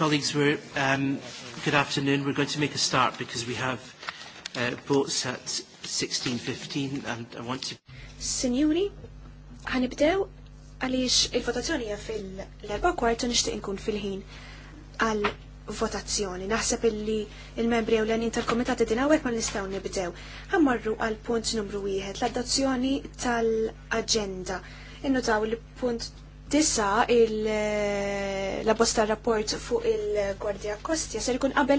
Colleagues, we're, um, good afternoon. We're going to make a start because we have uh, votes at 16.15 and I want to... Signori, ħanibdew għaliex il-votazzjoni hija fil-erba kwartu nixtieq inkun fil-ħin għal votazzjoni. Naħseb illi il-membri u l-għanin tal-komitati din għawek ma nistaw nibdew. Għammarru għal punt numru wieħed l-adozzjoni tal-agenda. Innotaw il-punt disa il eh, bosta rapport fuq il gordia Kostja ser ikun qabel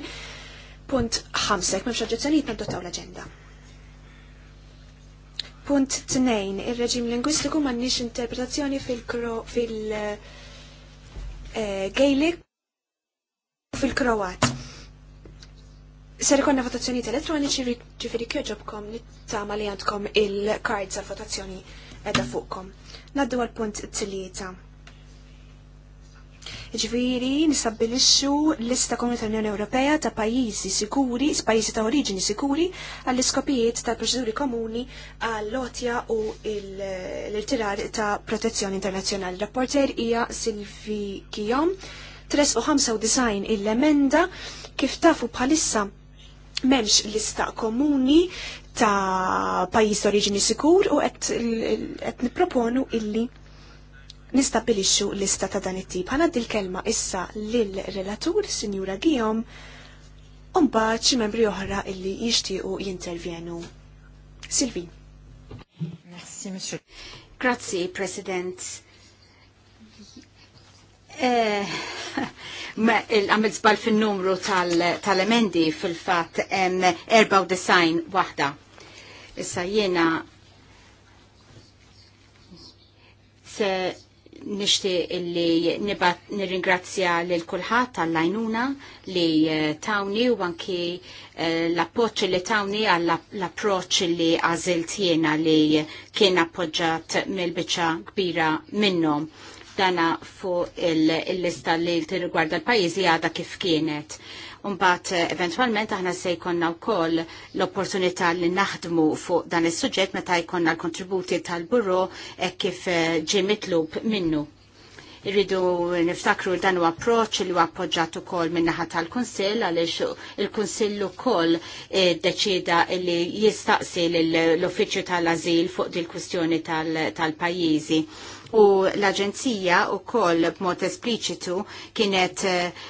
punt 5, memx oġġezzjonijiet naddottaw l-agenda. Punt 2, il-reġim lingwistiku m'għandniex interpretazzjoni fil-Gaelic eh, fil-Kroat. Ser ikonna votazzjonijiet elettroniċi ġifieri kjoġobkom nittama li għandkom il-kards għal votazzjoni edha fuqkom. Naddu għal-punt t tillieta Ġviri, nisabbilixxu lista komuni tal-Unjoni Ewropea ta' pajjiżi sikuri, pajjiżi ta' oriġini sikuri, għall-iskopijiet ta' proċeduri komuni għall-lotja u l-irtirar ta' protezzjoni internazzjonali. Rapporter hija Silvi Kijom, 395 il-emenda, kif tafu bħalissa memx lista komuni ta' pajjiż oriġini sikur u qed nipproponu illi nistabilixxu lista ta' dan it-tip. Ħana dil-kelma issa lill-relatur Sinjura Gijom Umbaċ xi membri oħra illi jixtiequ jintervjenu. Silvi. Grazzi, President. Eh, Għamil zbal fil-numru tal-emendi fil-fat design wahda. Issa jena se nishti illi nibat nirringrazzja lil kulħadd tal-lajnuna li eh, tawni u anki eh, l-appoċ li tawni għall l-approċ li għazilt jena li kien appoġġat mill-biċċa kbira minnhom dana fuq il-lista li tirrigwarda l-pajjiżi għadha kif kienet. Umbat, eh, eventualment aħna se jkonna u koll l-opportunità li naħdmu fuq dan is suġġett meta jkonna l-kontributi tal-buro e kif eh, ġi mitlub minnu. Irridu niftakru dan u approċ li appoġġat ukoll min-naħa tal-Kunsill għaliex il-Kunsill ukoll eh, deċida li jistaqsi l-Uffiċċju tal-Ażil fuq dil-kwistjoni tal-pajjiżi. tal pajjiżi u l-Aġenzija u koll b'mod espliċitu kienet uh,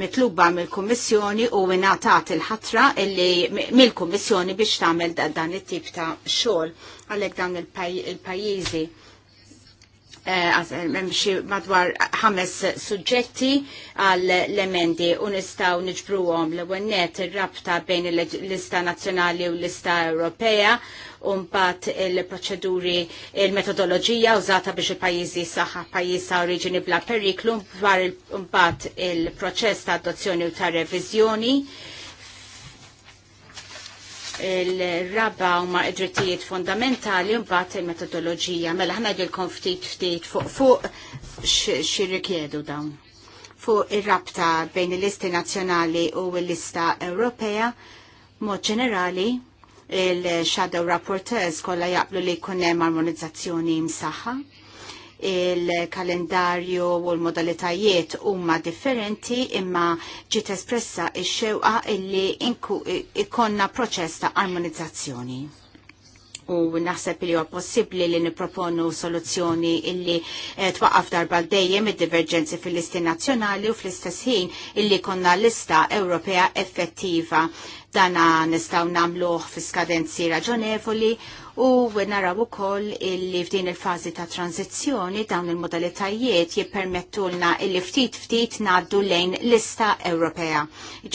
mitluba mill-Kummissjoni u ingħatat il-ħatra illi mill-Kummissjoni biex tagħmel dan it-tip ta' xogħol għalhekk dawn il-pajjiżi. il pajjiżi memxie eh, eh, madwar ħames suġġetti għall emendi u nistaw nġbruhom l għennet ir-rabta bejn l-lista nazzjonali u l-lista Ewropea u mbagħad il-proċeduri il-metodoloġija użata biex il-pajjiżi saħħa pajjiż ta' oriġini bla periklu dwar il-proċess ta' adozzjoni u ta' reviżjoni il rabba huma id-drittijiet fundamentali u mbagħad il-metodoloġija. Mela ħna jdilkom ftit ftit fuq fuq xirrikjedu dawn. Fuq ir-rabta bejn il-listi nazzjonali u l-lista Ewropea, mod ġenerali, il-shadow rapporteurs kollha jaqblu li jkun hemm armonizzazzjoni msaħħa il-kalendarju u l-modalitajiet huma differenti imma ġiet espressa x-xewqa illi ikonna proċess ta' armonizzazzjoni u naħseb li huwa possibbli li nipproponu soluzzjoni illi eh, twaqqaf darba dejjem id-diverġenzi fil-listi nazzjonali u fl-istess ħin illi konna lista Ewropea effettiva. Dana nistaw namluħ fi skadenzi raġonevoli u naraw ukoll illi f'din il-fażi ta' tranzizzjoni dawn il-modalitajiet jippermettulna illi ftit ftit ngħaddu lejn lista Ewropea.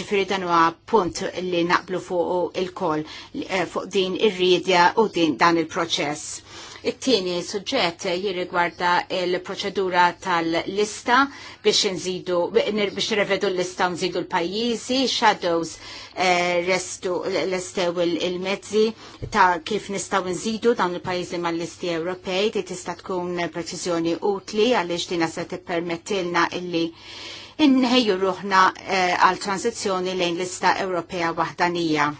Ġifiri dan huwa punt li naqblu fuq il-koll eh, fuq din ir ridja u din dan il-proċess It-tieni suġġett jirrigwarda il-proċedura tal-lista biex nżidu biex nirrevedu l-lista nżidu l-pajjiżi, shadows eh, restu l istew il-mezzi ta' kif nistaw nżidu dawn il-pajjiżi mal-listi Ewropej, di tista' tkun preċiżjoni utli għaliex dina se tippermettilna illi inħejju ruħna eh, għal tranzizzjoni lejn lista Ewropea waħdanija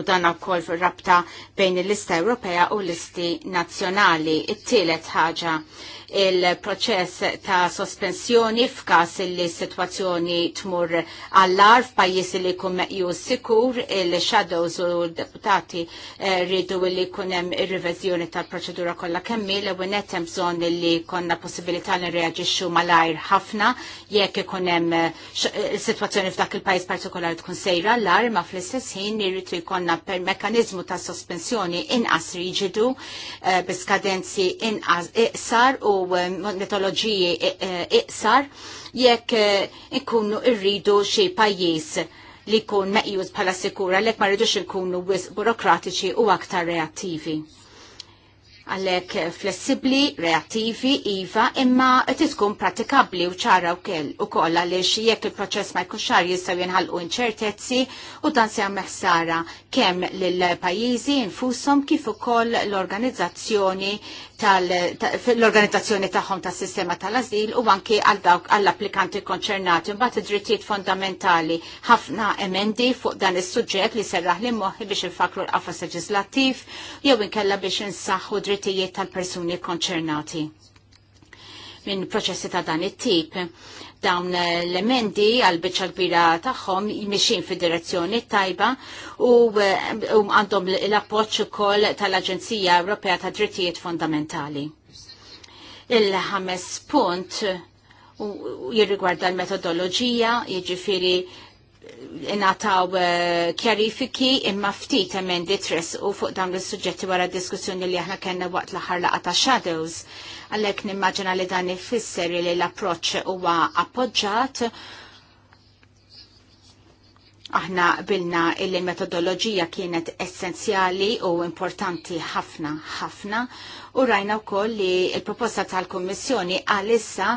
u dan ukoll fir-rabta bejn il-lista Ewropea u l-listi nazzjonali. It-tielet ħaġa il-proċess ta' sospensjoni f'każ li situazzjoni sitwazzjoni tmur għallar f'pajjiż li jkun meqjus sikur il-shadows u deputati eh, rridu li jkun hemm ir-reviżjoni tal-proċedura kollha kemmi li ewwel hemm bżonn li konna possibilità li mal malajr ħafna jekk ikun hemm eh, eh, sitwazzjoni f'dak il-pajjiż partikolari tkun sejra għallar ma fl-istess ħin irridu jkollna per mekanizmu ta' sospensjoni inqas riġidu biskadenzi inqas iqsar u mitoloġiji e, iqsar jekk e, ikunu irridu xi pajjiż li jkun meqjus bħala sikura lek ma rridux inkunu wis burokratiċi u aktar reattivi għalek flessibli, reattivi, iva, imma tiskun pratikabli u ċara u kell u koll għalix jekk il-proċess ma jkun xar jistaw jenħalqu inċertezzi u dan se meħsara kemm l-pajizi infusom kif ukoll l-organizzazzjoni l organizzazzjoni tagħhom tas-sistema tal-azil u anke għal dawk għall-applikanti konċernati mbagħad id-drittijiet fondamentali ħafna emendi fuq dan is-suġġett li serraħ li moħi biex il-fakru l-qafas leġislattiv jew inkella biex insaħħu dritt drittijiet tal-persuni konċernati minn proċessi ta' dan it-tip. Dawn l-emendi għal-bicċa kbira tagħhom jmixin fi direzzjoni tajba u għandhom l-appoċ ukoll tal-Aġenzija Ewropea ta' Drittijiet Fondamentali. Il-ħames punt jirrigwarda l-metodoloġija, jiġifieri inataw eh, kjarifiki imma ftit emendi tres u fuq dawn l-sujġetti wara diskussjoni li aħna kellna waqt l-aħħar laqa ta' Shadows. Għalhekk nimmaġina li dan ifisser li l-approċċ huwa appoġġat. Aħna bilna il-metodoloġija kienet essenzjali u importanti ħafna ħafna u rajna wkoll li il-proposta tal-Kummissjoni għalissa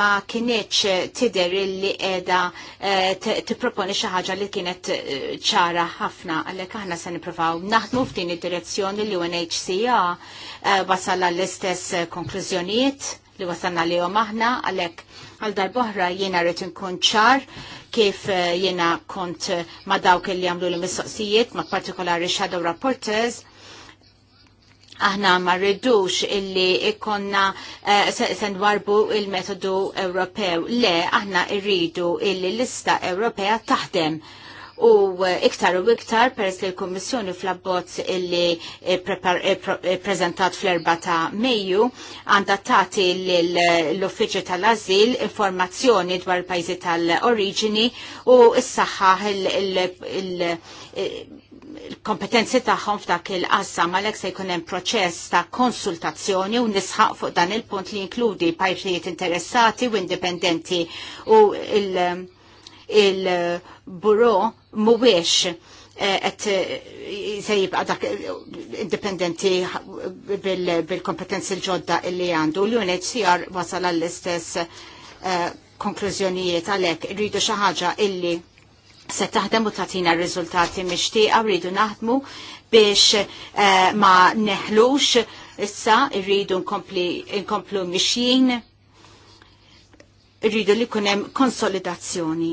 ma kienieċ tider li edha eh, tipproponi xi ħaġa li kienet eh, ċara ħafna għalhekk aħna se nippruvaw naħdmu f'din id-direzzjoni li unhca eh, wasalla l-istess konklużjonijiet li wasanna li jom aħna, għalek għal darboħra jiena rrit nkun ċar kif jiena kont ma dawk li għamlu l-mistoqsijiet, ma partikolari shadow rapporters, aħna ma rridux illi ikonna uh, nwarbu il-metodu Ewropew. Le, aħna rridu illi lista Ewropea taħdem u eh, iktar u iktar peress li l-Kommissjoni fl-abbozz illi eh, prezentat fl-4 ta' Mejju għandha tagħti l-Uffiċċju tal-Azil informazzjoni dwar il-pajjiżi tal-oriġini u s-saħħa il pajzi tal oriġini u s saħħa il kompetenzi tagħhom f'dak il-qassam għalhekk se jkun hemm proċess ta' konsultazzjoni u nisħaq fuq dan il-punt li inkludi pajtijiet interessati u indipendenti u il-buro il mhuwiex eh, qed eh, se jibqa' dak indipendenti bil-kompetenzi l-ġodda illi għandu. L-UNHCR wasal għall-istess eh, konklużjonijiet għalhekk rridu xi ħaġa illi se taħdem u tatina r-riżultati mixtieqa rridu naħdmu biex eh, ma neħlux issa rridu nkomplu mixjin rridu li kunem konsolidazzjoni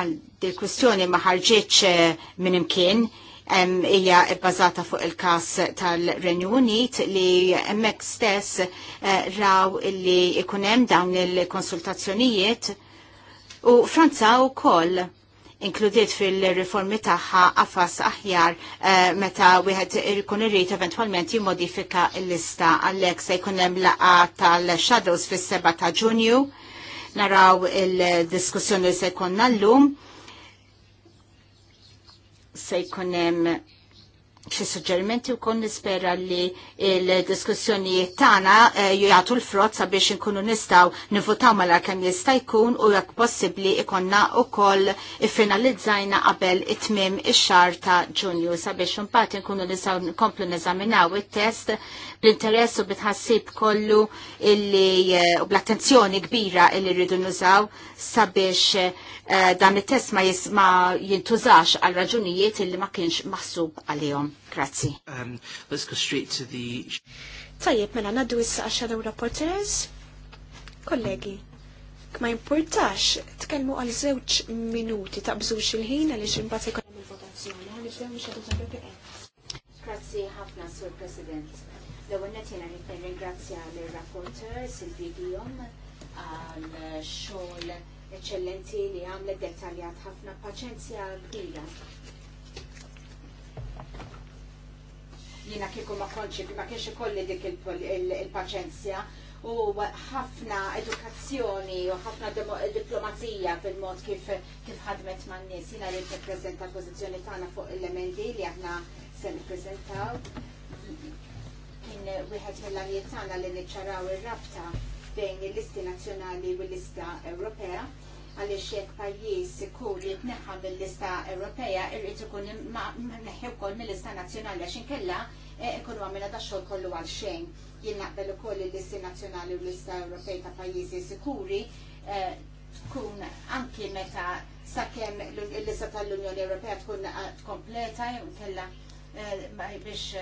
għal dil kwistjoni ma ħarġitx eh, minn imkien hija bbażata fuq il-każ tal-Renju Unit li hemmhekk stess eh, raw li ikun hemm dawn il-konsultazzjonijiet U Franza u koll inkludiet fil-riformi tagħha għafas aħjar uh, meta wieħed ikun irrid eventwalment jimmodifika l-lista għalhekk se jkun hemm laqgħa tal-shadows fis-7 ta' Ġunju. Naraw il-diskussjoni se jkollna llum se jkun hemm xi suġġerimenti u kon nispera li il-diskussjoni diskussjonijiet tagħna eh, jagħtu l-frott sabiex inkunu nistgħu nifutaw mala kemm jista' jkun u jekk possibbli ikonna wkoll iffinalizzajna qabel it-tmiem ix-xahar ta' Ġunju sabiex imbagħad inkunu nistgħu nkomplu neżaminaw it-test bl-interess u bitħassib kollu illi eh, u bl-attenzjoni kbira illi rridu nużaw sabiex eh, Eh, dan it-test ma jisma jintużax għal raġunijiet illi ma kienx maħsub għalihom. Grazzi. Um, let's go straight to the... Tajjeb, mela naddu issa shadow rapporters. Kollegi, ma importax, tkellmu għal żewġ minuti ta' bżux il-ħin għaliex imbagħad ikollhom il-votazzjoni għaliex hemm xi ħaġa Grazzi ħafna, Sur President. L-ewwel qed jiena nirringrazzja lir-rapporters il-vidjom għal xogħol eċċellenti li għamlet dettaljat ħafna paċenzja kbira. Jiena kieku ma konċi, ma kienx ikolli dik il-paċenzja u ħafna edukazzjoni u ħafna diplomazija fil-mod kif kif ħadmet man nies jiena li tippreżenta l-pożizzjoni tagħna fuq il-lemendi li aħna se nippreżentaw. Kien wieħed mill-għanijiet tagħna li niċċaraw ir-rabta bejn il-listi nazzjonali u l-lista Ewropea għaliex jekk pajjiż t jitneħħa mill-lista Ewropea irrid ikun neħħi koll mill-lista nazzjonali għax inkella eh, ikunu għamilha dax kollu għal xejn. Jien naqbel ukoll il-listi nazzjonali u l-lista Ewropej ta' pajjiżi sikuri eh, tkun anki meta sakemm il-lista tal-Unjoni Ewropea tkun eh, kompleta jew kella biex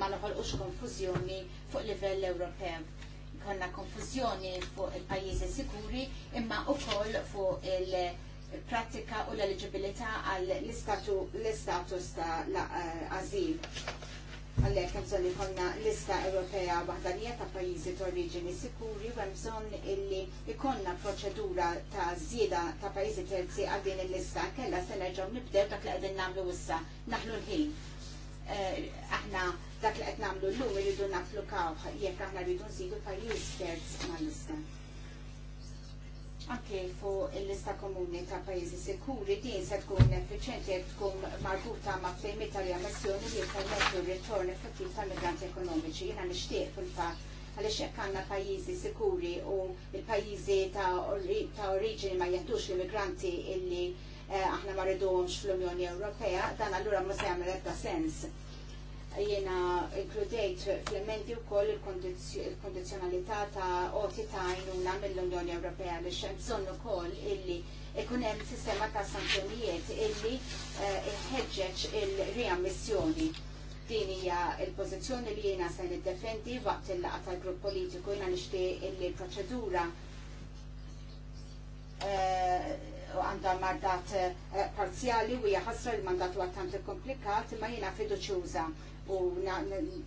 ma ux konfużjoni fuq livell Ewropew konna konfużjoni fuq il-pajjiżi sikuri imma wkoll fuq il-prattika u l-eligibilità għall istatus ta' eh, azil. Għallek hemm bżonn ikollna lista Ewropea waħda ta' pajjiżi ta' oriġini sikuri u hemm bżonn illi ikonna proċedura ta' żieda ta' pajjiżi terzi għal din il-lista kellha se nerġaw nibdew dak li qegħdin nagħmlu wissa naħlu l-ħin. Eh, aħna dak li qed nagħmlu llum irridu kaw jekk aħna rridu nżidu pajjiż terz mal-lista. Anke fuq il-lista komuni ta' pajjiżi sikuri din se tkun effiċenti jekk tkun marbuta ma' ftehmiet tal-jammazzjoni li jippermettu r-ritorn effettiv tal-migranti ekonomiċi. Jiena nixtieq fil-fatt għalix jekk għandna pajjiżi sikuri u il-pajjiżi ta' oriġini ma jaħdux l-immigranti illi eh, aħna ma rridhomx fl-Unjoni Ewropea, dan allura ma se jagħmel ebda sens jena inkludejt fil-menti u koll il-kondizjonalità ta' oti ta' jnuna mill-Unjoni Ewropea li xemżon u koll illi ikunem sistema ta' sanzjonijiet illi eh, iħedġeċ il-riammissjoni. Din hija il-pożizzjoni li jiena se niddefendi waqt il-laqa tal-grupp politiku jiena nixtieq illi proċedura u eh, għandha mandat eh, parzjali u hija ħasra l-mandat huwa tant komplikat imma jiena fiduċjuża u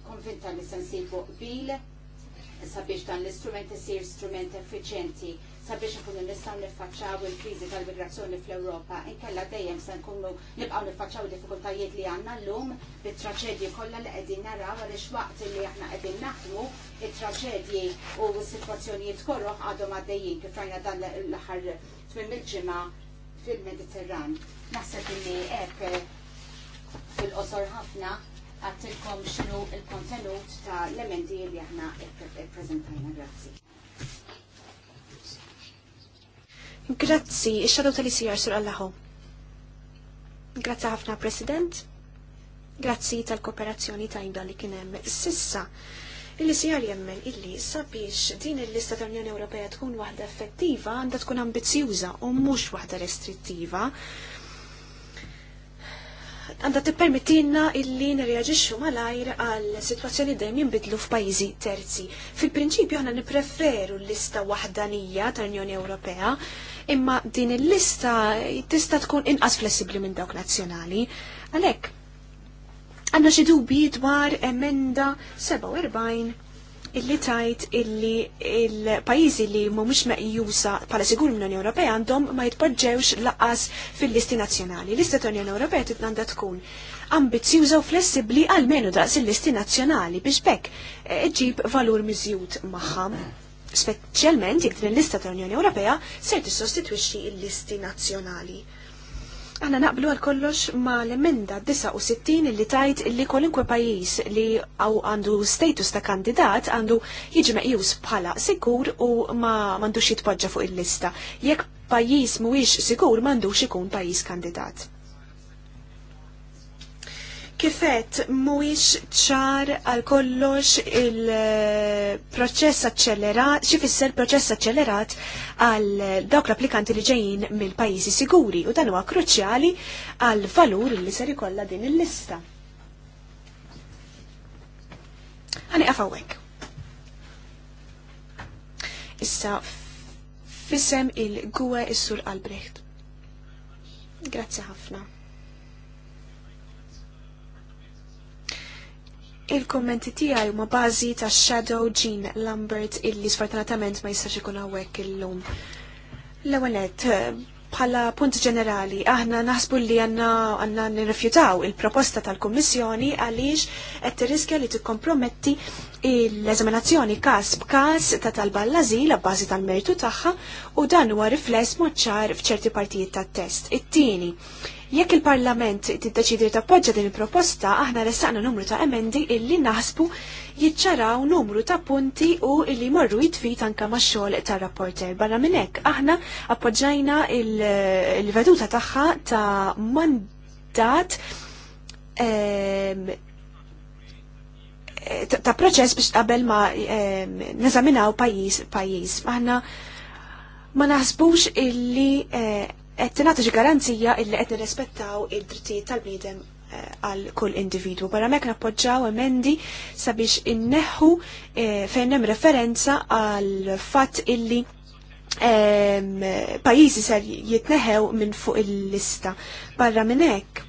konvinta li se nsibu qbil sabiex dan l-istrument isir strument effiċenti sabiex nkunu nistgħu niffaċċaw il-kriżi tal-migrazzjoni fl-Ewropa, inkella dejjem se nkunu nibqgħu niffaċċaw diffikultajiet li għandna llum bit traċedji kollha li qegħdin naraw għaliex waqt li aħna qegħdin naħdmu it-traġedji u s-sitwazzjonijiet korroħ għadhom għaddejjin kif rajna dan l-aħħar twim il-ġimgħa fil-Mediterran. Naħseb li hekk fil-qosor ħafna għattilkom xinu il-kontenut ta' l-emendi li aħna prezentajna. Grazzi. Grazzi, ix-xadu tal isir sur Allahu. Grazzi ħafna, President. Grazzi tal-kooperazzjoni tajba li kienem sissa. Il-ICR jemmen illi sabiex din il-lista tal-Unjoni Ewropea tkun waħda effettiva għandha tkun ambizjuza u mhux waħda restrittiva għandha tippermettilna illi nirreaġixxu malajr għal sitwazzjoni dejjem jinbidlu f'pajjiżi terzi. Fil-prinċipju aħna nippreferu l-lista wahdanija tal-Unjoni Ewropea, imma din il-lista tista' tkun inqas flessibbli minn dawk nazzjonali. Għalhekk, għandna xi dwar emenda 47 illi tajt illi il-pajizi li mhumiex meqjusa bħala sigur l unjoni Ewropea għandhom ma jitpoġġewx laqas fil-listi nazzjonali. Lista tal-Unjoni Ewropea titnanda tkun ambizjuża u flessibbli għalmenu daqs il-listi nazzjonali biex bekk eh, ġib valur miżjud magħha. Speċjalment jekk din il-lista tal-Unjoni Ewropea ser tissostitwixxi il-listi nazzjonali. Għanna naqblu għal kollox ma l-emenda 69 li tajt li kolinkwe pajis li għaw għandu status ta' kandidat għandu jiġi meqjus bħala sigur u ma mandux jitpoġġa fuq il-lista. Jekk pajis mhuwiex sigur mandux ikun pajis kandidat. Kifet mhuwiex ċar għal kollox il-proċess aċċelerat, xi fisser proċess aċċelerat għal dawk l-applikanti li ġejjin mill-pajjiżi siguri u dan huwa kruċjali għal valur li ser ikollha din il-lista. Għani għafawek. Issa fissem il-gwe is-sur Albrecht. Grazzi ħafna. Il-kommenti tiegħi huma bażi ta' Shadow Jean Lambert illi sfortunatament ma jistax ikun hawnhekk illum. L-ewwel eh, bħala punt ġenerali, aħna naħsbu li għanna għanna nirrifjutaw il-proposta tal-Kommissjoni għaliex qed riskja li tikkomprometti l-eżaminazzjoni kas b'kas ta' talba l-azil bażi tal-mertu tagħha u dan huwa rifless moċċar f'ċerti partijiet tat-test. It-tieni, Jekk il-Parlament tiddeċidi tappoġġa din il-proposta, aħna ressaqna numru ta' emendi illi naħsbu jiċċaraw numru ta' punti u illi morru jitfit anka ma' xogħol tar-rapporter. Barra minn hekk aħna appoġġajna il-veduta tagħha ta' mandat ehm, ta' proċess biex qabel ma ehm, neżaminaw pajjiż pajjiż. Aħna ma naħsbux illi eh, qed tingħati garanzija illi qed nirrespettaw id-drittijiet tal bnidem eh, għal kull individwu. Barra mek nappoġġaw emendi sabiex inneħħu eh, fejn hemm referenza għal fatt illi ehm, pajjiżi ser jitneħew minn fuq il-lista. Barra minn hekk.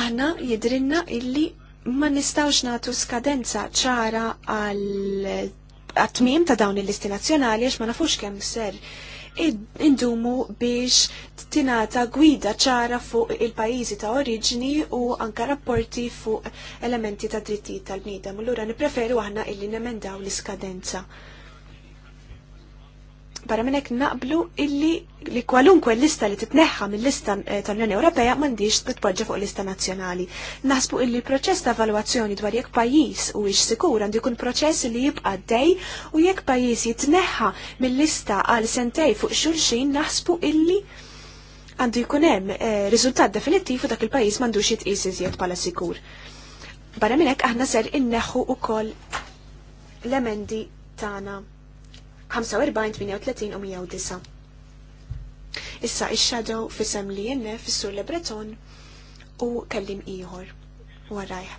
Aħna jidrinna illi ma nistawx nagħtu skadenza ċara għal għatmim ta' dawn il-listi nazjonali għax ma nafux kemm ser indumu biex tinata gwida ċara fuq il-pajizi ta' oriġini u anka rapporti fuq elementi ta' drittijiet tal l Allura nipreferu aħna illi nemendaw l-iskadenza barra minnek naqblu illi li kwalunkwe lista li titneħħa mill-lista eh, tal-Unjoni Ewropea mandiġ titpoġġa fuq lista nazzjonali. Nasbu illi proċess ta' valuazzjoni dwar jekk pajjiż u ix sikur għandu jkun proċess li jibqa' dej u jekk pajjiż jitneħħa mill-lista għal sentej fuq xulxin naħsbu illi għandu jkun hemm eh, riżultat definittiv u dak il-pajjiż m'għandux jitqis iżjed bħala sikur. Barra minnek aħna ser inneħħu ukoll l-emendi tagħna 45, 38 u 109. Issa ix-shadow fisem li jenne fissur le Breton u kellim ieħor warajh.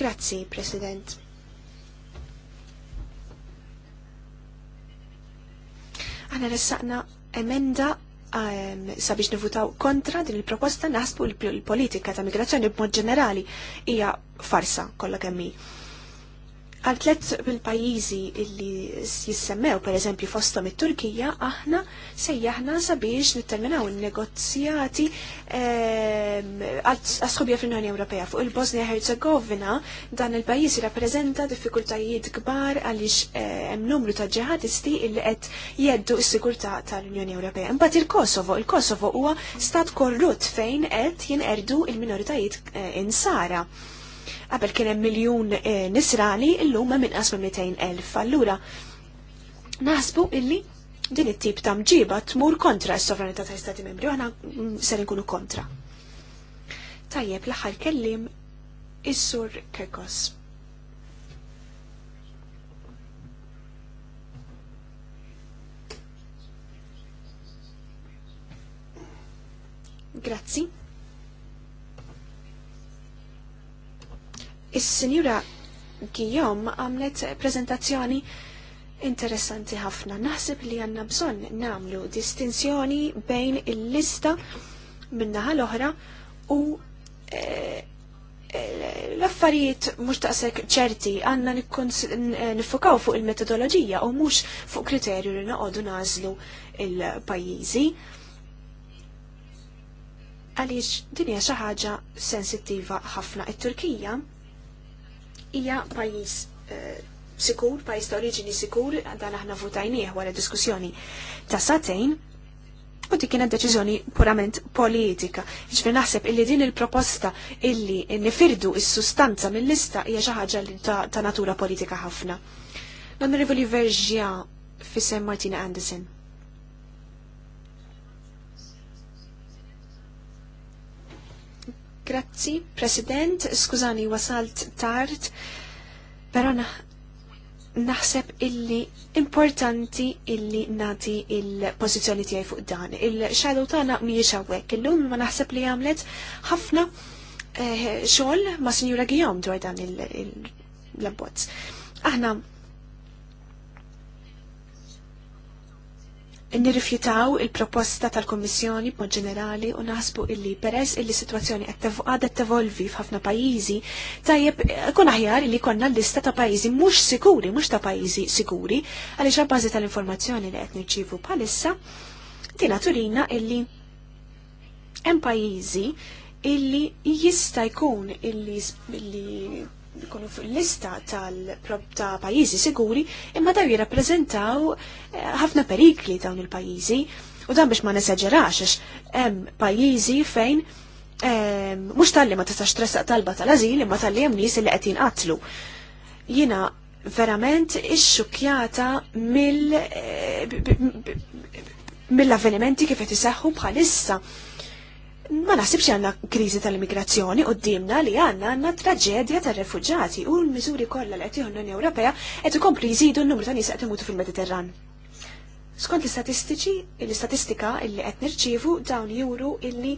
Grazzi, President. Għana ressaqna emenda um, sabiex nivutaw kontra din il-proposta naħsbu l-politika ta' migrazzjoni b'mod ġenerali hija farsa kollha kemm Għal tlet bil-pajizi illi jissemmew, per eżempju, fostom it-Turkija, aħna sejjaħna sabiex nitterminaw il-negozjati ehm, għal-sħobja fl-Unjoni Ewropea. Fuq il-Bosnia Herzegovina, dan il-pajiz rappresenta diffikultajiet kbar għaliex eh, hemm numru ta' ġihadisti illi qed jeddu s-sigurtà tal-Unjoni Ewropea. Imbagħad il-Kosovo, il-Kosovo huwa stat korrut fejn qed jinqerdu il-minoritajiet eh, insara. Qabel kien hemm miljun eh, nisrani, illum hemm qasmi minn 200,000. Allura naħsbu illi din it-tip ta' mġiba tmur kontra s-sovranità ta' Stati Membri għana mm, ser nkunu kontra. Tajjeb l-aħħar kellim is-sur Kekos. Grazzi. Is-Sinjura Guillaume għamlet prezentazzjoni interessanti ħafna. Naħseb li għanna bżonn namlu distinzjoni bejn il-lista minnaħa l-oħra u eh, eh, l-affarijiet mux taqsek ċerti għanna nifukaw fuq il-metodologija u mux fuq kriterju li naqodu nażlu il-pajizi. Għaliex dinja xi ħaġa sensittiva ħafna it-Turkija hija pajjiż eh, sikur, pajjiż ta' oriġini sikur, dan aħna votajnieh wara diskussjoni ta' satejn, u dik kienet deċiżjoni purament politika. Ġifier naħseb illi din il-proposta illi nifirdu il sustanza mill-lista hija xi ħaġa ta' natura politika ħafna. L-Onorevoli Verġja fisem Martina Anderson. Grazzi, President, skużani wasalt tard, pero naħseb illi importanti illi nati il-pozizjoni tiegħi fuq dan. Il-shadow tagħna mhijiex hawnhekk illum ma naħseb li għamlet ħafna eh, xogħol ma' Sinjura Gijom dwar dan il-labbozz. Aħna nirrifjutaw il-proposta tal-Kommissjoni b'mod ġenerali u naħsbu illi peress illi situazzjoni t tevolvi f'ħafna pajjiżi, tajjeb kun aħjar illi konna lista ta' pajjiżi mhux sikuri, mhux ta' pajjiżi sikuri, għaliex bażi tal-informazzjoni li qed nirċievu bħalissa, tina turina illi hemm pajjiżi illi jista' jkun illi jkunu fuq lista tal-ta' pajjiżi siguri, imma daw jirrappreżentaw eh, ħafna perikli dawn il-pajjiżi. U dan biex ma nesagġerax, għax hemm pajjiżi fejn ehm, mhux tal-li ma tistax tressaq talba tal azil imma tal-li hemm nies li qed jinqatlu. Jiena verament ix-xukjata eh, mill-avvenimenti kif qed iseħħu bħalissa ma naħsibx għanna krizi tal-immigrazzjoni u d-dimna li għanna għanna traġedja tal-refugġati u l-mizuri kollha li qed l-Unjoni Ewropea qed ikompli jżidu n-numru ta' nies qed imutu fil-Mediterran. Skont l-istatistiċi, l-istatistika illi qed nirċievu dawn juru illi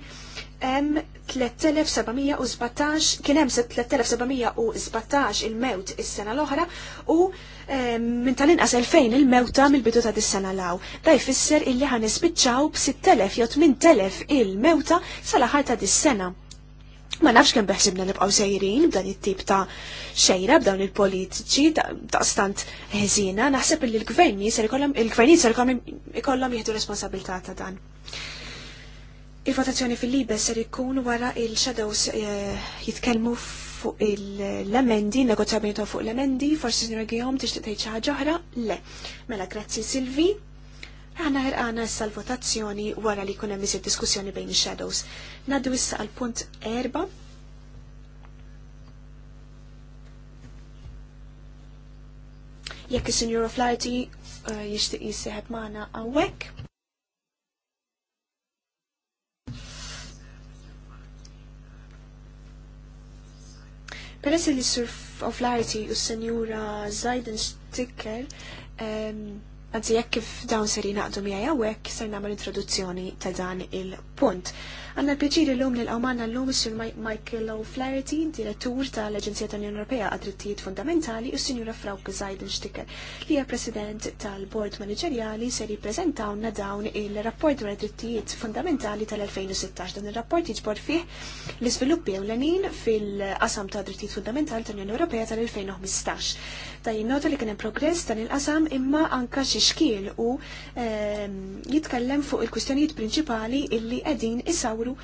hemm 3717 kien hemm 3717 il-mewt is-sena l-oħra u ehm, minn tal-inqas 2000 il-mewta mill-bidu ta' dis-sena law. Da jfisser illi ħan nispiċċaw b-6000 jew 8000 il-mewta sal-aħħar ta' dis-sena. Ma nafx kemm beħsibna nibqgħu sejrin b'dan it-tip ta' xejra b'dawn il-politiċi ta' stant ħeżina, naħseb li l-gvern jisir il-gvernijiet ser ikollhom jieħdu responsabilità ta' dan. Il-votazzjoni fil-libe ser ikun wara il-shadows eh, jitkellmu fuq l-emendi, negozjamentu fuq l-emendi, forsi s-sinra għijom tgħid xi ħaġa oħra? Le. Mela grazzi Silvi. Aħna ħirqana issa l-votazzjoni wara li jkun hemm diskussjoni bejn il shadows Naddu issa għal punt erba' jekk is-Sinjura Flaherty eh, jixtieq jissieħeb magħna hawnhekk. Peress li sur Flaherty u s-senjura Zajden Sticker, għadzi jekk kif dawn seri naqdu mija jawek, ser nagħmel introduzzjoni ta' dan il-punt. Għanna pieċiri l-lum l għamanna l-lum s-sur Michael O'Flaherty, direttur tal-Aġenzija tal-Unjoni Ewropea għad-Drittijiet Fundamentali, u s-sinjura Frauke Zeidensticker, li hija president tal-Bord Manageriali se jippreżentawna dawn il-rapport dwar drittijiet fundamentali tal-2016. Dan il-rapport jiġbor fih l-iżviluppi ewlenin fil-qasam ta' drittijiet fundamentali tal-Unjoni Ewropea tal-2015. Ta' jinnota li kien hemm progress dan il-qasam imma anka xi xkiel u ehm, jitkellem fuq il-kwistjonijiet prinċipali illi qegħdin isaw juru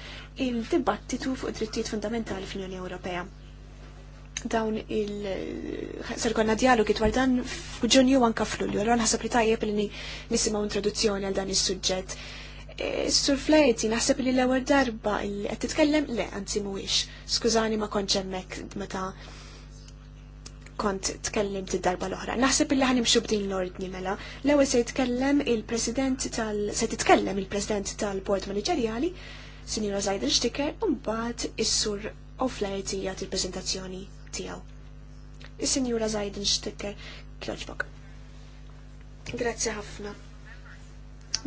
il-dibattitu fuq drittijiet fundamentali fl-Unjoni Ewropea. Dawn il konna dialogi dwar dan f'ġunju anka f'Lulju, għal ħasab li tajjeb li nisimgħu introduzzjoni għal dan is-suġġett. E, Sur Flejti, naħseb li l-ewwel darba li qed titkellem le anzi mhuwiex. Skużani ma kontx hemmhekk meta kont tkellimt id-darba l-oħra. Naħseb illi ħanimxu b'din l-ordni mela. L-ewwel se jitkellem il-President tal se titkellem il-President tal-Bord Maniġerjali Sinjura Zajden Sticker, mbagħad is-sur O'Flaherty jagħti l-preżentazzjoni tiegħu. Is-Sinjura l Sticker kjoġbok. Grazzi ħafna.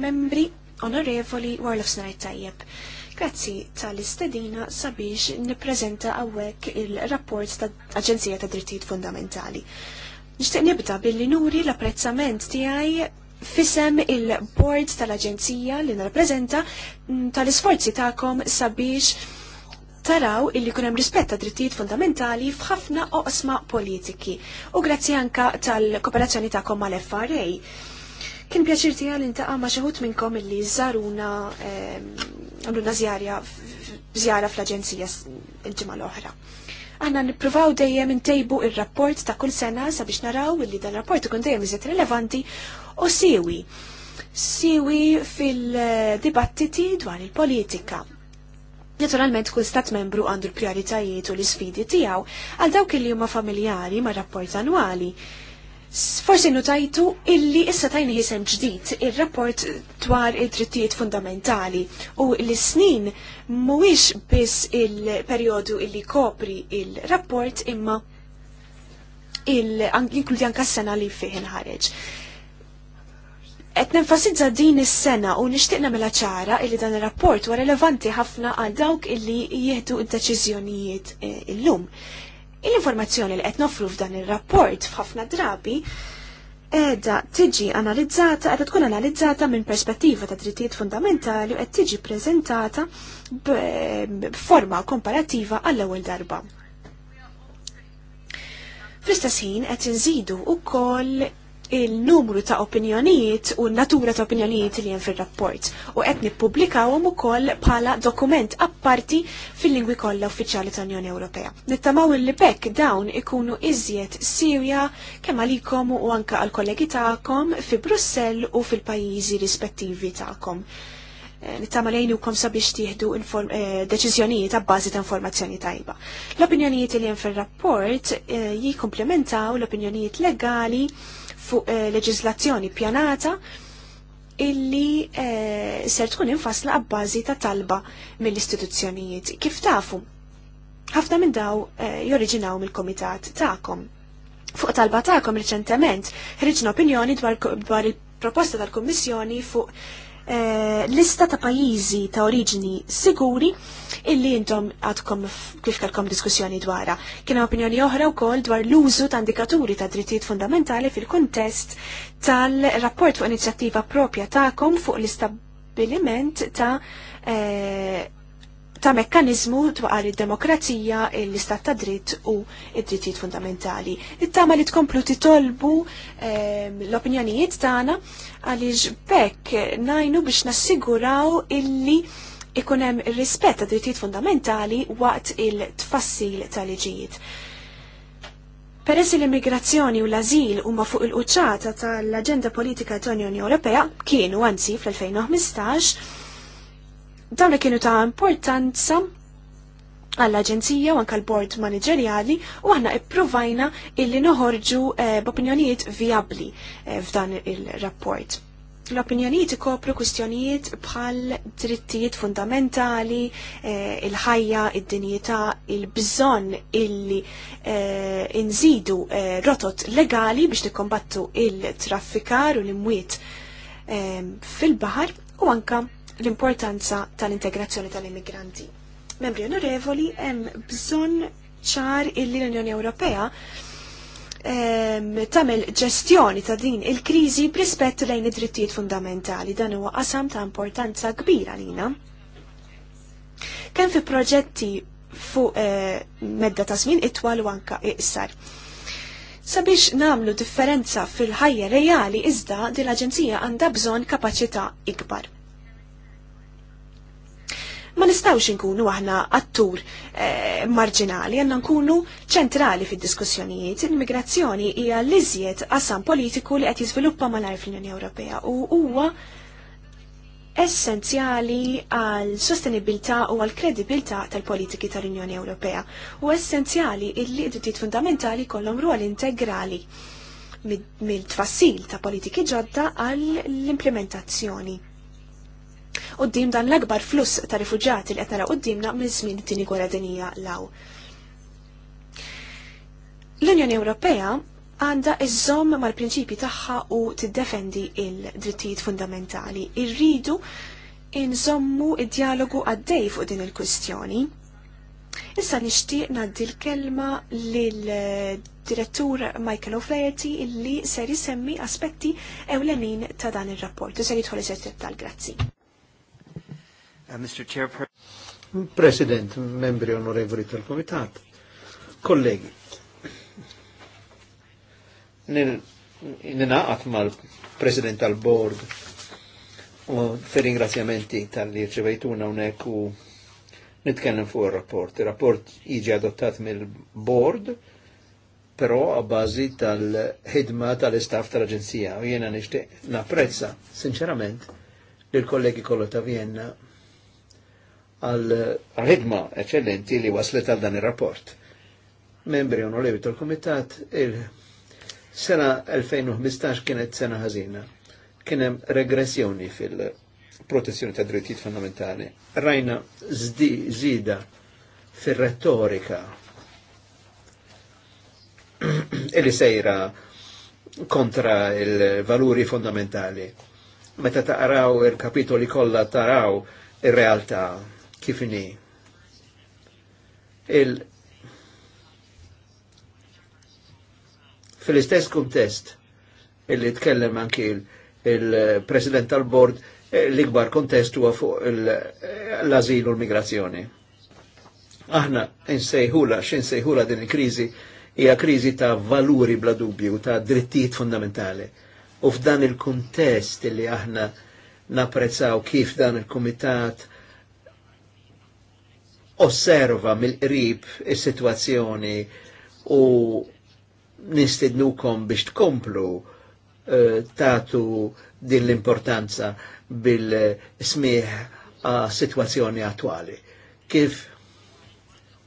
Membri onorevoli Warlof Snajt Tajjeb. Grazzi tal-istedina sabiex nipprezenta għawek il-rapport ta' Aġenzija ta' Drittijiet Fundamentali. Nixtieq nibda billi nuri l-apprezzament tiegħi Fisem il-board tal-Aġenzija li nirrappreżenta mm, tal-isforzi tagħkom sabiex taraw illi kunem rispett ta' drittijiet fundamentali f'ħafna oqsma politiki. U grazzi anka tal-kooperazzjoni tagħkom mal-FRA. Kien pjaċir tija li ntaqa ma xaħut minnkom illi zaruna għamluna zjarja zjara fl-Aġenzija il-ġimgħa l-oħra aħna nippruvaw dejjem intejbu il rapport ta' kull sena sabiex naraw li dan rapport ikun dejjem iżjed rilevanti u siwi. Siwi fil-dibattiti dwar il-politika. Naturalment kull stat membru għandu l-prioritajiet u l-isfidi tiegħu għal dawk li huma familjari ma' rapport annwali. Forsi notajtu illi issa tajni jisem ġdid il-rapport dwar id-drittijiet fundamentali u l-snin mhuwiex biss il-perjodu illi kopri il-rapport imma il-inkludi anka sena li fih inħareġ. Et nenfasizza din is-sena u nixtieq nagħmilha ċara illi dan ir-rapport huwa relevanti ħafna għal dawk illi jieħdu id deċiżjonijiet eh, illum. Il-informazzjoni li qed nofru f'dan ir-rapport f'ħafna drabi edha tiġi analizzata, edha tkun analizzata minn perspettiva ta' drittijiet fundamentali u qed tiġi preżentata b'forma komparativa għall-ewwel darba. Fl-istess ħin qed inżidu wkoll il-numru ta' opinjonijiet u natura ta' opinjonijiet li jen fil-rapport u qed nippubblikawhom ukoll bħala dokument apparti fil-lingwi kollha uffiċjali tal-Unjoni Ewropea. Nittamaw li bekk dawn ikunu iżjed sirja kemm għalikom u anke għal kollegi tagħkom fi Brussell u fil-pajjiżi rispettivi tagħkom. Eh, nittama lejnukom sabiex tieħdu eh, deċiżjonijiet ta' bażi ta' informazzjoni tajba. L-opinjonijiet li jen fil-rapport eh, jikomplementaw l-opinjonijiet legali fuq eh, leġislazzjoni pjanata illi eh, ser tkun infasla għabbażi ta' talba mill-istituzzjonijiet. Kif tafu? Ħafna minn daw eh, joriġinaw mill-komitat ta'kom. Fuq talba ta'kom riċentement ħriġna opinjoni dwar il-proposta tal-Kommissjoni fuq Eh, lista ta' pajizi ta' oriġini siguri illi intom għadkom kif kalkom diskussjoni dwarha. Kien opinjoni oħra wkoll dwar l-użu ta' indikaturi ta' drittijiet fundamentali fil-kuntest tal-rapport fuq inizjattiva propja tagħkom fuq l istabiliment ta' eh, ta' mekkanizmu dwar id-demokrazija, l-istat ta' dritt u id-drittijiet fundamentali. It-tama li tkomplu titolbu ehm, l-opinjonijiet tagħna għaliex bekk najnu biex nassiguraw illi ikun hemm rispett ta' drittijiet fundamentali waqt il-tfassil tal-liġijiet. Peress l-immigrazzjoni u l-azil huma fuq il-quċċata tal-Aġenda Politika tal-Unjoni Ewropea kienu anzi fl-2015 Dawna kienu ta' importanza għall-Aġenzija u anka l-Bord Manageriali u għanna ipprovajna illi noħorġu eh, b'opinjonijiet viabli eh, f'dan il-rapport. L-opinjonijiet ikopru kwistjonijiet bħal drittijiet fundamentali, eh, il-ħajja, id-dinjità, il-bżonn illi inżidu rotot legali biex nikkombattu il-traffikar u l-imwiet fil-baħar u anka l-importanza tal-integrazzjoni tal-immigranti. Membri onorevoli, hemm bżonn ċar illi l-Unjoni Ewropea ehm, tamel ġestjoni ta' din il-kriżi b'rispett lejn id-drittijiet fundamentali dan huwa qasam ta' importanza kbira lina. Kemm fi proġetti fuq eh, medda ta' żmien itwal u anka iqsar. Sabiex namlu differenza fil-ħajja reali iżda din l-Aġenzija għandha bżonn kapaċità ikbar ma nistawx nkunu aħna attur eh, marġinali, għanna nkunu ċentrali fid-diskussjonijiet. Il-migrazzjoni hija l-iżjed qasam politiku li qed jiżviluppa malajr fl-Unjoni Ewropea u huwa essenzjali għal sostenibilità u għal kredibilità tal-politiki tal-Unjoni Ewropea u essenzjali li id fundamentali kollhom rol integrali mill-tfassil ta' politiki ġodda għall implementazzjoni Uddim dan l-akbar fluss ta' rifugġati li qed naraw qoddimna minn żmien it-tieni gwerra dinija law. L-Unjoni Ewropea għanda iżżomm mal-prinċipi tagħha u tiddefendi il-drittijiet fundamentali. Irridu inżommu id-dialogu għaddej fuq din il-kwistjoni. Issa nixtieq ngħaddi l-kelma lill-direttur Michael O'Flaherty illi ser jisemmi aspetti ewlenin ta' dan ir-rapport u ser jidħol iżjed tal grazzi. Uh, Mr. Chairperson. President, membri onorevoli tal-Komitat, kollegi, ninaqat mal-President tal-Board u fil-ingrazzjamenti tal-li ċevejtuna unek u nitkellem fuq il-rapport. Il-rapport iġi adottat mill-Board, però għabbażi tal-ħidma tal-istaff tal-Aġenzija u jena nishtiq naprezza, sinċerament, l-kollegi kollu ta' Vienna għal ridma eccellenti li waslet għal dan il-rapport. Membri onorevi tal-Komitat, il-sena 2015 kienet sena ħażina. Kienem regressjoni fil-protezzjoni ta' drittijiet fondamentali. Rajna zida fil-retorika illi sejra kontra il-valuri fondamentali. Meta taqraw il-kapitoli kollha taraw ir-realtà kif inhi. Il fil-istess kuntest illi tkellem anki il-President il tal-Bord eh, l-ikbar kontest huwa fuq l-azil u l-migrazzjoni. Aħna insejħula, x'insejħula din il-kriżi hija kriżi ta' valuri bla dubju, ta' drittijiet fundamentali. U f'dan il-kuntest li aħna napprezzaw kif dan il-Kumitat osserva mill-qrib is-sitwazzjoni u nistidnukom biex tkomplu uh, tatu din l-importanza bil-smieħ għas situazzjoni attuali. Kif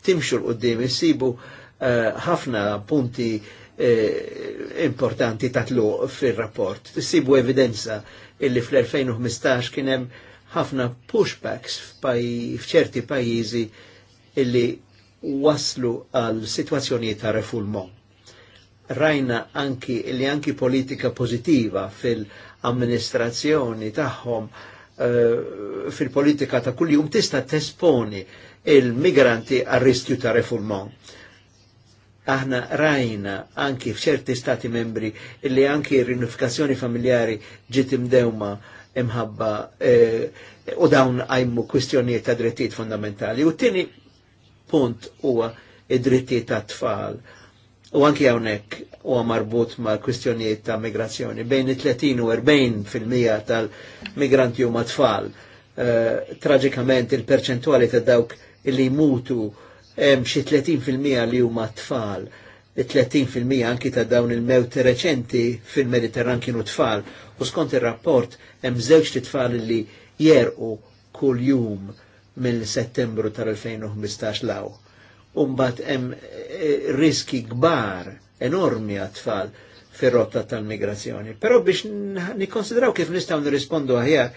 timxu l-qoddim, jisibu eh, ħafna uh, punti uh, importanti tatlu fil-rapport. Jisibu evidenza illi fl-2015 kienem ħafna pushbacks f'ċerti pajjiżi illi waslu għal situazzjoni ta' refulmon. Rajna anki li anki politika pozitiva fil-amministrazzjoni tagħhom eh, fil-politika ta' kuljum tista' tesponi il-migranti għal riskju ta' refulmon. Aħna rajna anki f'ċerti stati membri li anki r-rinifikazzjoni familjari ġiet imdewma uh, imħabba eh, u dawn għajmu kwistjonijiet ta' drittijiet fundamentali. U t-tieni punt huwa id-drittijiet ta' tfal. U anki hawnhekk huwa marbut ma' kwistjonijiet ta' migrazzjoni. Bejn 30 u 40 fil-mija tal-migranti huma tfal. Eh, traġikament il-perċentwali ta' dawk li mutu hemm xi 30% li huma tfal. 30% anki ta' dawn il-mewt reċenti fil-Mediterran kienu tfal U skont ir-rapport hemm żewġ titfal li jerqu kuljum mill-Settembru tal-2015 law. Umbat hemm eh, riski kbar, enormi għat-tfal fir-rotta tal-migrazzjoni. Però biex nikkonsidraw kif nistgħu nirrispondu aħjar,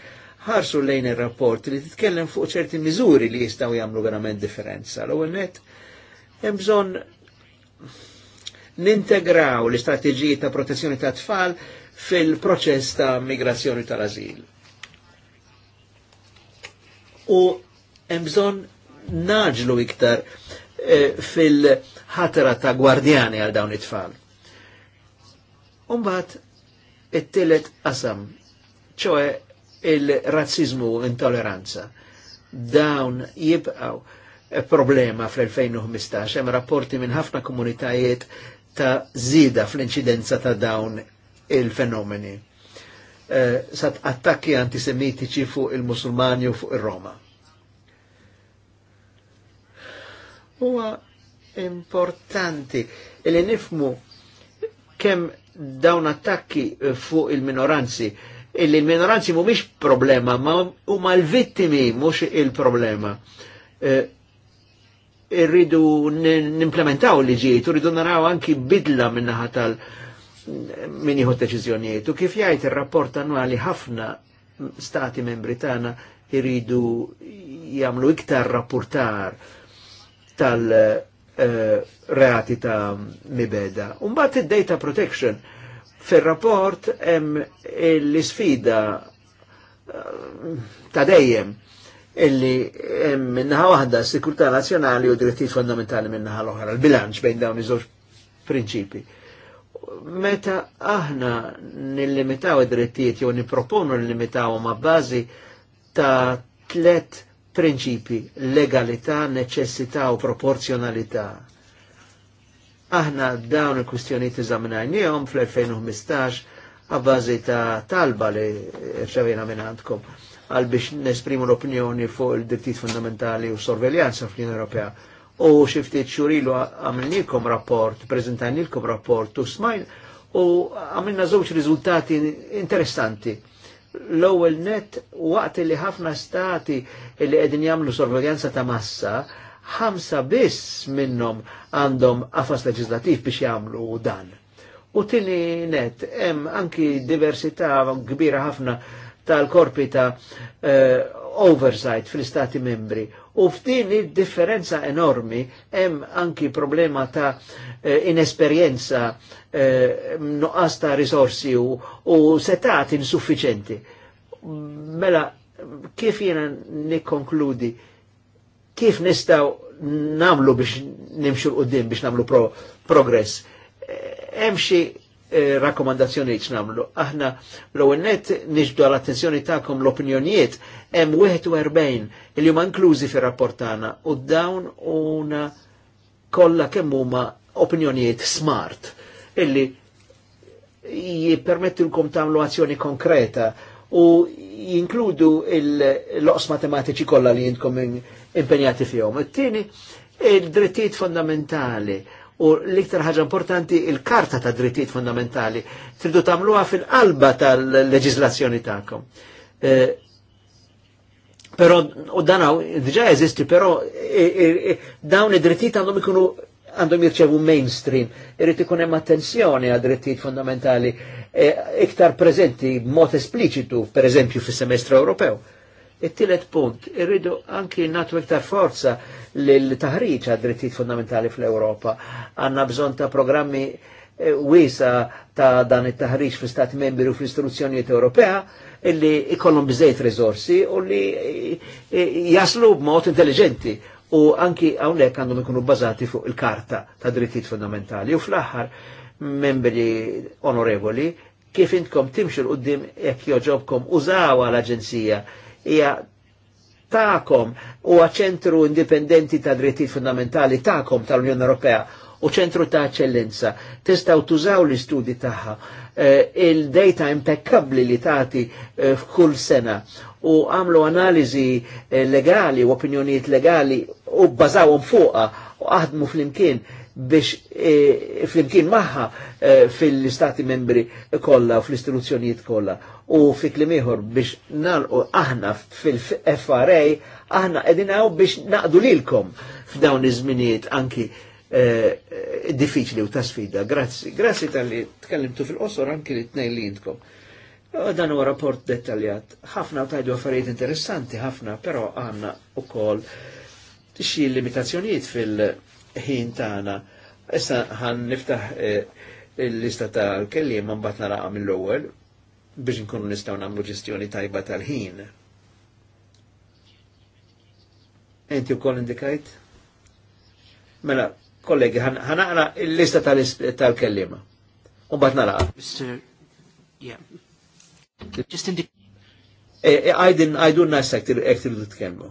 ħarsu lejn ir-rapport li titkellem fuq ċerti miżuri li jistgħu jagħmlu verament differenza. L-ewwel net hemm bżonn nintegraw l-istrateġiji ta' protezzjoni ta' tfal fil-proċess ta' migrazzjoni tal-azil. U hemm bżonn naġlu iktar eh, fil-ħatra ta' gwardjani għal dawn it-tfal. Umbat, it-tillet qasam, ċoħe il-razzizmu u intoleranza. Dawn jibqaw problema fl-2015, hemm rapporti minn ħafna komunitajiet ta' zida fl-inċidenza ta' dawn il-fenomeni eh, sat attakki antisemitiċi fuq il-Musulmani u fuq il-Roma. Huwa importanti li nifmu kemm dawn attakki fuq il-minoranzi illi l-minoranzi mhumiex problema, ma huma l-vittimi mhux il-problema. irridu nimplementaw liġijiet, irridu naraw anki bidla minnaħa tal- min jieħu deċiżjonijiet u kif jgħid ir-rapport annwali ħafna stati membri tagħna jridu jagħmlu iktar rapportar tal-reati eh, ta' mibeda. Umbat id-data protection fil-rapport hemm l-isfida eh, ta' dejjem illi minnaħa waħda s-sikurta nazjonali u drittijiet fondamentali minnaħa l-oħra, l-bilanċ bejn dawn iż-żewġ prinċipi meta aħna nillimitaw id-drittijiet jew nipproponu nillimitaw ma' bażi ta' tlet prinċipi legalità, neċessità u proporzjonalità. Aħna dawn il-kustjonijiet eżaminajniehom fl-2015 għabbażi ta' talba li rċevina minn għandkom għal biex nesprimu l-opinjoni fuq il-drittijiet fundamentali u sorveljanza fl-Unjoni Ewropea u xiftit xurilu għamilnilkom rapport, prezentajnilkom rapport u smajn u għamilna żewġ riżultati interessanti. L-ewwel net waqt li ħafna stati li qegħdin jagħmlu sorveljanza ta' massa, ħamsa biss minnhom għandhom qafas leġislattiv biex jagħmlu dan. U tini net, hemm anki diversità kbira ħafna tal-korpi ta' uh, oversight fl-istati membri U f'din differenza enormi hemm anki problema ta' eh, inesperjenza, eh, nuqqas ta' risorsi u, u setat insuffiċenti. Mela, kif jena nikkonkludi, kif nistaw namlu biex nimxu l-qoddim, biex namlu pro progress? Eh, hemm xi E, eh, rakkomandazzjoni ċnamlu. Aħna l net nġdu għal-attenzjoni ta'kom l-opinjonijiet M41 il huma inklużi fi rapportana u dawn una kolla kemm huma opinjonijiet smart illi jippermettilkom tagħmlu azzjoni konkreta u jinkludu l-oqs matematiċi kollha li jintkom impenjati fihom. It-tieni il-drittijiet fondamentali u l-iktar ħaġa importanti il-karta ta' drittijiet fundamentali. Tridu tagħmluha fil-qalba tal-leġislazzjoni tagħkom. Eh, però u danaw diġà jeżisti, però e, e, e, dawn id-drittijiet għandhom ikunu għandhom jirċevu mainstream, irrit ikun hemm attenzjoni għal drittijiet fundamentali eh, iktar prezenti b'mod espliċitu, per eżempju, fis-semestru Ewropew It-tielet punt, irridu anki natu iktar forza l-taħriġ għad drittijiet fundamentali fl-Ewropa. Għanna bżon ta' programmi eh, wisa ta' dan it-taħriġ fl stati membri u fl-istruzzjonijiet Ewropea illi ikollhom bżejt rizorsi u li eh, jaslu b'mod intelligenti u anki hawnhekk għandhom ikunu bbażati fuq il-karta ta' drittijiet fundamentali. U fl-aħħar membri onorevoli kif intkom timxu l-qoddim jekk joġobkom użaw għal-aġenzija hija ta'kom u ċentru indipendenti ta' dritti fundamentali ta'kom tal-Unjoni Ewropea u ċentru ta' eccellenza. Testaw tużaw l-istudi tagħha eh, il-data impeccabli li tagħti eh, f'kull sena u għamlu analiżi eh, legali u opinjonijiet legali u bbażawhom fuqha u aħdmu flimkien biex flimkien magħha fil-istati membri kollha u fl-istituzzjonijiet kollha u fi klimiħor biex nalqu aħna fil-FRA, aħna edin għaw biex naqdu lilkom f'dawn iż-żminijiet anki eh, eh, diffiċli u ta' sfida. Grazzi, grazzi tal-li tkellimtu fil-qosor anki li tnejn li jintkom. Eh, dan huwa rapport dettaljat. Ħafna tajdu affarijiet interessanti, ħafna, però għanna u xi limitazzjonijiet fil-ħin tagħna. Issa ħan niftaħ eh, lista tal kelliem man batna mill-ewwel biex nkunu nistgħu nagħmlu ġestjoni tajba tal-ħin. Enti wkoll indikajt? Mela, kollegi, ħanaqra il-lista tal-kellima. U bat naraqa. Mr. Yeah. Just indicate. E, għajdin, għajdun nas ektir ektir titkellmu.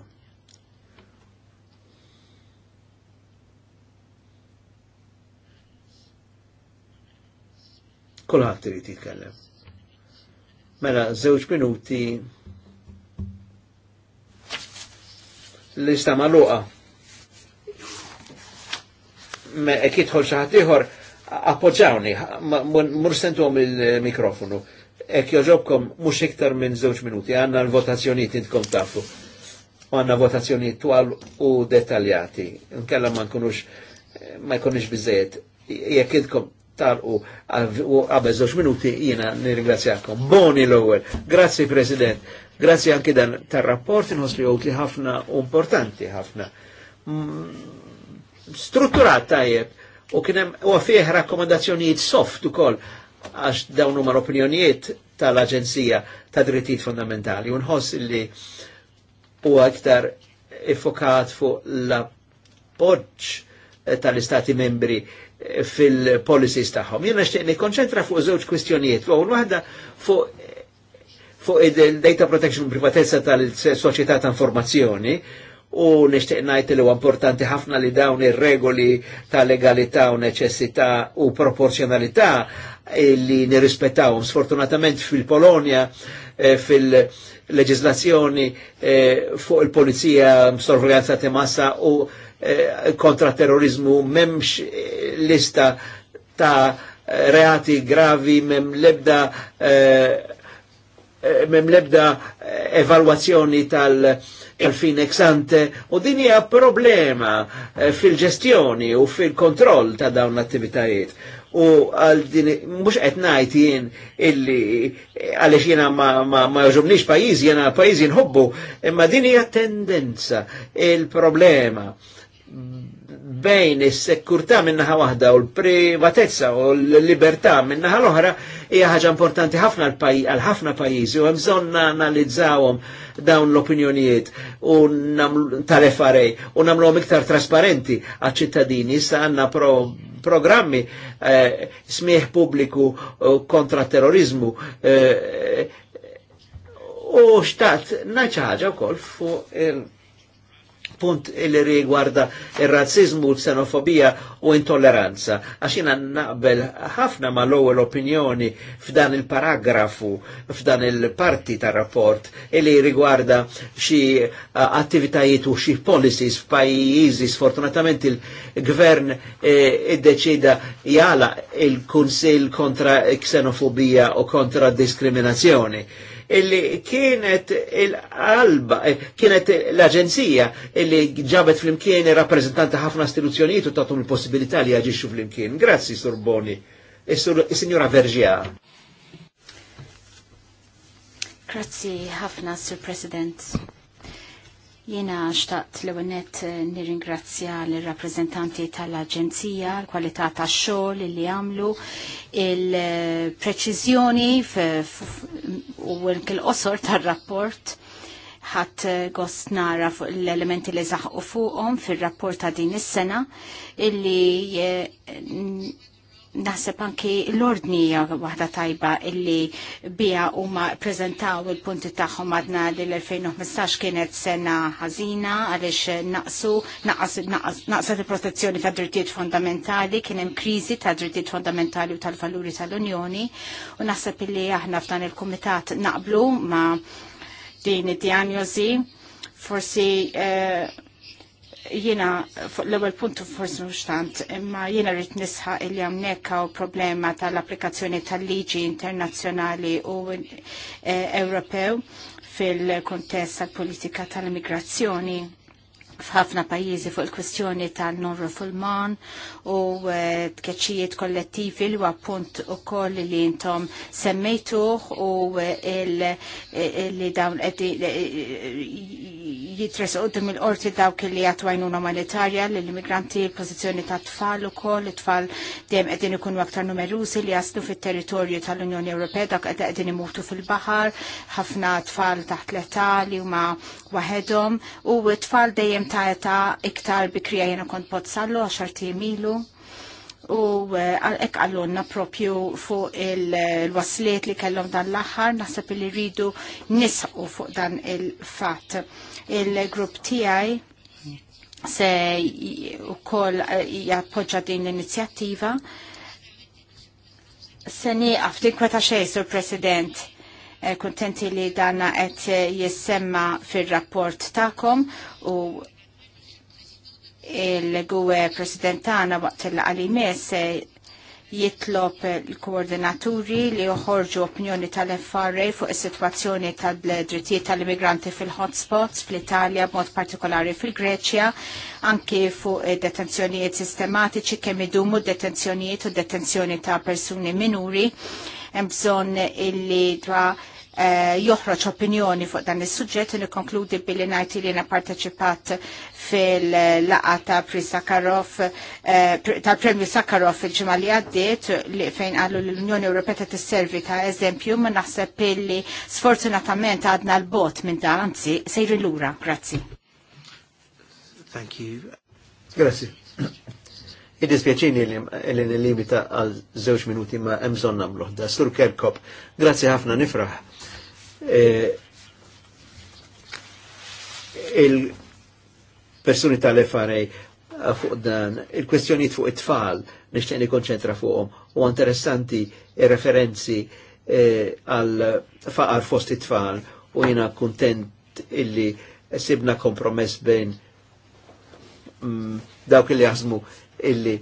Kulħat trid jitkellem. Mela, żewġ minuti l ista maluqa. Ek e jitħol xaħat iħor, appoġġawni, mur sentuhom il-mikrofonu. Ek joġobkom mux iktar minn żewġ minuti, għanna l-votazzjoniet intkom tafu. Għanna votazzjoni twal u detaljati. Nkella ma nkunux, ma jkunux bizzejet. Jek idkom tarqu għabel zoċ minuti jina nirringrazzjakom. Boni l-ewel, grazzi President, grazzi anki dan tar-rapport nħos li li ħafna importanti ħafna. Mm, strutturat tajjeb u kienem u fih rakkomandazzjonijiet soft ukoll għax dawn huma opinjonijiet tal-Aġenzija ta' Drittijiet Fundamentali u nħoss li huwa għaktar effokat fuq l poċ eh, tal-Istati membri fil-policies taħħom. Jena nixtieq konċentra fuq żewġ kwistjonijiet. L-ewwel waħda fuq fuq il-data protection u privatezza tal-soċjetà ta' informazzjoni u nixtieq ngħid li huwa importanti ħafna li dawn ir-regoli ta' legalità u neċessità u proporzjonalità eh, li nirrispettawhom. Sfortunatament fil-Polonja eh, fil-leġislazzjoni eh, fuq il-polizija sorveljanza temassa u Eh, kontra terrorizmu, memx eh, lista ta' eh, reati gravi, mem lebda mem lebda evalwazzjoni tal- tal-fin eksante u din hija problema fil-ġestjoni u fil-kontroll ta' dawn l-attivitajiet. U għal din, mux qed ngħid jien illi għaliex jiena ma, ma, ma joġobniex pajjiż, jiena pajjiż nħobbu, imma din hija tendenza, il-problema. il problema bejn is-sekurtà minnaħa waħda u l-privatezza u l-libertà minnaħa l-oħra hija ħaġa importanti ħafna għal ħafna pajjiżi u hemm bżonn analizzawhom dawn l-opinjonijiet u tal-FRA u nagħmluhom iktar trasparenti għaċ-ċittadini issa għandna pro programmi eh, smieħ pubbliku eh, kontra terrorizmu eh, eh u xtat naċħaġa wkoll fuq il- punt li riguarda il-razzizmu, xenofobija u intolleranza. Għaxina naqbel ħafna ma l-ewwel opinjoni f'dan il-paragrafu, f'dan il-parti ta' rapport li rigwarda xi attivitajiet u xi policies f'pajjiżi sfortunatament il-gvern e, iddeċida jala il-kunsil kontra xenofobija u kontra diskriminazzjoni illi kienet il-qalba, eh, kienet l-Aġenzija illi ġabet fl-imkien rappresentanti ħafna istituzzjonijiet u tatum il-possibilità li jaġixxu fl-imkien. Grazzi, Sur Boni. E e Signora Vergia. President. Jena xtaqt l għonet eh, nir-ingrazzja l-rappresentanti tal-Aġenzija, l-kwalità ta' xogħol li għamlu, il-preċizjoni u l-qosor tal-rapport ħadd eh, gost nara fuq l-elementi li zaħqu fuqom fir-rapport ta' din is-sena illi eh, naħseb anki l-ordni waħda tajba illi bija huma prezentaw il-punti tagħhom għadna li l-2015 kienet sena ħażina għaliex naqsu naqset il-protezzjoni ta' drittijiet fondamentali kien hemm kriżi ta' drittijiet fondamentali u tal-valuri tal-Unjoni u naħseb illi aħna f'dan il-kumitat naqblu ma' din id-dijanjosi forsi uh, Jiena l-ewwel punt forsi mhux imma jiena rrid nisħa li hawnhekk hawn problema tal-applikazzjoni tal-liġi internazzjonali u eh, Ewropew fil-kontest tal-politika tal-immigrazzjoni f'ħafna pajjiżi fuq il-kwestjoni ta' non-refulman u eh, tkeċijiet kollettivi li huwa punt ukoll li intom semmejtuh u eh, eh, li dawn jitres qudiem il-qorti dawk li għatwajnuna umanitarja l-immigranti l-pożizzjoni ta' tfal ukoll it-tfal dejjem qegħdin ikunu aktar numerużi li jaslu fit-territorju tal-Unjoni Ewropea dak qegħdin imutu fil-baħar, ħafna tfal taħt l-età li huma waħedhom u t-tfal dejjem bżon ta' eta iktar bikrija jena kont sallu, għaxarti milu u eh, għalek għallunna propju fuq il-wasliet eh, li kellhom dan l-axar nasab li rridu nisqu fuq dan il-fat. Il-grupp tijaj se u koll eh, jappoġġa din l-inizjattiva. Se ni għafdin kweta xej, Sur President, kontenti li danna qed jissemma fil-rapport ta'kom u il-gwe presidentana waqt il għalimess eh, jitlob il-koordinaturi li joħorġu opinjoni tal-FRA fuq is-sitwazzjoni tal-drittijiet tal-immigranti fil-hotspots fl-Italja b'mod partikolari fil-Greċja, anki fuq detenzjonijiet sistematiċi kemm idumu detenzjonijiet u detenzjoni ta' persuni minuri. Hemm bżonn illi dwa' Eh, joħroġ opinjoni fuq dan is-suġġett u nikkonkludi billi ngħid li parteċipat fil-laqa ta' Pri Sakharov eh, tal-Premju Sakharov il-ġimgħa li għaddiet fejn qalu l-Unjoni Ewropea ta' tisservi ta' eżempju ma naħseb billi sfortunatament għadna l-bot minn dan anzi sejri lura. Grazzi. Thank you. Grazzi. Id-dispjaċini li l-limita għal zewġ minuti ma' emżon namluħ da. Sur Kerkop, grazzi ħafna nifraħ Eh, il personi tal-FRA fuq dan, il-kwestjoniet fuq it-tfal, nishtiq konċentra fuqhom, u interessanti referenzi eh, għal faqar fost it-tfal u jina kontent illi sibna kompromess bejn mm, dawk li jazmu illi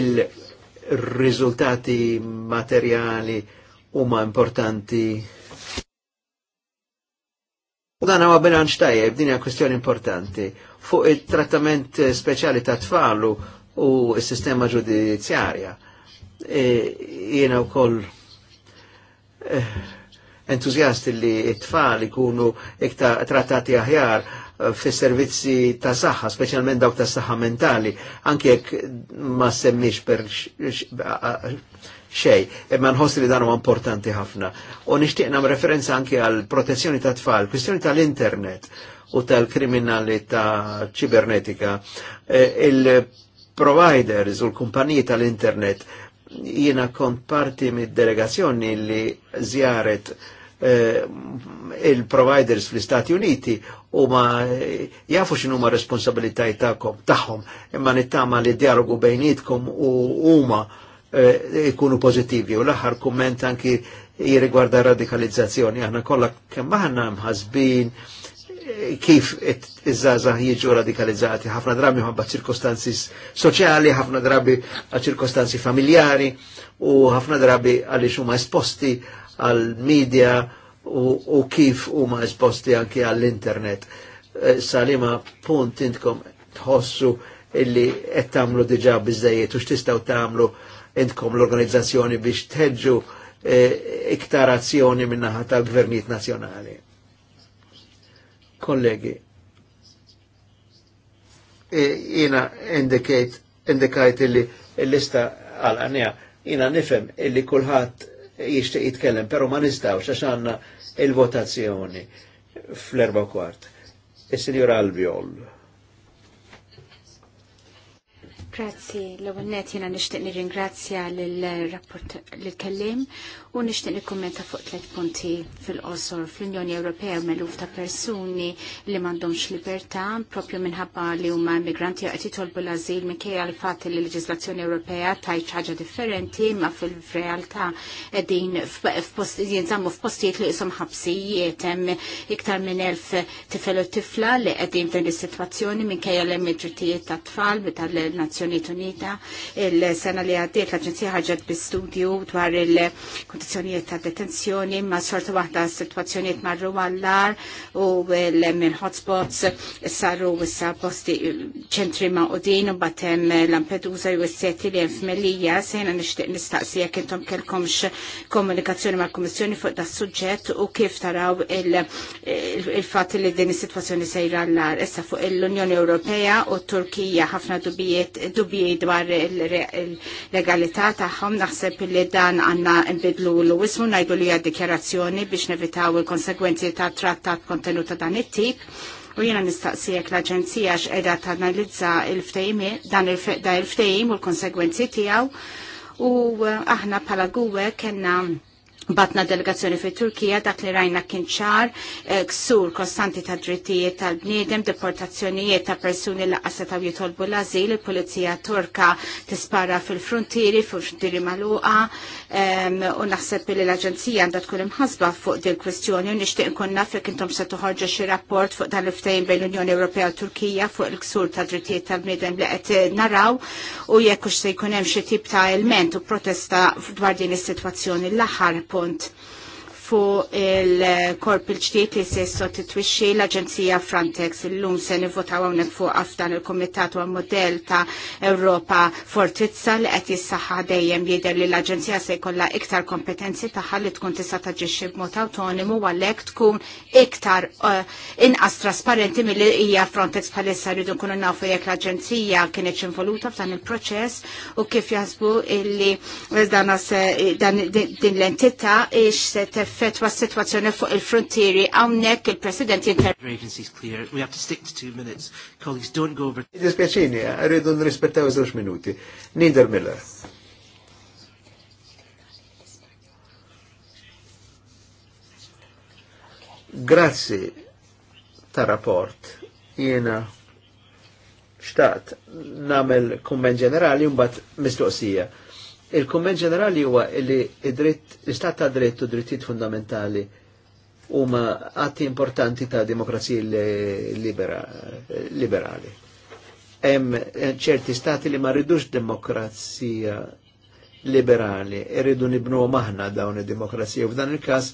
il-riżultati materjali huma importanti. U dan huwa bilanċ tajjeb, din hija kwestjoni importanti. Fuq it-trattament speċjali ta' tfalu u s-sistema ġudizzjarja. E, jiena wkoll e, entużjasti li t-tfal ikunu iktar trattati aħjar e, fis servizzi ta' saħħa, speċjalment dawk ta' saħħa mentali, anke jekk ma semmix per xej, imma nħossi li dan huwa importanti ħafna. U nixtieq nagħmel referenza anke għal protezzjoni ta' tfal, kwistjoni tal-internet u tal-kriminalità ċibernetika. E, il-providers u l-kumpaniji tal-internet jiena kont parti mid-delegazzjoni li żjaret e, il-providers fl-Istati Uniti u ma jafu xinu ma responsabilitajtakom tagħhom imma nittama li dialogu bejnietkom u huma Eh, ikunu pozittivi. U l-aħħar kumment anki jirigwarda radikalizzazzjoni. Aħna kollha kemm aħna mħazbin eh, kif iż-żazah jiġu radikalizzati, ħafna drabi ħabba ċirkostanzi soċjali, ħafna drabi ċirkostanzi familjari u ħafna drabi għaliex huma esposti għal-medja u, kif huma esposti anki għall-internet. Eh, Salima punt intkom tħossu illi qed tagħmlu diġà u x'tistgħu tagħmlu ta entkom l-organizzazzjoni biex tħedġu eh, iktar azzjoni minnaħa tal-gvernijiet nazjonali. Kollegi, eh, jina indikajt illi l-lista għal-għanija, jina nifem illi kullħat jishtiq jitkellem, pero ma nistawx għax għanna il-votazzjoni fl-erba kwart. il signor Albiol. Grazzi, l-ewwel jena jiena nixtieq nirringrazzja lill-rapport l-kellim u nixtieq kommenta fuq tliet punti fil-qosor fl-Unjoni Ewropea meluf ta' persuni li m'għandhomx libertà propju minħabba li huma immigranti qed jitolbu l-ażil minkejja l fatt li l-leġiżlazzjoni Ewropea ta' ħaġa differenti ma fil-realtà qegħdin jinżammu f'postijiet li qishom ħabsijiet hemm iktar minn elf tifel u tifla li qegħdin f'din is-sitwazzjoni minkejja l-hemm id-drittijiet tat-tfal tal-nazzjoni nazzjonijiet Unita il-sena li għaddiet l-Aġenzija ħarġet bi studju dwar il-kondizzjonijiet ta' detenzjoni ma' sorta waħda situazzjonijiet marru għallar u minn hotspots saru issa posti ċentri ma' udin u batem Lampedusa u s-seti li f'Melija sejna nishtiq nistaqsija intom kelkomx komunikazzjoni ma' kummissjoni fuq da' suġġett u kif taraw il-fat li din is-situazzjoni sejra għallar issa fuq l-Unjoni Ewropea u Turkija ħafna dubijiet dubji dwar il-legalità tagħhom naħseb li dan għandna nbidlu l wismu ngħidu li hija dikjarazzjoni biex nevitaw il-konsegwenzi ta' trattat kontenuta dan it-tip u jena nistaqsijek l-Aġenzija x'edha tanalizza il ftehim dan il-ftejim u l-konsegwenzi tiegħu u eh, aħna pala gwe kena batna delegazzjoni fi Turkija dak li rajna kien ċar eh, ksur kostanti ta' drittijiet tal-bniedem, deportazzjonijiet ta' persuni li ta' jitolbu l-azil, il-pulizija turka tispara fil-frontieri, fil-frontieri maluqa, u naħseb li l-Aġenzija għandha tkun imħasba fuq din kwestjoni u nixtieq nkunna naf jekk intom se toħorġu xi rapport fuq dan l ftajn bejn l-Unjoni Ewropea u Turkija fuq il-ksur ta' drittijiet tal-bniedem li qed eh, naraw u jekk se jkun hemm xi tip ta' element u protesta dwar din is-sitwazzjoni l-aħħar il-punt. Fu il-korp il-ġtiet li se sottitwixxi l-Aġenzija Frontex illum se nivvotaw hawnhekk fuq għafdan il-Kumitat u modell ta' Ewropa Fortizza li qed jissaħħa dejjem jidher li l-Aġenzija se jkollha iktar kompetenzi tagħha li tkun tista' taġixxi b'mod awtonomu għalhekk tkun iktar eh, inqas trasparenti milli hija Frontex bħalissa rridu nkunu nafu jekk l-Aġenzija kienet involuta f'dan il-proċess u kif jaħsbu illi dan din l-entità ix se tef fetwa situazzjoni fuq il-frontieri hawnhekk il-President inter. Dispiaċini, have to stick to rridu nrispettaw żewġ minuti. Nider Miller. Grazzi ta' rapport jena xtaqt namel kumment ġenerali un bat mistoqsija Il-kumment ġenerali huwa li id-dritt, l-istat ta' dritt u drittijiet fundamentali huma atti importanti ta' demokrazija libera, liberali. Hemm eh, ċerti stati li ma rridux demokrazija liberali, irridu nibnu maħna dawn id-demokrazija u f'dan il-każ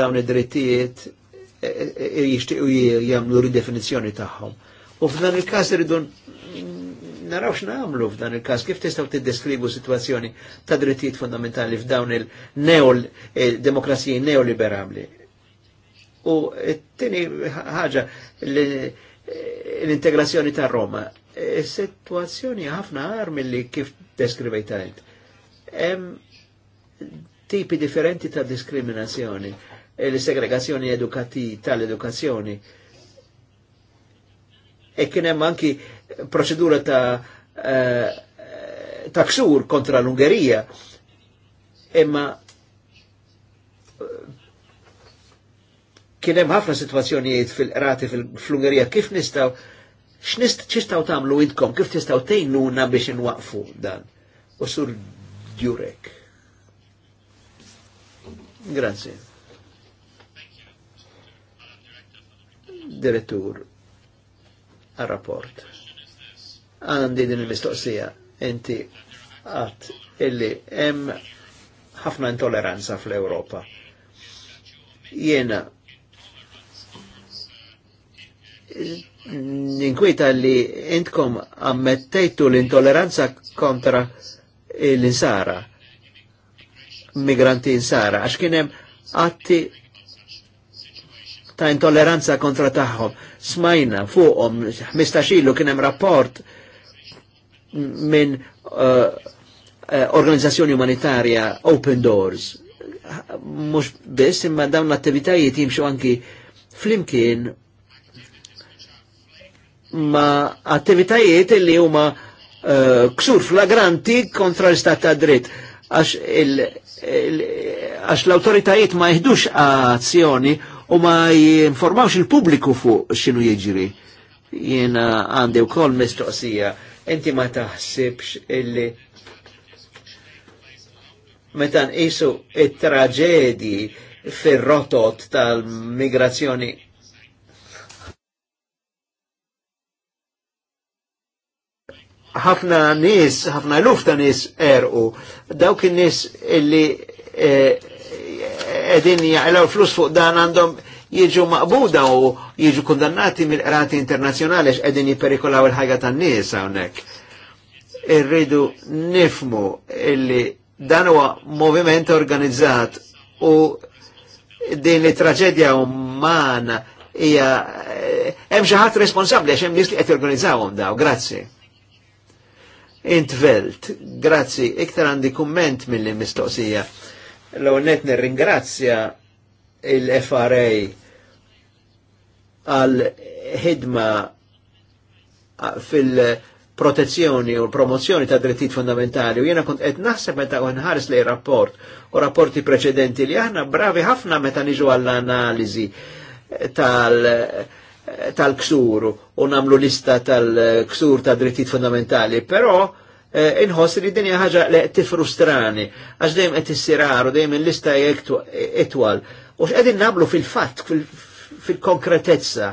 dawn id-drittijiet eh, eh, jixtiequ jagħmlu ridefinizzjoni tagħhom. U f'dan il-każ irridu naraw x'namlu f'dan il-każ, kif tistgħu tiddeskrivu situazzjoni ta' drittijiet fundamentali f'dawn il-demokrazija eh, neoliberali. U t tini ħaġa eh, l-integrazzjoni ta' Roma. Eh, situazzjoni ħafna għar mill-li kif deskrivejta int. tipi differenti ta' diskriminazzjoni, l-segregazzjoni edukati tal-edukazzjoni, e kien hemm anki proċedura ta' eh, ta' ksur kontra l-Ungerija. Imma kien hemm ħafna sitwazzjonijiet fil rati fil ungerija kif nistaw, x'nist x'istgħu tagħmlu intkom, kif tistgħu tejnuna biex nwaqfu dan. U sur Djurek. Grazie. Direttur, a rapporto għandi din il-mistoqsija. Inti għat illi hemm ħafna intoleranza fl-Europa. Jena ninkwita li intkom ammettejtu l intoleranza kontra l-insara, migranti insara, għax kienem għatti ta' intoleranza kontra taħħom. Smajna fuqom, 15 ilu kienem rapport minn uh, uh, organizzazzjoni umanitarja Open Doors. Mux biss imma dawn l-attivitajiet jimxu anki flimkien ma attivitajiet li huma uh, ksur flagranti kontra l-istat ta' dritt għax l-autoritajiet ma jihdux azzjoni u ma jinformawx il-pubbliku fuq xinu jiġri. Jiena għandi u kol mistoqsija inti ma taħsibx illi meta isu it traġedi fil rotot tal-migrazzjoni ħafna nis, ħafna lufta ta' nis erqu, dawk in-nis illi eh, edin jaqlaw flus fuq dan għandhom jiġu maqbuda u jiġu kundannati mill-qrati internazjonali x'qegħdin jiperikolaw il-ħajja tan-nies hawnhekk. Irridu nifmu illi dan huwa moviment organizzat u din li traġedja umana hija eh, hemm xi ħadd responsabbli għax hemm nies li qed jorganizzawhom daw. Grazzi. Intvelt, grazzi, iktar għandi kumment mill-mistoqsija. L-għonet nir-ringrazzja il-FRA għal ħidma fil-protezzjoni u promozzjoni ta' drittijiet fundamentali u jiena kont qed naħseb meta nħares lejn rapport u rapporti preċedenti li aħna bravi ħafna meta niġu għall-analiżi tal- tal-ksur u namlu lista tal-ksur ta' drittijiet fundamentali, però eh, inħoss li dinja ħaġa li tifrustrani, għax dejjem qed u dejjem il-lista jekk etwal u x'qegħdin nagħmlu fil-fatt, fil-konkretezza.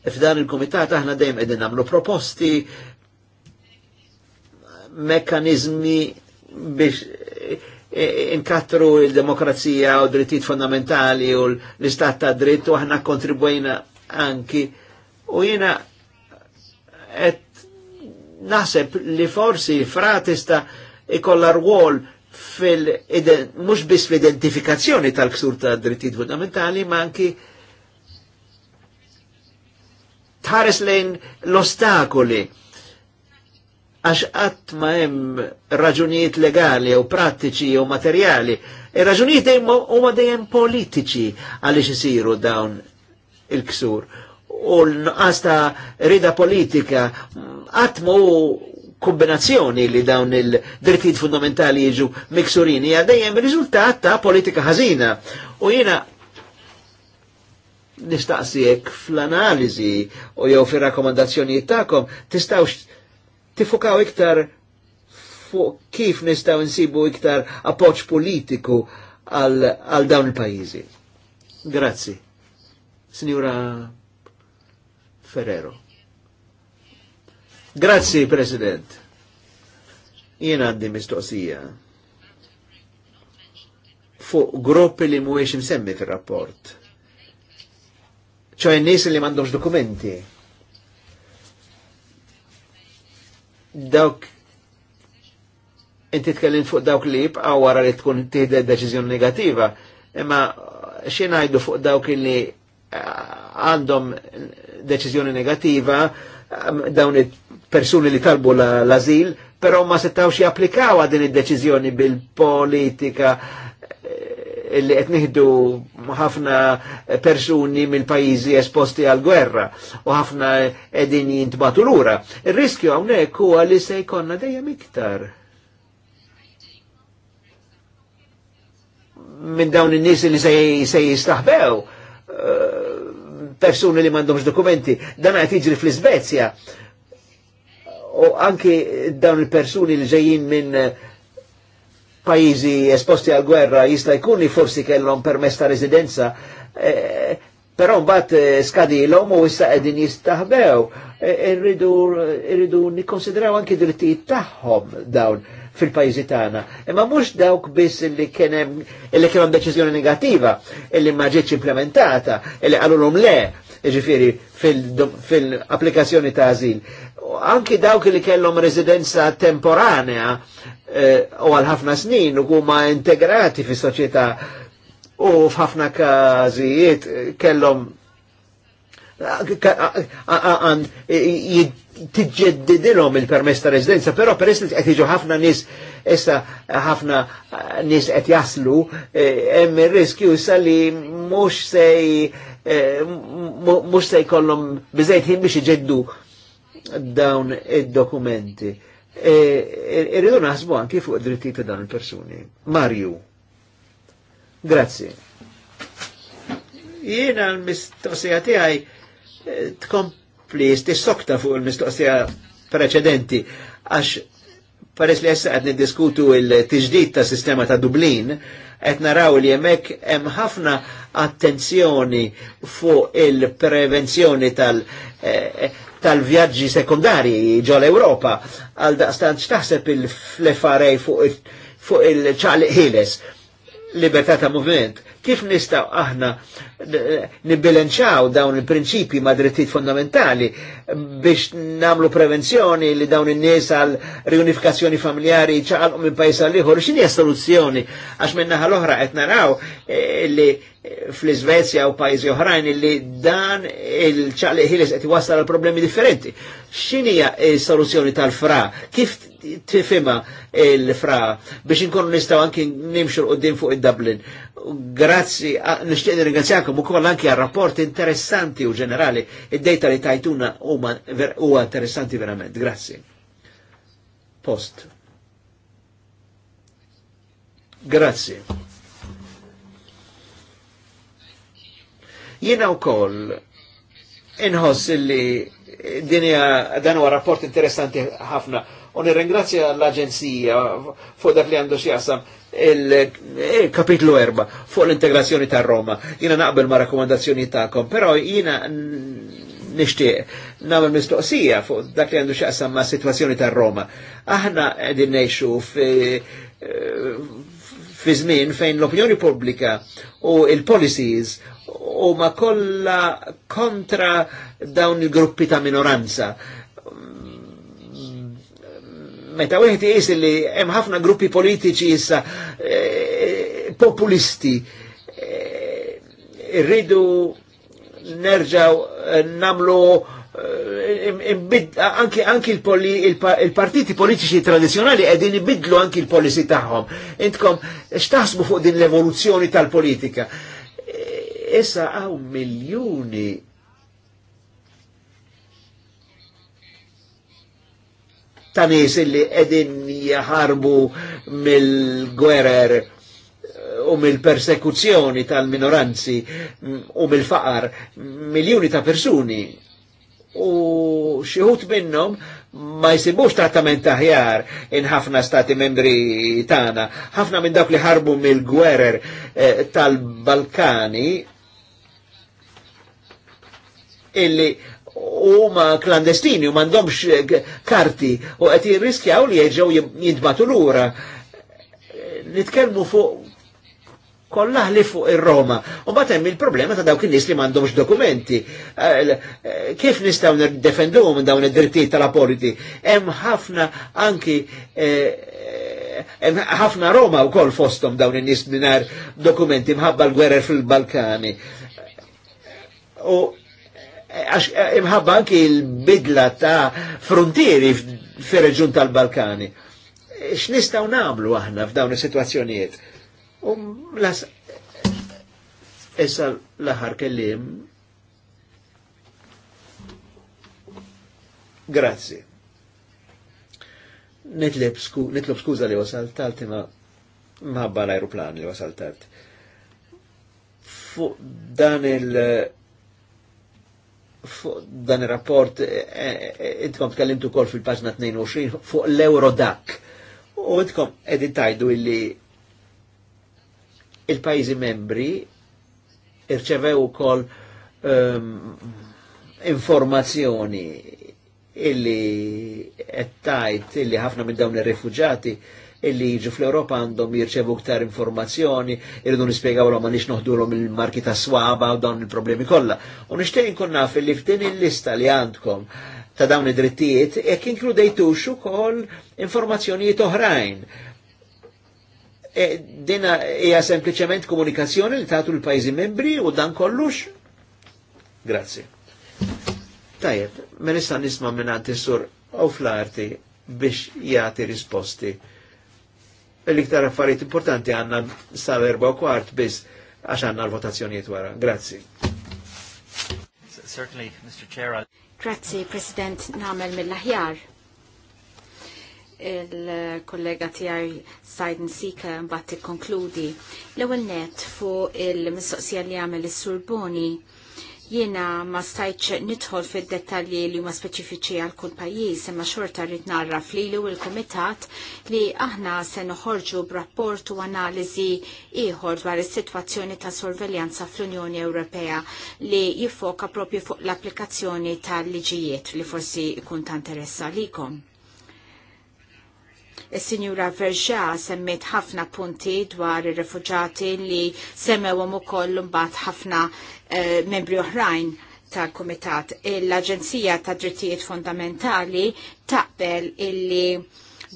E f'dan il-kumitat aħna dejjem qegħdin nagħmlu proposti, mekkanizmi biex e, e, inkattru il-demokrazija u drittijiet fondamentali u l-istat ta' dritt u aħna kontribwejna anki u jina et naħseb li forsi fratista ikolla rwol mux mhux biss fl-identifikazzjoni tal-ksur ta' drittijiet fundamentali, ma anki tħares lejn l-ostakoli għax qatt ma hemm raġunijiet legali u prattiċi u materjali. e raġunijiet e huma dejjem politiċi għaliex isiru dawn il-ksur. U l-nuqqas ta' rida politika qatt ma kombinazzjoni li dawn il-drittijiet fundamentali jiġu miksurini għaddejjem riżultat ta' politika ħażina. U jiena nistaqsijek fl-analizi u jew fir-rakkomandazzjonijiet tagħkom tistgħux tifukaw iktar fuq kif nistaw insibu iktar appoġġ politiku għal dawn il pajjiżi Grazzi. Signora Ferrero. Grazzi, President. Jien għandi mistoqsija fuq gruppi li mhuwiex imsemmi fir-rapport. ċoj nies li m'għandhomx dokumenti. Dawk inti tkellim fuq dawk li jibqgħu wara li tkun tieħdet deċiżjoni negativa, imma xi ngħidu fuq dawk li eh, għandhom deċiżjoni negativa eh, dawn it persuni li talbu l-azil, però ma xie japplikaw din id-deċiżjoni bil-politika eh, li qed nieħdu ħafna persuni mill-pajjiżi esposti għal gwerra u ħafna qegħdin jintbatu lura. Ir-riskju hawnhekk huwa li se jkollna dejjem iktar. minn dawn in-nies li se jistaħbew eh, persuni li m'għandhomx dokumenti. Dan qed jiġri fl-Iżvezja. Uh, u anki dawn il-persuni li ġejjin minn eh, pajizi esposti għal gwerra jista' jkun li forsi kellhom permess ta' residenza, eh, però mbagħad eh, skadilhom u issa qegħdin jistaħbew. E, irridu nikkonsidraw anki drittijiet tagħhom dawn fil-pajjiżi tagħna. Imma mhux dawk biss li kien hemm deċiżjoni negattiva illi ma ġietx implementata, illi qalulhom le, ġifiri fil-applikazzjoni ta' azil. Anki dawk li kellhom residenza temporanea eh, u għal ħafna snin u huma integrati fis soċjetà u f'ħafna każijiet kellhom tiġġeddidilhom il-permess ta' residenza, però per esempio qed jiġu ħafna nies issa ħafna eh, nies qed jaslu eh, hemm ir-riskju issa li mhux se Eh, mux se jkollhom biżejt jim biex iġeddu dawn id-dokumenti. Eh, irridu naħsbu anki fuq dritti ta' dawn il-persuni. Marju. Grazzi. Jiena l-mistoqsija tiegħi eh, tkompli sokta fuq il-mistoqsija preċedenti għax peress li jessa għadni diskutu il tġdid ta' sistema ta' Dublin, qed naraw li hemmhekk hemm ħafna attenzjoni fuq il-prevenzjoni tal- eh, tal-vjaġġi sekundarji ġol Ewropa għal daqstant x'taħseb il-flefarej fuq il-ċaqliq ħieles libertà ta' moviment Kif nistaw aħna nibbilanċaw dawn il-prinċipi ma' drittijiet fondamentali biex namlu prevenzjoni li dawn in-nies għal riunifikazzjoni familjari ċaqalqu minn pajjiż għal ieħor, x'inhi soluzzjoni għax minn naħa l-oħra qed naraw eh, li eh, fl-Iżvezja u pajjiżi oħrajn li dan il ċaqliq ħieles qed iwassal għal problemi differenti. X'inhija s-soluzzjoni eh, tal-fra? Kif tifima il-fra biex inkunu nistgħu anki nimxu qudiem fuq id-Dublin? Grazzi, nishtiq ringrazzjakom ukoll anki għal rapport interessanti u ġenerali. id data li tajtuna huwa interessanti verament. Grazzi. Post. Grazzi. Jiena wkoll inħoss li dinja dan huwa rapport interessanti ħafna U nirringrazzja l-Aġenzija fuq dak li għandu xjaqsam il-kapitlu 4 fuq l-integrazzjoni ta' Roma. Jina naqbel ma' rakkomandazzjoni ta'kom, però jina nishtiq namel mistoqsija fuq dak li għandu xaqsam ma' situazzjoni ta' Roma. Aħna għedin neħxu eh, fi żmien fejn l-opinjoni pubblika u il-policies u ma kolla kontra dawn il-gruppi ta' minoranza meta wieħed jgħis li hemm ħafna gruppi politiċi issa eh, populisti eh, irridu eh, nerġaw namlu eh, anki, anki il-partiti politiċi tradizjonali qegħdin ibidlu anki l-policy tagħhom. Intkom, xtaħsbu fuq din l-evoluzzjoni tal-politika? Issa hawn miljuni ta' nis illi edin jaharbu mill-gwerer eh, u mill-persekuzzjoni tal-minoranzi mm, u mill-faqar miljoni ta' persuni u xieħut minnom ma jisibux trattament taħjar in ħafna stati membri tana. ħafna minn dawk li ħarbu mill-gwerer eh, tal-Balkani illi huma klandestini u m'għandhomx eh, karti u qed jirriskjaw li jerġgħu jintbatu lura. Nitkellmu fuq kollha li fuq ir-Roma. U mbagħad hemm il-problema ta' dawk il-nis li m'għandhomx dokumenti. Eh, eh, kif nistgħu defendu minn dawn id-drittijiet tal-apoliti? Hemm ħafna anki ħafna Roma wkoll fosthom dawn in nis minar dokumenti mħabba l-gwerer fil-Balkani. U għax eh, imħabba anki il-bidla ta' frontieri fir-reġun tal-Balkani. Eh, x'nistgħu nagħmlu aħna f'dawn is-sitwazzjonijiet? Um, las eh, issa l-aħħar kellim. Grazzi. Nitlob skuża li wasaltalt ma mħabba l-ajruplan li wasaltalt. Fuq dan il- fuq dan il-rapport e, e, e, intkom tkellimtu kol fil-paġna 22 fuq l-Eurodac. U intkom edin tajdu illi il-pajzi membri irċevew kol um, ehm, informazzjoni illi ettajt illi ħafna minn dawn ir-rifuġati illi jiġu fl-Europa għandhom jirċevu ktar informazzjoni, irridu nispiegaw l għom għanix noħdulom il-marki ta' swaba u dawn il-problemi kollha. U nishtej nkun naf illi f'din il-lista li għandkom ta' dawn id-drittijiet, jekk inkludejtux ukoll informazzjonijiet oħrajn. E, dina hija sempliċement komunikazzjoni li tagħtu l pajzi membri u dan kollux. Grazzi. Tajet, ma nista' nisma' minn sur u fl-arti biex jagħti risposti l-iktar affarijiet importanti għanna sal-erba u kwart biss għax għanna l-votazzjonijiet wara. Grazzi. Certainly, Mr. Chair. Grazzi, President, namel mill-aħjar. Il-kollega tijaj Sajden Sika mbatti konkludi l ewwel net fu il-mistoqsija li għamel is-Surboni Jiena ma stajċ nidħol fid dettalji li huma speċifiċi għal kull pajjiż imma xorta rrid narraf li u l-Kumitat li aħna se noħorġu b'rapport u analiżi ieħor dwar is-sitwazzjoni ta' sorveljanza fl-Unjoni Ewropea li jiffoka propju fuq l-applikazzjoni tal-liġijiet li forsi jkun ta' interessa likom. Is-Sinjura Verġa semmet ħafna punti dwar ir refugġati li semmewhom ukoll mbagħad ħafna eh, membri oħrajn tal-Kumitat. L-Aġenzija ta' Drittijiet Fundamentali taqbel illi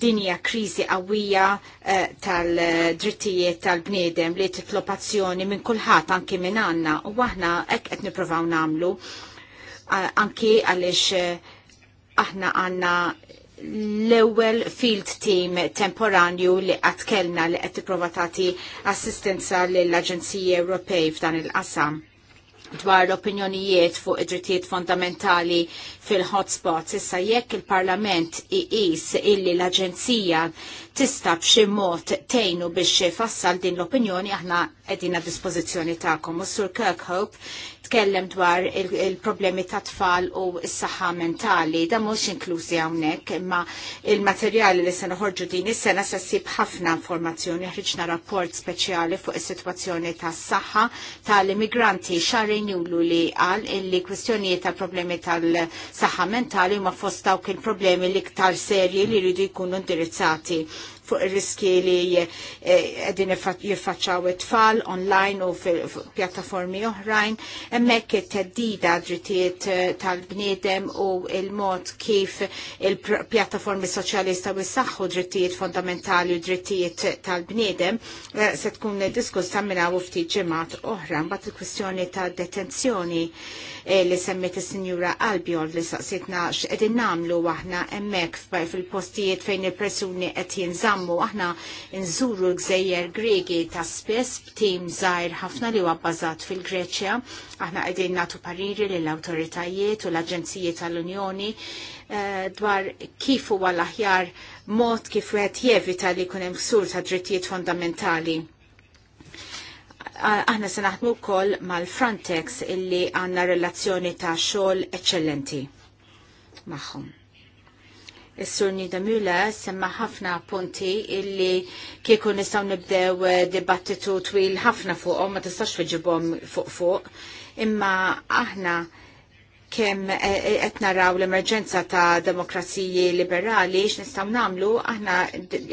dinja krizi qawwija eh, tal-drittijiet tal-bniedem li titlopazzjoni minn kulħadd anki minn għandna u aħna hekk qed nippruvaw nagħmlu anki għaliex eh, aħna għandna l-ewwel field team temporanju li għatkelna li qed tipprova tagħti assistenza lill-Aġenziji Ewropej f'dan il-qasam dwar l-opinjonijiet fuq id-drittijiet fondamentali fil-hotspots. Issa jekk il-Parlament iqis illi l-Aġenzija tista' b'xi mod tgħinu biex fassal din l-opinjoni aħna qegħdin a dispożizzjoni tagħkom. U Sur Kirkhope tkellem dwar il-problemi ta' tfal u s-saħħa mentali, da mhux inklużi hawnhekk, imma il-materjali li se noħorġu din is-sena se sib ħafna informazzjoni, ħriġna rapport speċjali fuq is-sitwazzjoni tas-saħħa tal-immigranti xarejn julu li qal li kwistjonijiet tal-problemi tal-saħħa mentali huma fost dawk il-problemi li iktar serji li jridu jkunu indirizzati fuq ir-riski li eh, qegħdin jiffaċċaw it-tfal online u fil-pjattaformi oħrajn. Hemmhekk it-teddida drittijiet eh, tal-bniedem u il-mod kif il-pjattaformi soċjali jistgħu jsaħħu drittijiet fondamentali u drittijiet tal-bniedem eh, se tkun diskussa minna u ftit ġimgħat oħra bat il-kwistjoni ta' detenzjoni Eh, li semmet il-Sinjura Albion li saqsitna x'qegħdin nagħmlu aħna hemmhekk fil-postijiet fejn il-persuni qed jinżammu aħna nżuru gżejjer Gregi ta' spiss b'tim żgħir ħafna li huwa bbażat fil-Greċja. Aħna qegħdin nagħtu pariri lill-awtoritajiet u l-Aġenziji tal-Unjoni eh, dwar kif huwa l-aħjar mod kif wieħed jevita li jkun hemm ħsur ta' drittijiet fondamentali aħna se naħdmu wkoll mal-Frontex illi għandna relazzjoni ta' xogħol eċċellenti magħhom. Is-Sur Nida Müller semma ħafna punti illi kieku nistgħu nibdew eh, dibattitu twil ħafna fuqhom ma tistax tiġibhom fuq fuq, imma aħna kemm eh, eh, qed naraw l-emerġenza ta' demokraziji liberali x'nistgħu nagħmlu aħna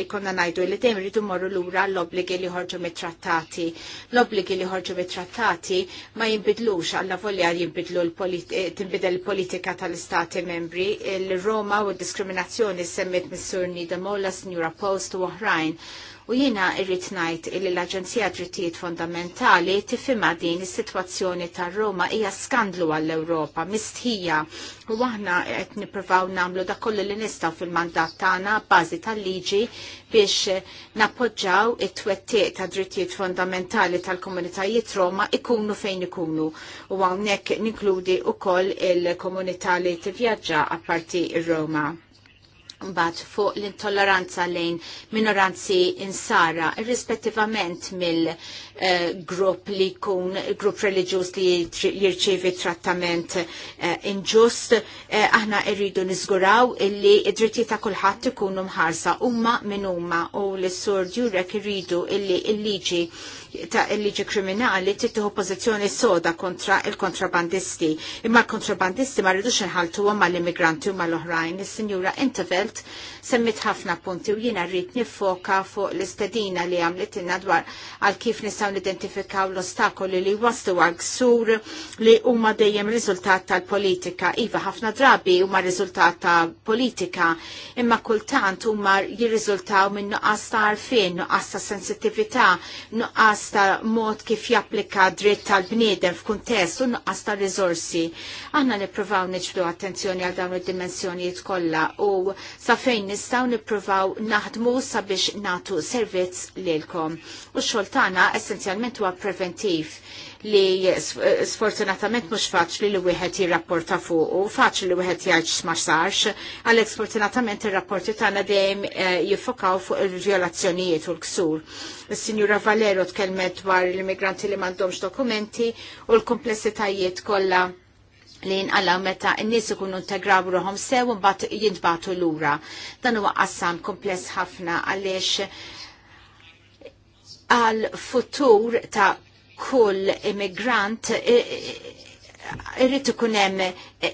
ikonna ngħidu li dejjem rridu morru lura l-obbligi li ħorġu mit-trattati. L-obbligi li ħorġu mit-trattati ma jinbidlux alla volja jinbidlu eh, tinbidel il-politika tal-istati membri, il-Roma u d-diskriminazzjoni semmit mis-Sur Nidamo, Signora Post u oħrajn. U jiena irrit ngħid li l-Aġenzija Drittijiet Fondamentali tifhimha din is-sitwazzjoni tar Roma hija skandlu għall-Ewropa mistħija u aħna qed nippruvaw nagħmlu da kollu li nistgħu fil-mandat tagħna bażi tal-liġi biex nappoġġaw it-twettiq ta' drittijiet fondamentali tal-komunitajiet Roma ikunu fejn ikunu. U għawnek ninkludi u koll il-komunità li tivvjaġġa apparti ir-Roma. Mbagħad fuq l-intolleranza lejn minoranzi insara, irrispettivament mill- Eh, grupp li jkun grupp reliġjuż li jirċievi trattament uh, inġust. Uh, aħna rridu niżguraw illi id-drittijiet ta' kulħadd ikunu mħarsa huma minn huma u l-sur Jurek irridu illi il-liġi ta' il-liġi kriminali tittuħu pożizzjoni soda kontra il-kontrabandisti. Imma l-kontrabandisti ma rridux nħaltu ma l-immigranti u ma l-oħrajn. Is-Sinjura Intervelt semmit ħafna punti u jiena rrid nifoka fuq l-istedina li għamlet dwar għal kif nisa nistaw nidentifikaw l-ostakoli li waslu għag ksur li huma dejjem riżultat tal-politika. Iva ħafna drabi huma riżultat ta' politika, imma kultant huma jirriżultaw minn nuqqas ta' arfin, nuqqas ta' sensitivita, nuqqas ta' mod kif japplika dritt tal-bniedem f'kuntest u nuqqas ta' riżorsi. Aħna nippruvaw niġbdu attenzjoni għal dawn id-dimensjonijiet kollha u sa fejn nistgħu nippruvaw naħdmu sabiex natu servizz lilkom. U x-xogħol essenzjalment huwa preventiv li sfortunatament mhux faċli li wieħed jirrapporta fuq u faċli li wieħed jgħid x'ma sarx, għalhekk sfortunatament ir-rapporti tagħna dejjem eh, jiffokaw fuq il-vjolazzjonijiet u l-ksur. Is-Sinjura Valero tkellmet dwar l-immigranti li m'għandhomx dokumenti u l-komplessitajiet kollha li jinqala meta n-nis ikunu integraw ruħom sew mbagħad jintbagħtu lura. Dan huwa qassam kompless ħafna għaliex għal futur ta' kull immigrant irrid ikun hemm e, e,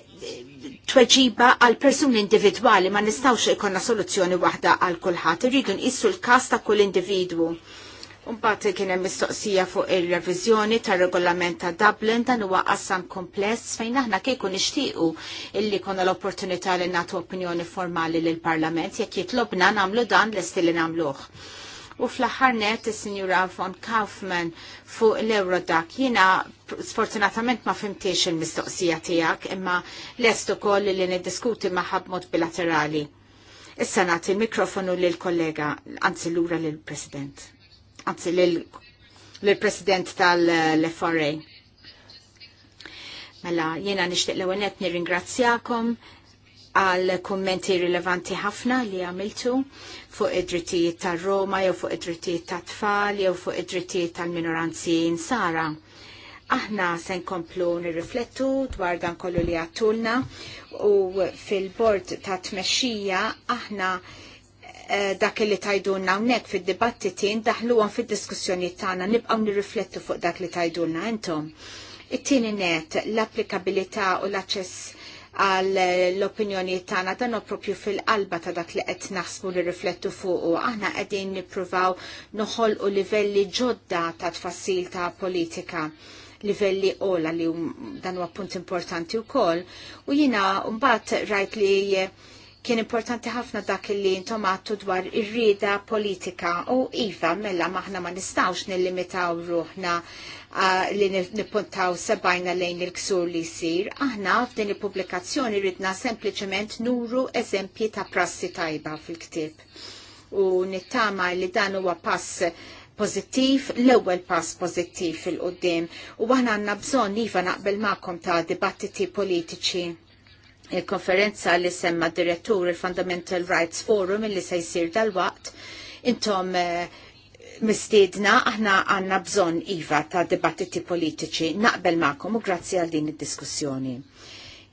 tweġiba għal persuni individwali ma nistawx ikonna soluzzjoni waħda għal kulħadd, irridu nqissu l-każ ta' kull individwu. Mbagħad kien hemm mistoqsija fuq ir-reviżjoni tar-regolament ta' Dublin dan huwa qassam kompless fejn aħna kieku nixtiequ illi konna l-opportunità li nagħtu opinjoni formali lill-Parlament jekk jitlobna nagħmlu dan lesti li nagħmluh U fl-aħħar net is-Sinjura von Kaufman fuq l-Eurodac. Jiena sfortunatament ma fimtiex il-mistoqsija tiegħek imma lest ukoll li niddiskuti maħab mod bilaterali. Issa nagħti il-mikrofonu l kollega anzi lura l President. Anzi l President tal-FRA. Mela, jiena nixtieq l-ewenet nirringrazzjakom għal kommenti rilevanti ħafna li għamiltu fuq id-drittijiet tar-Roma jew fuq id-drittijiet tat-tfal jew fuq id-drittijiet tal-minoranzi insara. Aħna se nkomplu nirriflettu dwar dan kollu li għattulna u fil-bord ta' tmexxija aħna eh, dak li tajdunna unnek fil-dibattiti ndaħlu għan fil-diskussjoni tagħna nibqgħu nirriflettu fuq dak li tajdunna intom. It-tieni net l-applikabilità u l-aċċess għal l-opinjoni tagħna dan propju fil-qalba ta' dak li qed naħsbu li riflettu fuq aħna qegħdin nippruvaw noħolqu livelli ġodda ta' tfassil ta' politika livelli ola li dan huwa punt importanti wkoll u jiena mbagħad rajt li kien importanti ħafna dak li intom għattu dwar ir rida politika u iva mella maħna ma nistawx nillimitaw ruħna li nipuntaw sebajna lejn il-ksur li jisir, aħna f'din il-publikazzjoni ridna sempliciment nuru eżempji ta' prassi tajba fil-ktib. U nittama li dan huwa pass pozittiv, l-ewwel pass pozittiv fil-qoddim u aħna għandna bżonn iva naqbel magħkom ta' dibattiti politiċi il-konferenza li semma direttur il-Fundamental Rights Forum li se jsir dal-waqt intom uh, mistiedna aħna għanna bżon iva ta' dibattiti politiċi naqbel ma'kom u grazzi għal din id-diskussjoni.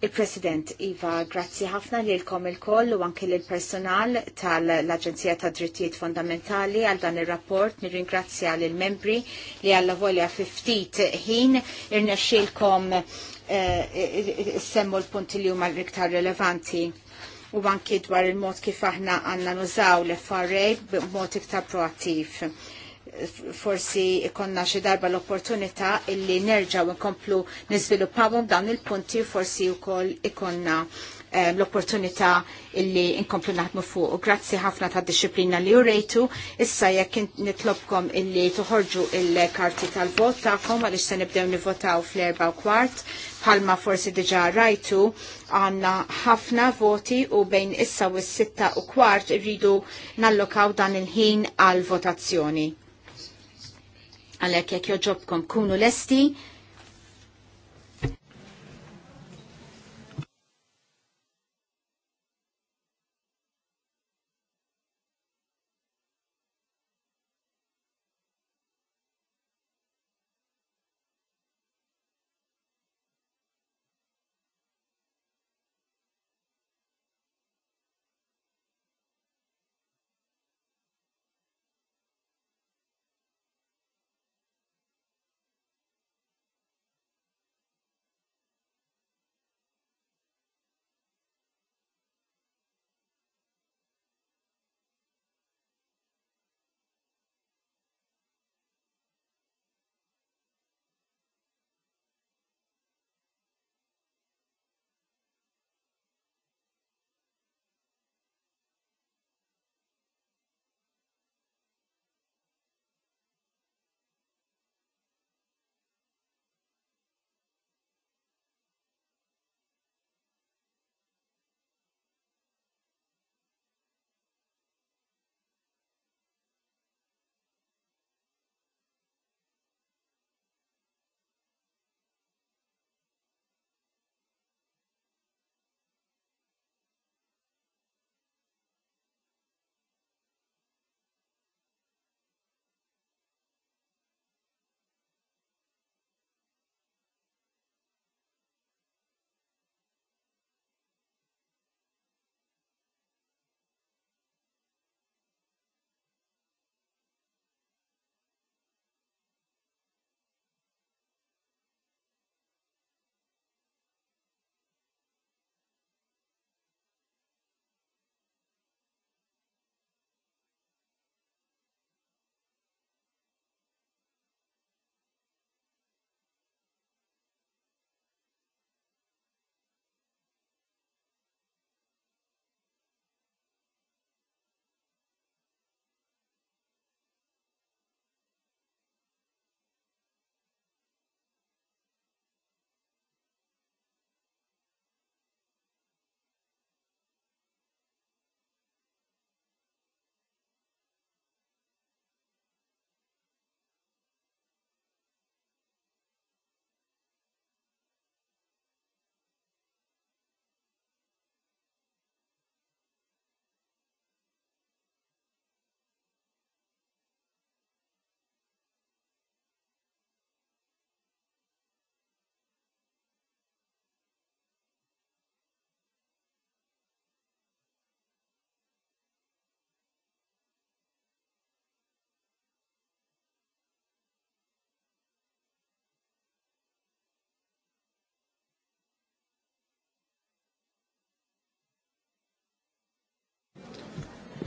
Il-President Iva, grazzi ħafna li l-kom il-koll u anke l personal tal-Aġenzija ta' Drittijiet Fondamentali għal dan il-rapport. Nirringrazzja l-membri li għalla volja fiftit ħin irnexxilkom eh, semmu l-punti li huma l-iktar relevanti u anki dwar il-mod kif aħna għanna nużaw l-FRA b'mod iktar proattiv forsi ikonna xi darba l-opportunità illi nerġaw nkomplu niżviluppawhom dawn il-punti forsi wkoll ikonna eh, l-opportunità illi nkomplu naħdmu fuq. Grazzi ħafna ta' disciplina li urejtu, issa jekk nitlobkom illi toħorġu il-karti tal-vot tagħkom għaliex se nibdew nivotaw fl-erba u kwart, bħalma forsi diġa rajtu għanna ħafna voti u bejn issa u s-sitta u kwart irridu nallokaw dan il-ħin għal votazzjoni għalek jekk joġobkom kunu lesti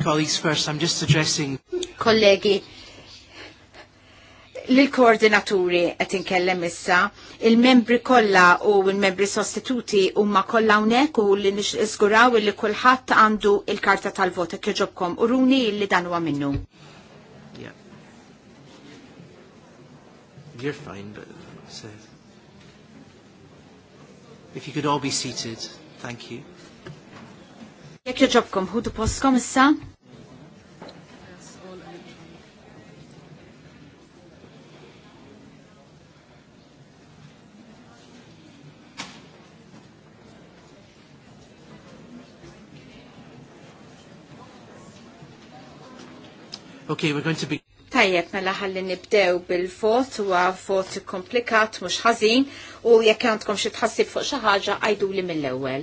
colleagues first. I'm just addressing... Kollegi, l-koordinaturi qed inkellem issa, il-membri kolla u il membri sostituti u ma kolla unek u li niżguraw li kulħadd għandu il-karta tal-vota kieġobkom u runi li danu għaminnu. Yeah. You're fine, but so. If you could all be seated, thank you. Jekk joġobkom, ħudu postkom issa? Okay, we're going to be... Tajjeb, mela ħalli nibdew bil-vot, u vot komplikat, mux ħazin, u jekk għandkom xi tħassib fuq xi ħaġa għajdu li mill-ewwel.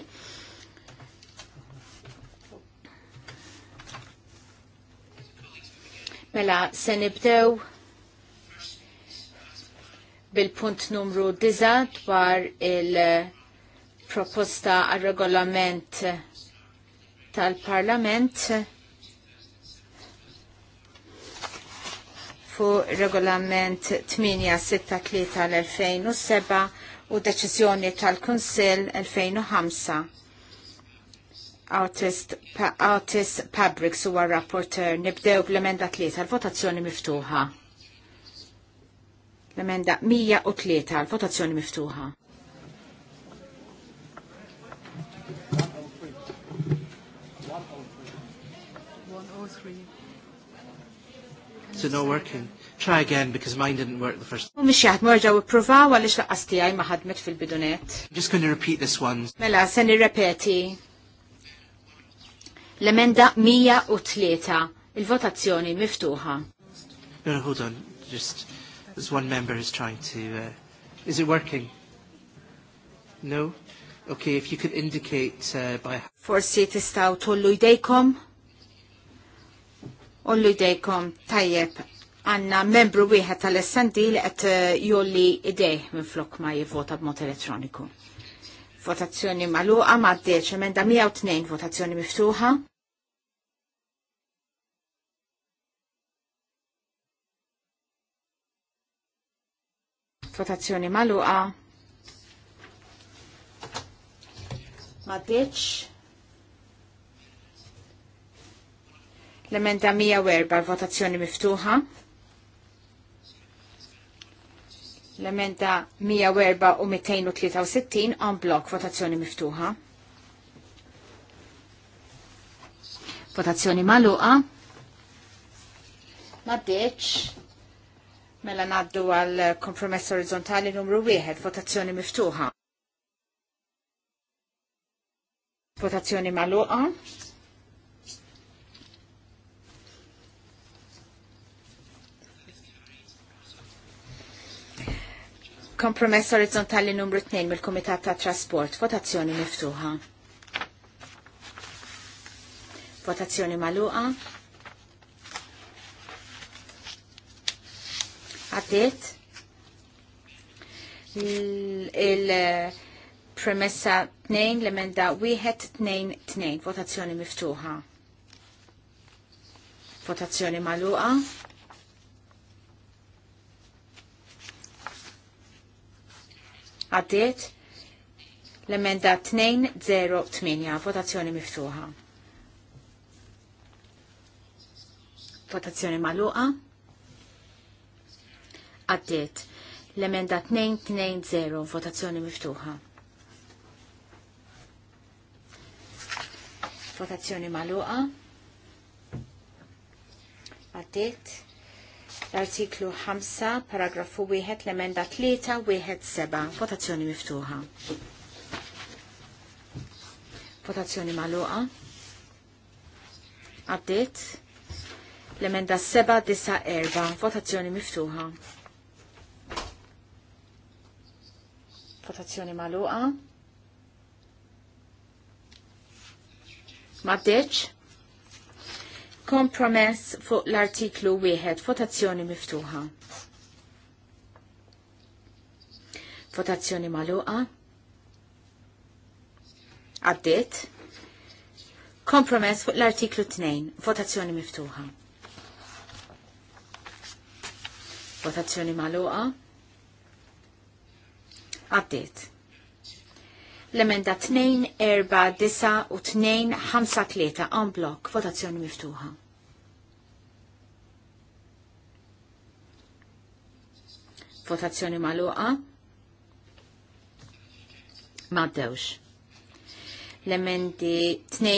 Mela, se nibdew bil-punt numru 9 dwar il-proposta għal regolament tal-Parlament fu regolament 863 l-2007 u deċiżjoni tal-Kunsill 2005. Artist, pa, Artist Fabrics huwa rapporter nibdew bl-emenda 3 l-votazzjoni miftuħa. L-emenda 103 l-votazzjoni miftuħa. Oh, three so no working? Try again because mine didn't work the first time. Mux jaħdmu rġaw ippruvaw għaliex laqqas tiegħi ma ħadmet fil-bidunet. I'm just going to repeat this one. Mela, se nirrepeti. L-emenda 103. Il-votazzjoni miftuħa. No, no, hold on. Just, there's one member who's trying to, uh, is it working? No? Okay, if you could indicate uh, by... Forsi tistaw tullu idejkom? Ullu dejkom tajjeb għanna membru wieħed tal essenti li qed eh, jolli idej minn flok ma jivvota b'mod elettroniku. Votazzjoni magħluqa ma' deċ emenda 102 votazzjoni miftuħa. Votazzjoni magħluqa. Ma' deċ L-emenda 104 votazzjoni miftuħa. L-emenda 104 u 263 on blok votazzjoni miftuħa. Votazzjoni maluqa. Maddeċ. Mela naddu għal kompromess orizzontali numru 1, votazzjoni miftuħa. Votazzjoni maluqa. Kompromess orizzontali numru 2 mill-Kumitat ta' Trasport. Votazzjoni miftuħa. Votazzjoni maluqa. Għaddiet. Il-premessa eh, 2 l-emenda 1-2-2. Votazzjoni miftuħa. Votazzjoni maluqa. Għaddiet l-emenda 208, votazzjoni miftuħa. Votazzjoni maluqa. Għaddiet l-emenda 220, votazzjoni miftuħa. Votazzjoni maluqa. Għaddiet L-artiklu 5, paragrafu 1, l-emenda 3, 1, Votazzjoni miftuħa. Votazzjoni maluqa. Għaddit. L-emenda 7, 9, 4. Votazzjoni miftuħa. Votazzjoni maluqa. Maddeċ. Kompromess fuq l-artiklu 1, votazzjoni miftuħa. Votazzjoni maluqa. Għaddit. Kompromess fuq l-artiklu 2, votazzjoni miftuħa. Votazzjoni maluqa. Għaddit. L-emenda 2, 4, 9 u 2, 5, 3 on blok. Votazzjoni miftuħa. Votazzjoni maluqa. Maddewx. L-emendi 2,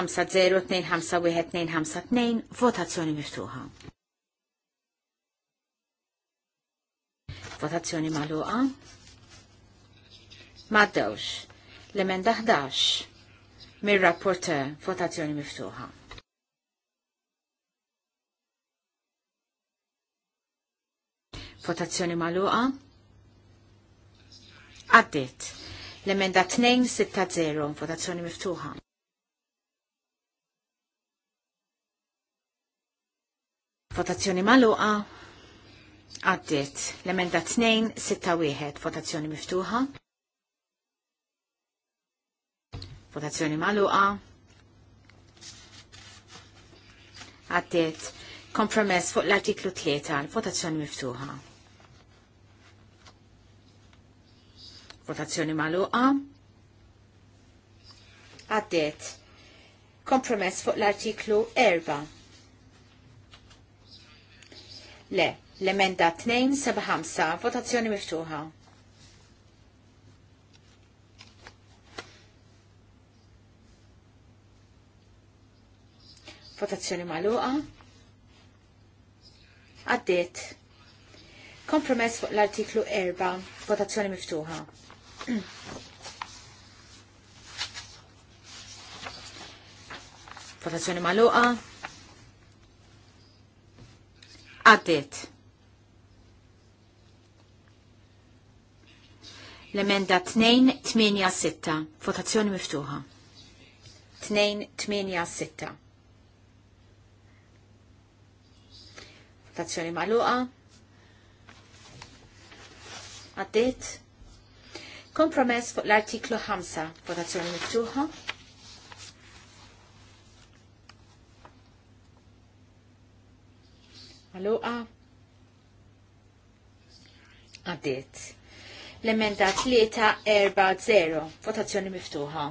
5, 0, 2, 5, 1, 2, 5, 2. Votazzjoni miftuħa. Votazzjoni maluqa. Maddewx. Lemen emenda 11 mir-rapporter votazzjoni miftuħa. Votazzjoni maluqa. Għaddit. L-emenda 260, votazzjoni miftuħa. Votazzjoni maluqa. Għaddit. L-emenda 261, votazzjoni miftuħa. Votazzjoni maluqa. Għaddiet. Kompromess fuq l-artiklu 3, votazzjoni miftuħa. Votazzjoni maluqa. Għaddiet. Kompromess fuq l-artiklu 4. Le, l-emenda 275, votazzjoni miftuħa. votazzjoni maluqa. Għaddit. Kompromess fuq l-artiklu 4, votazzjoni miftuħa. votazzjoni maluqa. Għaddit. L-emenda 2-8-6, votazzjoni miftuħa. 2-8-6. Tazzjoni maluqa. Għaddit. Kompromess fuq l-artiklu 5. Votazzjoni miftuħa. Maluqa. Għaddit. L-emenda 3-4-0. Votazzjoni miftuħa.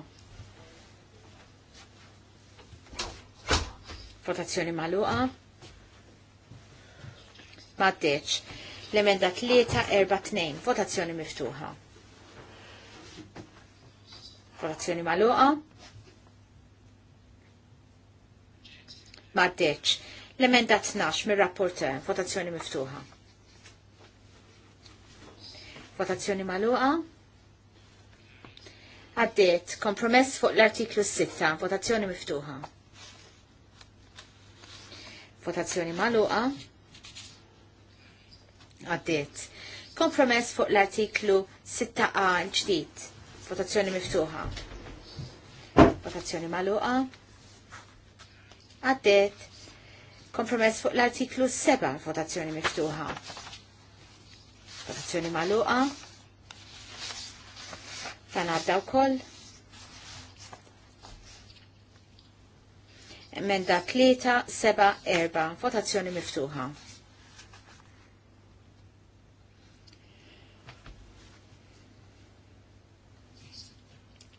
votazzjoni maluqa maddeċ. L-emenda 3-4-2, votazzjoni miftuħa. Votazzjoni maluqa. Maddeċ. L-emenda 12 mir rapporter votazzjoni miftuħa. Votazzjoni maluqa. Għaddiet, kompromess fuq l-artiklu 6, votazzjoni miftuħa. Votazzjoni maluqa għaddiet. Kompromess fuq l-artiklu 6a l-ġdid. Votazzjoni miftuħa. Votazzjoni maluqa. Għaddiet. Kompromess fuq l-artiklu 7 votazzjoni miftuħa. Votazzjoni maluqa. Tan għadda koll. Emenda 3, 7, 4. Votazzjoni miftuħa.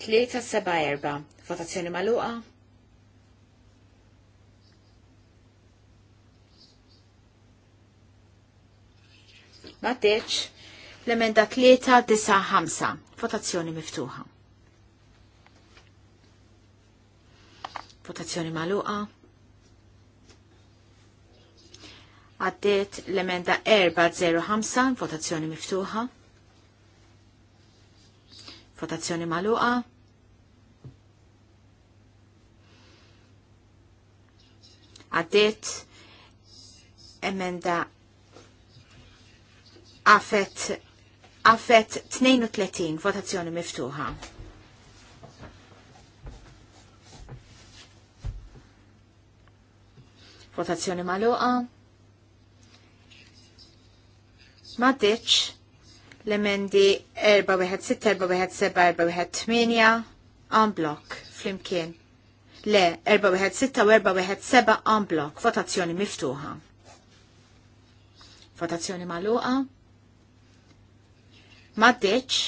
3 374. Votazzjoni maluqa. Maddeċ. L-emenda 395. Votazzjoni miftuħa. Votazzjoni maluqa. għaddiet l-emenda 405, votazzjoni miftuħa. Votazzjoni maluqa. għaddit emenda għafet għafet 32 votazzjoni miftuħa. Votazzjoni maluqa. Ma ditx l-emendi 416, 417, 418 għan blok flimkien Le, 416 u 417 unblock, votazzjoni miftuħa. Votazzjoni maluqa. Maddeċ,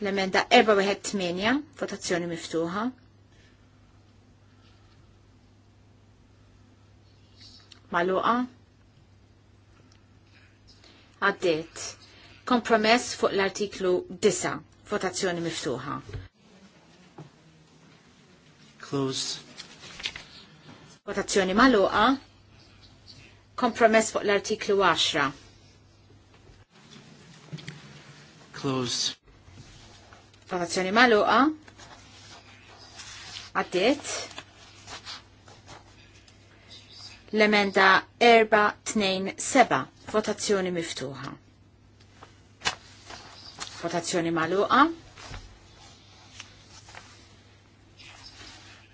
l-emenda 418, votazzjoni miftuħa. Maluqa. Għaddit. Kompromess fuq l-artiklu 9, votazzjoni miftuħa closed. Votazzjoni maluqa. Kompromess fuq l-artiklu 10. Closed. Votazzjoni maluqa. Għaddiet. L-emenda 427. Votazzjoni miftuħa. Votazzjoni maluqa.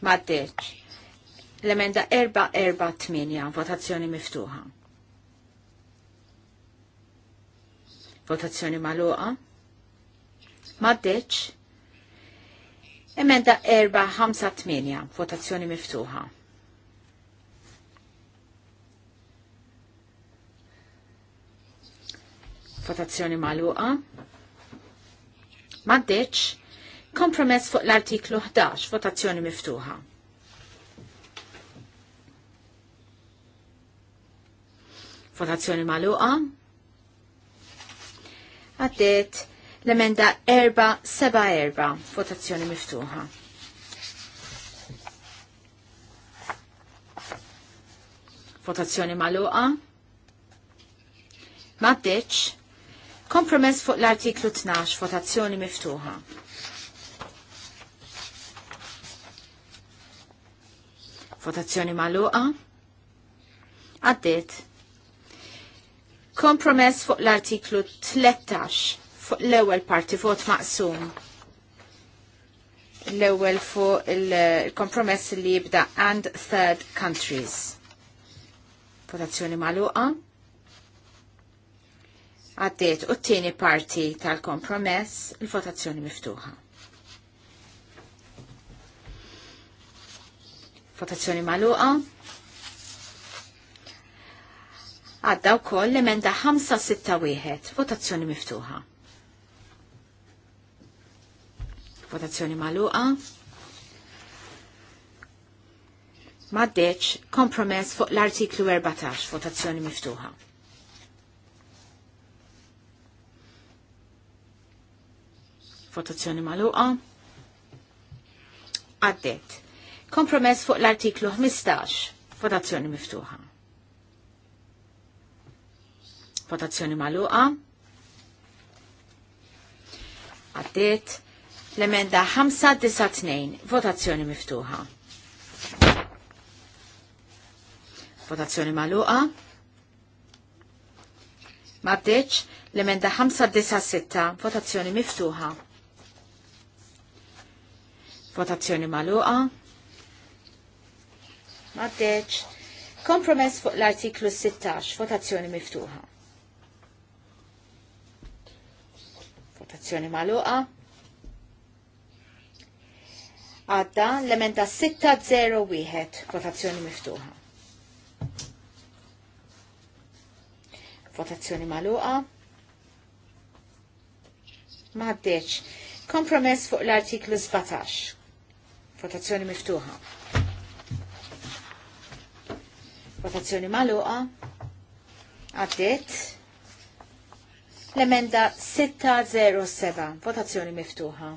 maddeċ. L-emenda 448 votazzjoni miftuħa. Votazzjoni maluqa. Maddeċ. Emenda 458 votazzjoni miftuħa. votazzjoni maluqa. Maddeċ, Kompromess fuq l-artiklu 11, votazzjoni miftuħa. Votazzjoni maluqa. Għaddit l-emenda 4-7-4, votazzjoni miftuħa. Votazzjoni maluqa. Maddeċ, kompromess fuq l-artiklu 12, votazzjoni miftuħa. Votazzjoni maluqa. Għaddit. Kompromess fuq l-artiklu 13 fuq l-ewwel parti vot maqsum. L-ewwel fuq il-kompromess li jibda and third countries. Votazzjoni maluqa. Għaddit. u t-tieni parti tal-kompromess il-votazzjoni miftuħa. Votazzjoni maluqa. Għadda u koll l-emenda 5-6-1. Votazzjoni miftuħa. Votazzjoni maluqa. Maddeċ kompromess fuq l-artiklu 14. Votazzjoni miftuħa. Votazzjoni maluqa. Għaddet. Kompromess fuq l-artiklu 15. Votazzjoni miftuħa. Votazzjoni maluqa. Għaddit. L-emenda 592. Votazzjoni miftuħa. Votazzjoni maluqa. Maddeċ. L-emenda 596. Votazzjoni miftuħa. Votazzjoni maluqa maddeċ. Kompromess fuq l-artiklu 16, votazzjoni miftuħa. Votazzjoni maluqa. Għadda l-emenda 601, votazzjoni miftuħa. Votazzjoni maluqa. Maddeċ. Kompromess fuq l-artiklu 17. Votazzjoni miftuħa. Votazzjoni maluqa. Għaddit. L-emenda 607. Votazzjoni miftuħa.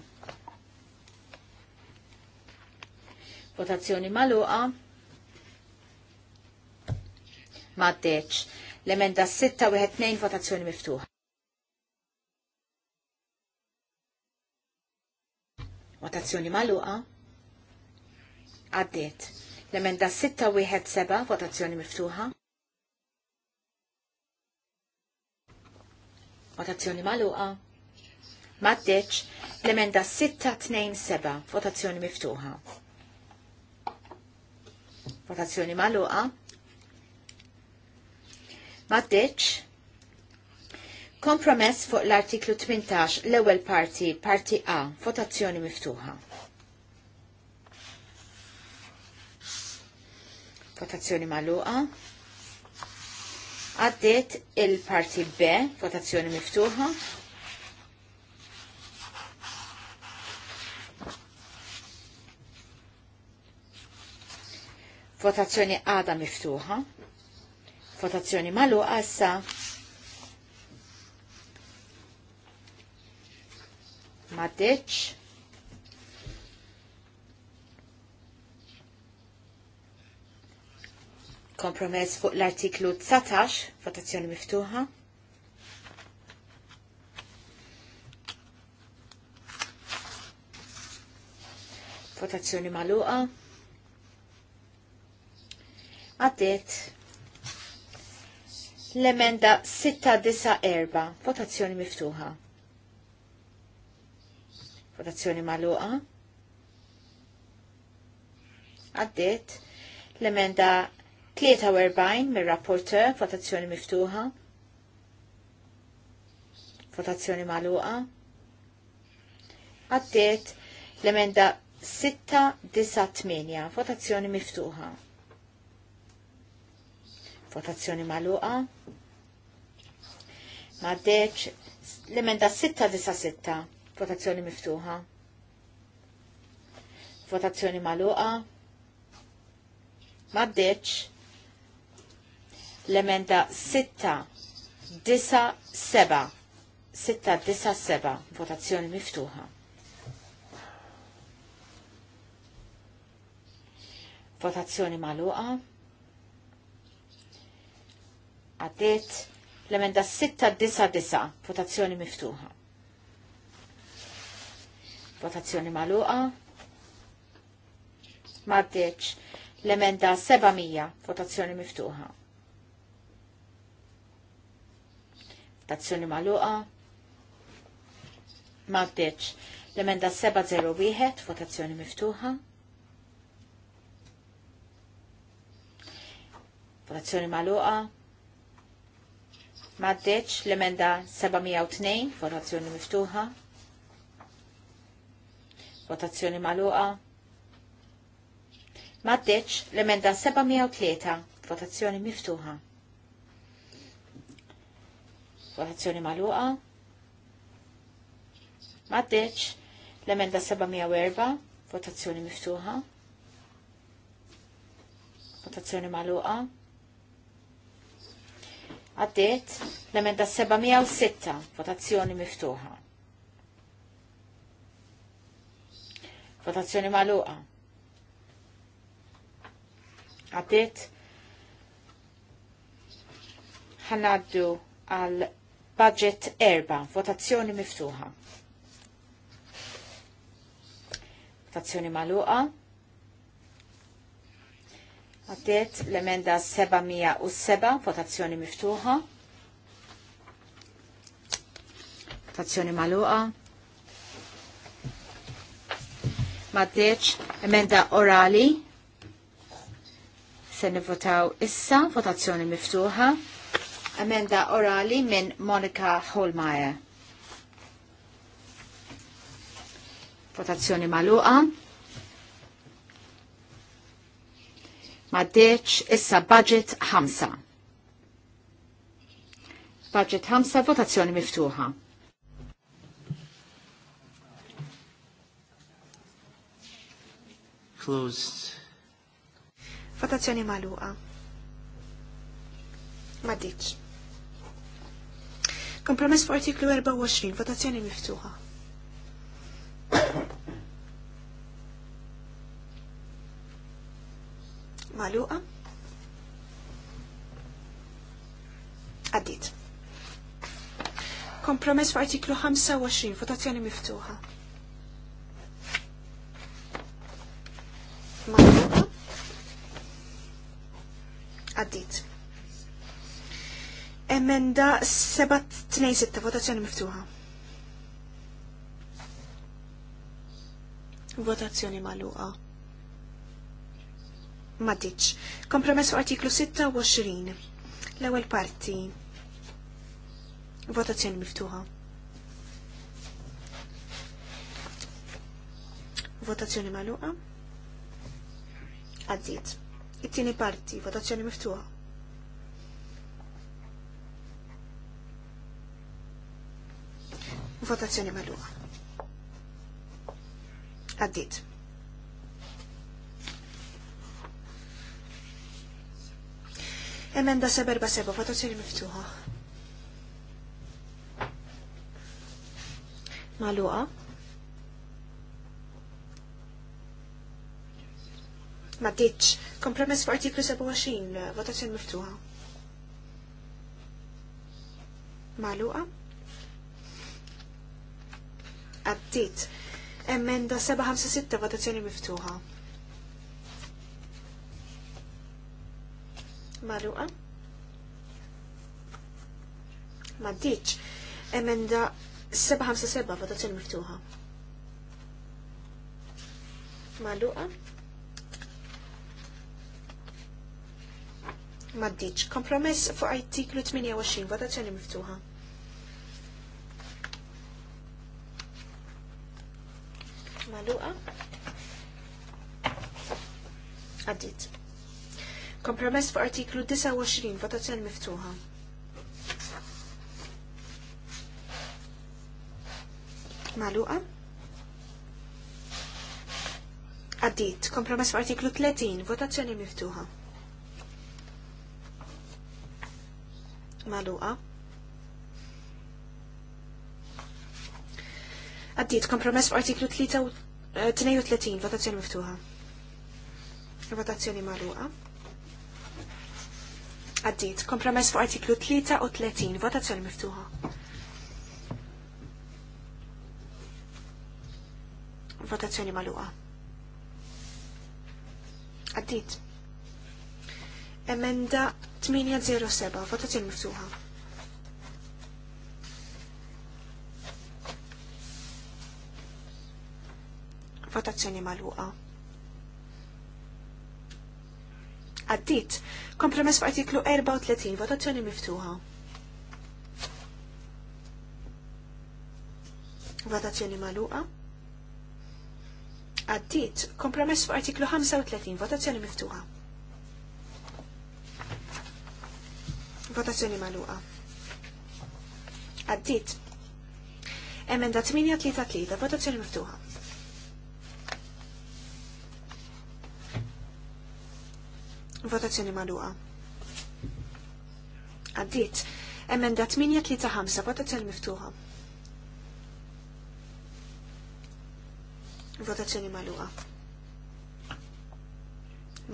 Votazzjoni maluqa. Maddeċ. L-emenda 612. Votazzjoni miftuħa. Votazzjoni maluqa. Għaddit L-emenda 617 votazzjoni miftuħa. Votazzjoni maluqa. Maddeċ l-emenda 627 votazzjoni miftuħa. Votazzjoni maluqa. Maddeċ Kompromess fuq l-artiklu 18 l-ewwel parti, parti A, votazzjoni miftuħa. votazzjoni maluqa. Għaddit il-parti B, votazzjoni miftuħa. Votazzjoni għada miftuħa. Votazzjoni maluqa issa. Maddeċ. kompromess fuq l-artiklu 19, votazzjoni miftuħa. Votazzjoni maluqa. Għaddit l-emenda 694, votazzjoni miftuħa. Votazzjoni maluqa. Għaddit l-emenda 43 mir-rapporteur votazzjoni miftuħa. Votazzjoni magħluqa. Għaddiet l-emenda 698 votazzjoni miftuħa. Votazzjoni magħluqa. Maddeċ l-emenda 696 votazzjoni miftuħa. Votazzjoni magħluqa. Maddeċ l-emenda 6-9-7. 6-9-7. Votazzjoni miftuħa. Votazzjoni maluqa. Għaddit l-emenda 6-9-9. Votazzjoni miftuħa. Votazzjoni maluqa. Maddeċ l-emenda 700. Votazzjoni miftuħa. Tazzjoni maluqa. Maddeċ. L-emenda 701, votazzjoni miftuħa. Votazzjoni maluqa. Maddeċ. L-emenda 702, votazzjoni miftuħa. Votazzjoni maluqa. Maddeċ. L-emenda 703, votazzjoni miftuħa votazzjoni maluqa. Maddeċ, l-emenda 704, votazzjoni miftuħa. Votazzjoni maluqa. Għaddiet, l-emenda 706, votazzjoni miftuħa. Votazzjoni maluqa. Għaddiet, ħanaddu għal Budget erba, votazzjoni miftuħa. Votazzjoni maluqa. Għaddiet l-emenda 707, votazzjoni miftuħa. Votazzjoni maluqa. Maddeċ, emenda orali. Se nivotaw issa, votazzjoni miftuħa. Emenda orali minn Monika Holmeyer. Votazzjoni maluqa. Maddeċ, issa budget 5. Budget 5, votazzjoni miftuħa. Closed. Votazzjoni maluqa. Maddeċ. Kompromess fuq artiklu 24, votazzjoni miftuħa. Maluqa. Għaddit. Kompromess fuq artiklu 25, votazzjoni miftuħa. Maluqa. Għaddit. Emenda 726 votazzjoni miftuħa. Votazzjoni maluqa. Matiċ. Kompromessu artiklu 26. L-ewwel parti. Votazzjoni miftuħa. Votazzjoni maluqa. Għaddit. It-tieni parti, votazzjoni miftuħa. Votazzjoni magħluqa. Għaddit. Emenda sebo, votazzjoni miftuħa. Magħluqa. Ma ditx. Kompromess fuq artiklu 27, votazzjoni miftuħa. Maluqa? għaddit. Emmenda 756 votazzjoni miftuħa. Maluqa. Maddiċ. Emmenda 757 votazzjoni miftuħa. Maluqa. Maddiċ. Kompromess fuq artiklu 28 votazzjoni miftuħa. maluqa. Għaddit. Kompromess fuq artiklu 29, votazzjoni miftuħa. Maluqa. Għaddit. Kompromess fuq artiklu 30, votazzjoni miftuħa. Maluqa. Għaddit, kompromess f'artiklu 32, eh, votazzjoni miftuħa. Votazzjoni magħluqa. Għaddit, kompromess f'artiklu 33, votazzjoni miftuħa. votazzjoni marruqa. Għaddit. Emenda 807, votazzjoni miftuħa. Votazzjoni maluqa. Għaddit, kompromess fuq artiklu 34, votazzjoni miftuħa. Votazzjoni maluqa. Għaddit, kompromess fuq artiklu 35, votazzjoni miftuħa. Votazzjoni maluqa. Għaddit, emenda 833, votazzjoni miftuħa. Votazzjoni madwa. Għaddit. Emenda 835, votazzjoni miftuħa. Votazzjoni madwa.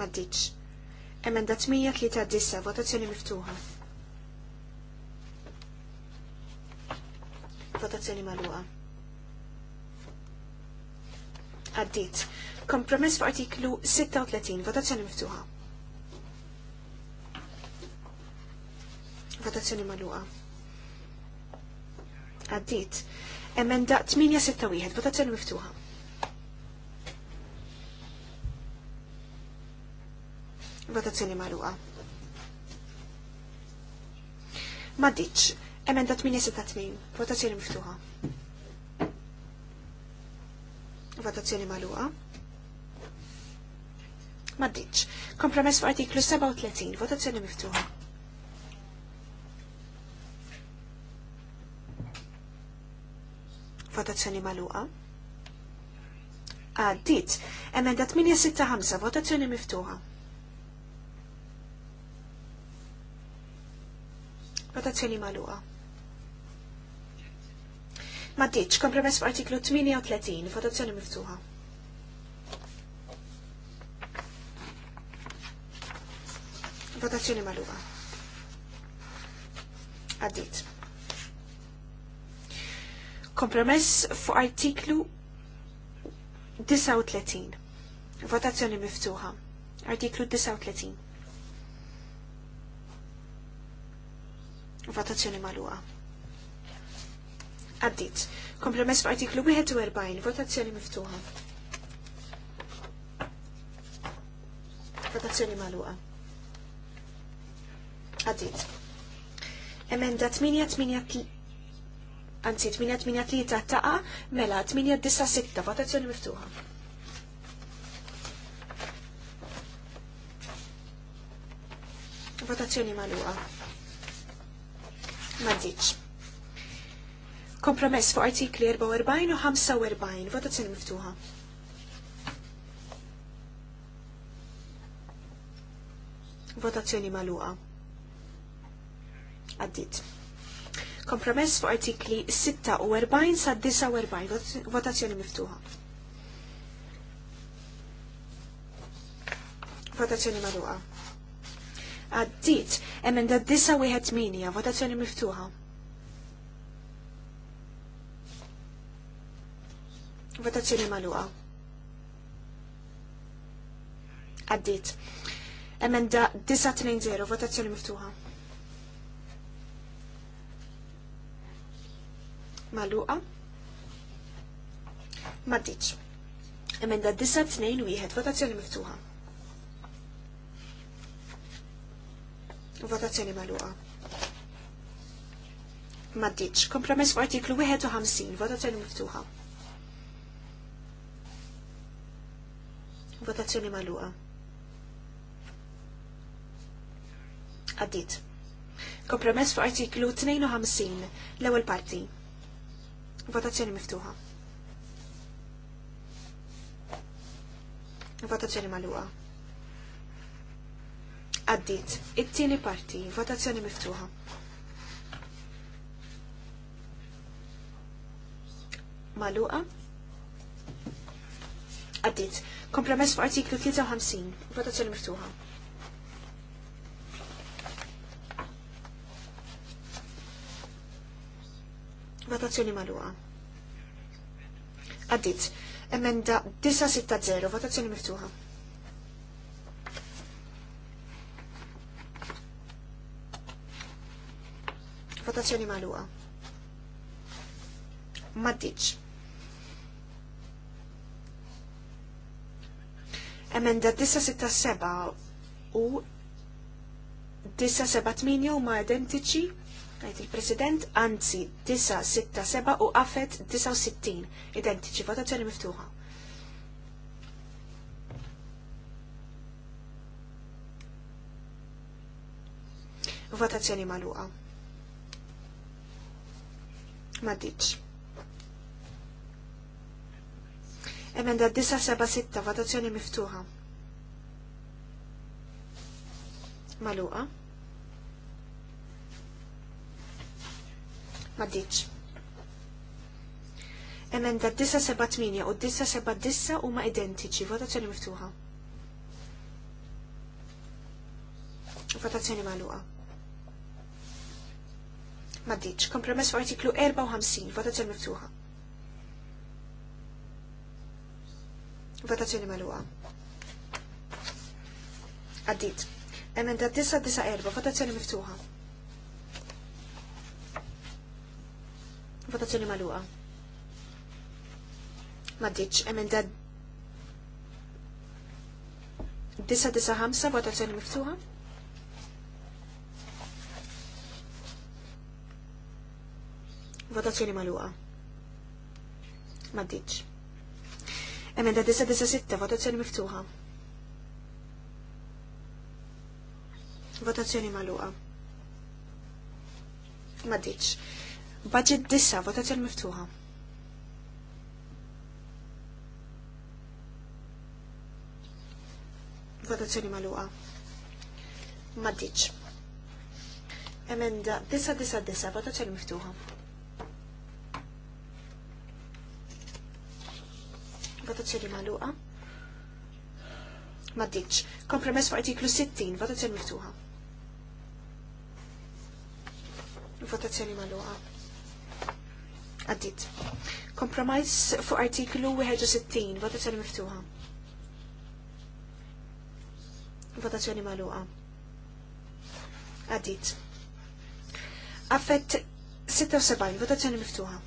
Maddiċ. Emenda 839, votazzjoni miftuħa. Votazzjoni madwa. Għaddit. Kompromess f'artiklu 36, votazzjoni miftuħa. votazzjoni maluqa. Għaddit. Emenda 861, votazzjoni miftuħa. Votazzjoni maluqa. Ma ditx. Emenda 862, votazzjoni miftuħa. Votazzjoni maluqa. Ma ditx. Kompromess fuq artiklu 37, votazzjoni miftuħa. Votazzjoni maluqa. Għaddit. Emenda 865. Votazzjoni miftuħa. Votazzjoni maluqa. Maddiċ, kompromess f'artiklu 38, votazzjoni miftuħa. Votazzjoni maluqa. Għaddit. Kompromess fuq artiklu 39. Votazzjoni miftuħa. Artiklu 39. Votazzjoni maluqa. Addit. Kompromess fuq artiklu 41. Votazzjoni miftuħa. Votazzjoni maluqa. Addit. Emenda 888 anzi 883 taqa, mela 896 votazzjoni miftuħa. Votazzjoni maluqa. Mandiċ. Kompromess fuq artikli 44 u 45, votazzjoni miftuħa. Votazzjoni maluqa. Għaddit. Kompromess fuq artikli 46 sa 49 votazzjoni miftuħa. Votazzjoni magħluqa. Għaddit, emenda 9 votazzjoni miftuħa. Votazzjoni marruqa. Għaddit. Emenda 920 votazzjoni miftuħa. maluqa ma ddiċ. Emenda 9-2-1 votazzjoni miftuħa. Votazzjoni maluqa. Ma Kompromess fuq artiklu 51 votazzjoni miftuħa. Votazzjoni maluqa. Għaddit. Kompromess fuq artiklu 52 l-ewwel parti Votazzjoni miftuħa. Votazzjoni maluqa. Għaddit. It-tieni parti. Votazzjoni miftuħa. Maluqa. Għaddit. Kompromess fuq artiklu 53. Votazzjoni miftuħa. Votazzjoni maluqa. Għaddit. Emenda 960. Votazzjoni miftuħa. Votazzjoni maluqa. Maddiċ. Emenda 967 u 978 huma identiċi Għajt il-President, anzi, 967 u għafet 69, identiċi, votazzjoni miftuħa. Votazzjoni maluqa. Maddiċ. Emenda 976, votazzjoni miftuħa. Maluqa. maddiċ. Emenda 978 u 979 huma identiċi, votazzjoni miftuħa. Votazzjoni magħluqa. ditx. kompromess fuq artiklu 54, votazzjoni miftuħa. Votazzjoni magħluqa. Għaddit. Emenda 994, votazzjoni miftuħa. votazzjoni maluqa. Disa emenda 995 votazzjoni miftuħa. Votazzjoni maluqa. Maddiċ. Emenda 996 votazzjoni miftuħa. Votazzjoni maluqa. Maddiċ. Budget dissa, votazzjoni miftuħa. Votazzjoni maluqa. Maddiċ. Emenda dissa, dissa, dissa, votazzjoni miftuħa. Votazzjoni maluqa. Maddiċ. Kompromess fuq artiklu 60, votazzjoni miftuħa. Votazzjoni maluqa Għaddit. Kompromise fuq artiklu 61, votazzjoni miftuħa. Votazzjoni maluqa. Għaddit. Affett 76, votazzjoni miftuħa.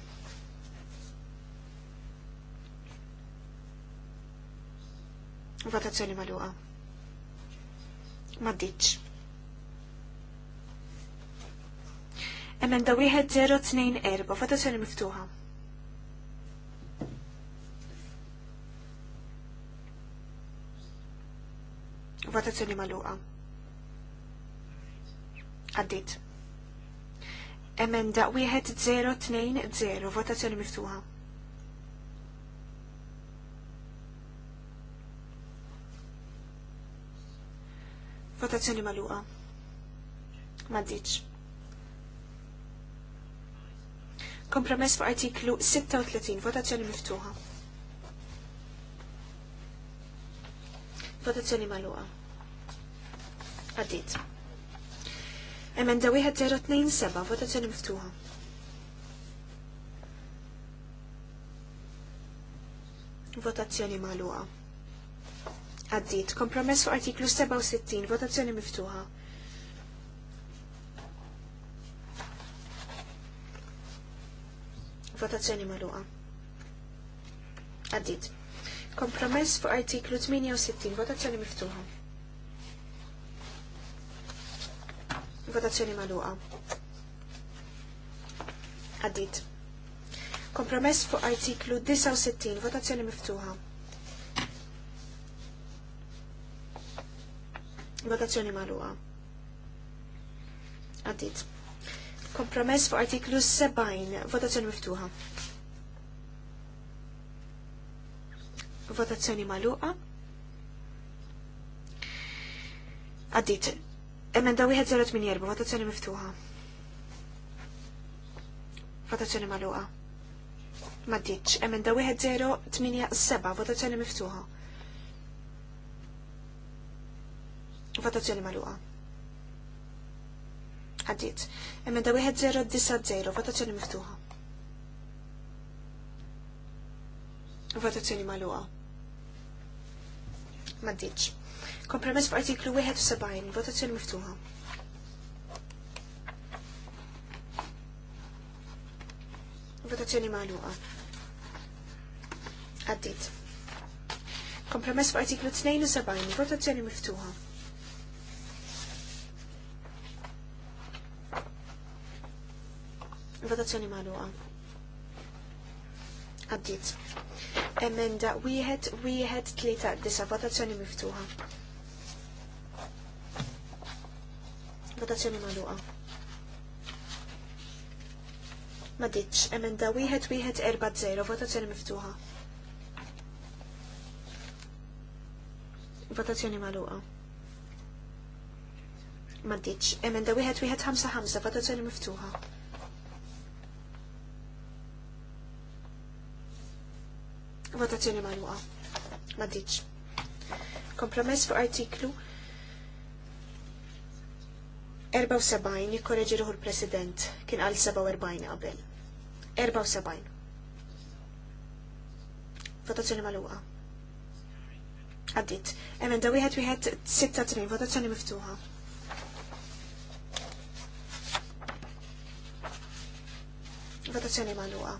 Votazzjoni maluqa. Maddiċ. Emenda fata votazzjoni miftuħa. Votazzjoni maluqa. Għaddit. Emenda 1020, votazzjoni miftuħa. Votazzjoni maluqa. Maddiċ. Kompromess fuq artiklu 36, votazzjoni miftuħa. Votazzjoni maluqa. Għaddit. Emenda 1027, votazzjoni miftuħa. Votazzjoni maluqa. Għaddit. Kompromess fuq artiklu 67, votazzjoni miftuħa. Votazzjoni maluqa. Għaddit. Kompromess fuq artiklu 68. Votazzjoni miftuħa. Votazzjoni maluqa. Għaddit. Kompromess fuq artiklu 69. Votazzjoni miftuħa. Votazzjoni magħluqa. Għaddit. Kompromess fuq artiklu 70, votazzjoni miftuħa. Votazzjoni maluqa. Għaddit. Emenda 1084, votazzjoni miftuħa. Votazzjoni maluqa. Maddiċ. Emenda 1087, votazzjoni miftuħa. Votazzjoni maluqa għaddit. Emenda 1090, votazzjoni miftuħa. Votazzjoni maluqa. Maddiċ. Kompromess f'artiklu 71, votazzjoni miftuħa. Votazzjoni maluqa. Għaddit. Kompromess f'artiklu 72, votazzjoni miftuħa. Votazzjoni maluqa Għaddit. Emenda wieħed wieħed tlieta disa votazzjoni miftuħa. Votazzjoni maluqa. Ma emenda wieħed wieħed erba' zero, votazzjoni miftuħa. Votazzjoni maluqa. Ma emenda wieħed wieħed ħamsa ħamsa votazzjoni miftuħa. Votazzjoni maluqa. Maddiċ. Kompromess fuq artiklu 74 jikkorreġi ruħu l-President kien għal 47 qabel. 74. Votazzjoni maluqa. Għaddit. Emenda wieħed wieħed 86 votazzjoni miftuħa. Votazzjoni maluqa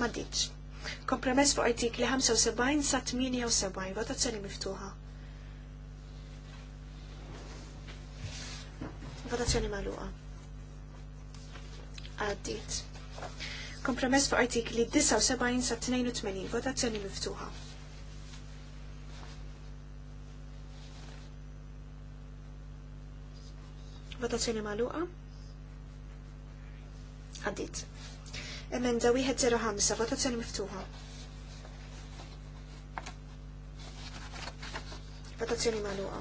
ma ditx. Kompromess fuq artikli 75 sa 78, votazzjoni miftuħa. Votazzjoni maluqa. Għaddit. Kompromess fuq artikli 79 sa 82, votazzjoni miftuħa. Votazzjoni maluqa. Għaddit. Emenda 105, votazzjoni miftuħa. Votazzjoni maluqa.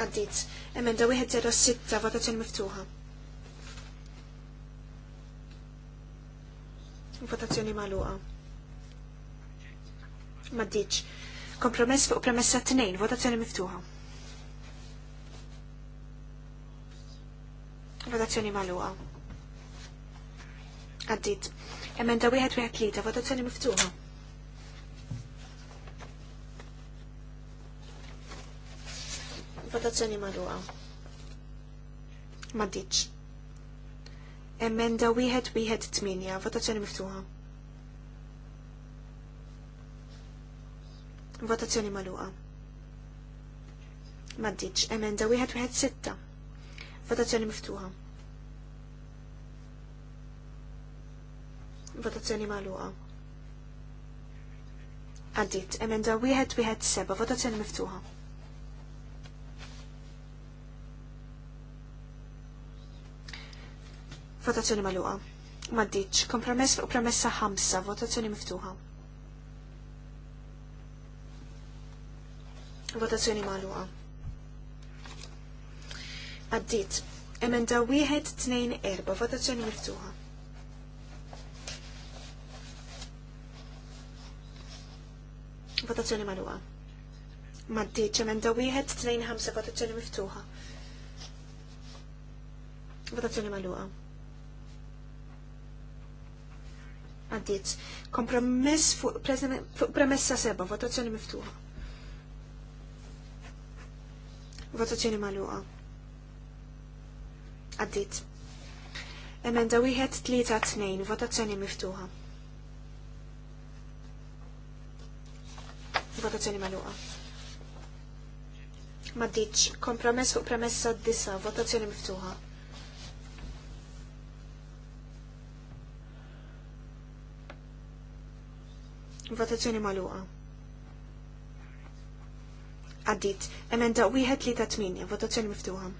Għaddit. Emenda 106, votazzjoni miftuħa. Votazzjoni maluqa. Maddiċ. Kompromess fuq premessa 2, votazzjoni miftuħa. Votazzjoni maluqa. Għaddit. Emenda wieħed wieħed tlieta, votazzjoni miftuħa. Votazzjoni madwa. Maddiċ. Emenda wieħed wieħed tminja, votazzjoni miftuħa. Votazzjoni magħluqa. Maddiċ. Emenda wieħed wieħed sitta. Votazzjoni miftuħa. Votazzjoni maluqa. Għaddit, emenda wieħed wieħed seba, votazzjoni miftuħa. Votazzjoni magħluqa. Maddiċ, kompromess fuq promessa ħamsa, votazzjoni miftuħa. Votazzjoni maluqa. Għaddit, emenda wieħed tnejn erba, votazzjoni miftuħa. Votazzjoni magħluqa. Maddiċ emenda wieħed tnejn ħamsa votazzjoni miftuħa. Votazzjoni magħluqa. Għaddiet. Kompromess fuq premessa seba, votazzjoni miftuħa. Votazzjoni magħluqa. Għaddiet. Emenda wieħed tlieta tnejn, votazzjoni miftuħa. Votazzjoni maluqa. Maddiċ, kompromess fuq premessa d-dissa, votazzjoni miftuħa. Votazzjoni maluqa. Għaddit, emenda wieħed li ta' tminja, votazzjoni miftuħa.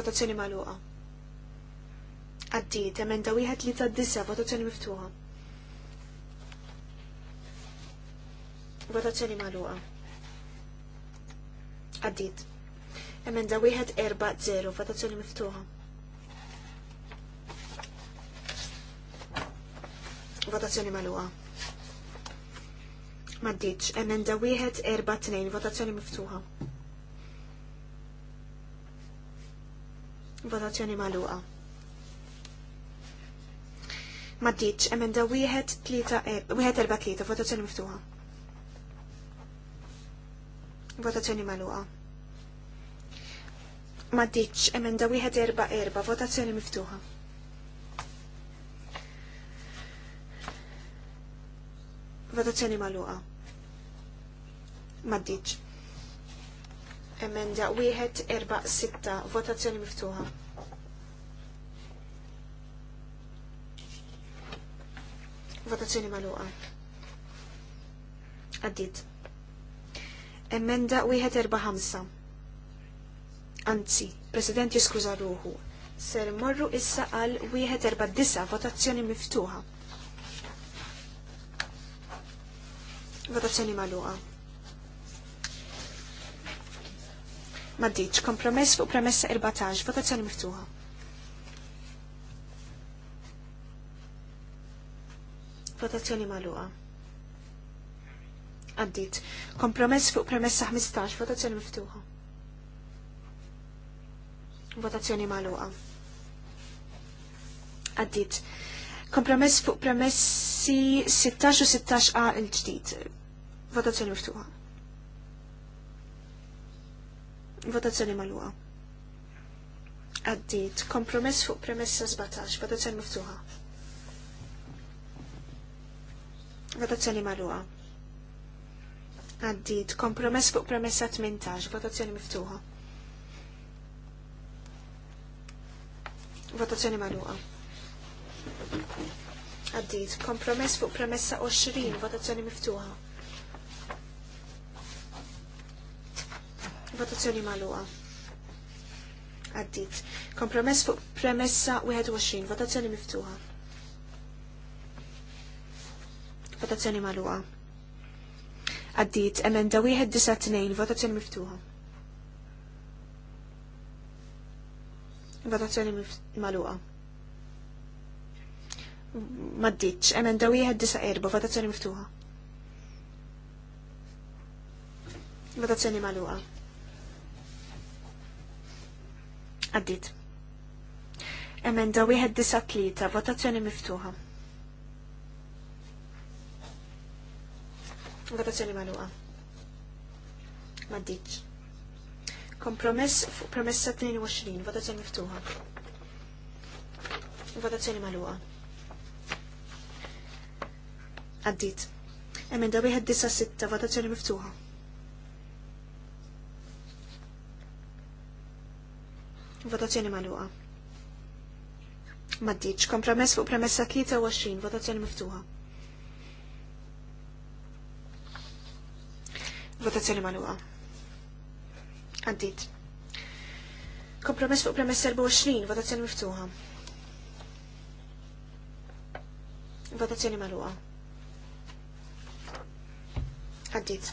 Votazzjoni maluqa. Għaddit, emenda wieħed li ta' dissa, votazzjoni miftuħa. Votazzjoni magħluqa. Għaddit. Emenda wieħed erba' zero. Votazzjoni miftuħa. Votazzjoni magħluqa. Maddiċ, emenda wieħed erba' tnejn. Votazzjoni miftuħa. Votazzjoni magħluqa. Maddiċ, emenda wieħed 4 3 er- erba' tlieta. Votazzjoni miftuħa. Votazzjoni maluqa. ditx, emenda wieħed erba erba, votazzjoni miftuħa. Votazzjoni maluqa. ditx. Emenda wieħed erba sitta, votazzjoni miftuħa. Votazzjoni maluqa. Għaddit. Emenda 145. Anzi, President jiskuża ruħu. Ser morru issa għal 149 votazzjoni miftuħa. Votazzjoni maluqa. Maddiċ, kompromess fuq premessa 14, votazzjoni miftuħa. Votazzjoni maluqa għaddit. Kompromess fuq premessa 15, votazzjoni miftuħa. Votazzjoni maluqa. Għaddit. Kompromess fuq premessi 16 u 16a il-ġdid. Votazzjoni miftuħa. Votazzjoni maluqa. Għaddit. Kompromess fuq premessa 17. Votazzjoni miftuħa. Votazzjoni maluqa. Għaddit, kompromess fuq premessa 18, votazzjoni miftuħa. Votazzjoni magħluqa. Għaddit, kompromess fuq promessa 20, votazzjoni miftuħa. Votazzjoni magħluqa. Għaddit, kompromess fuq premessa 21, votazzjoni miftuħa. Votazzjoni magħluqa. Għaddit emenda wieħed disa tnejn, votazzjoni miftuħa. Votazzjoni maluqa. Maddiċ, emenda wieħed disa erba, votazzjoni miftuħa. Votazzjoni maluqa. Għaddit. Emenda wieħed disa tlieta, votazzjoni miftuħa. Votazzjoni maluqa. Maddiċ. Kompromess fuq premessa 22, votazzjoni miftuħa. Votazzjoni maluqa. Għaddit. Emenda wieħed disa sitta, votazzjoni miftuħa. Votazzjoni maluqa. Maddiċ. Kompromess fuq premessa 23, votazzjoni miftuħa. Votazzjoni maluqa. Għaddit. Kompromess fuq premess 24, votazzjoni miftuħa. Votazzjoni maluqa. Għaddit.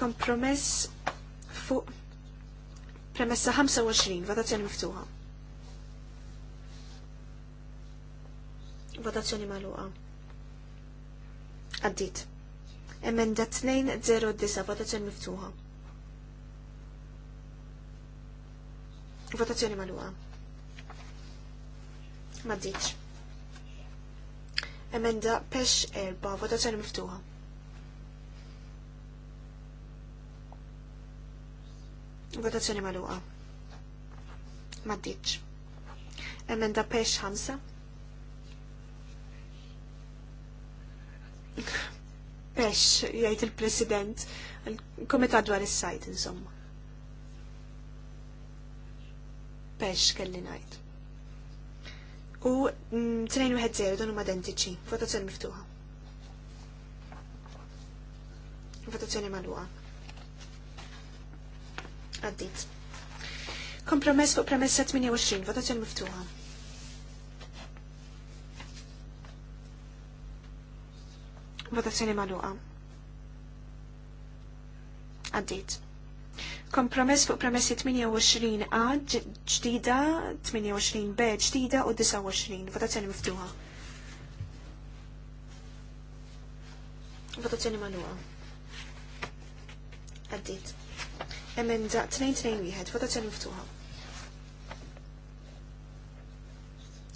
Kompromess fuq premessa 25, votazzjoni miftuħa. Votazzjoni maluqa. Għaddit. Emenda 209, votazzjoni miftuħa. Votazzjoni maluqa. Ma Emenda pesh erba, votazzjoni miftuħa. Votazzjoni maluqa. Ma Emenda pesh ħamsa pex, jgħid il-President, il-Komitat dwar is-sajt, insomma. Pex kelli ngħid. U t 1 0 dan huma identiċi, votazzjoni miftuħa. Votazzjoni magħluqa. Għaddit. Kompromess fuq premessa 28, votazzjoni miftuħa. Votazzjoni magħluqa. Għaddit. Kompromess fuq premessi 28 A ġdida, 28 B ġdida u 29. Votazzjoni miftuħa. Votazzjoni magħluqa. Għaddit. Emenda 221. Votazzjoni miftuħa.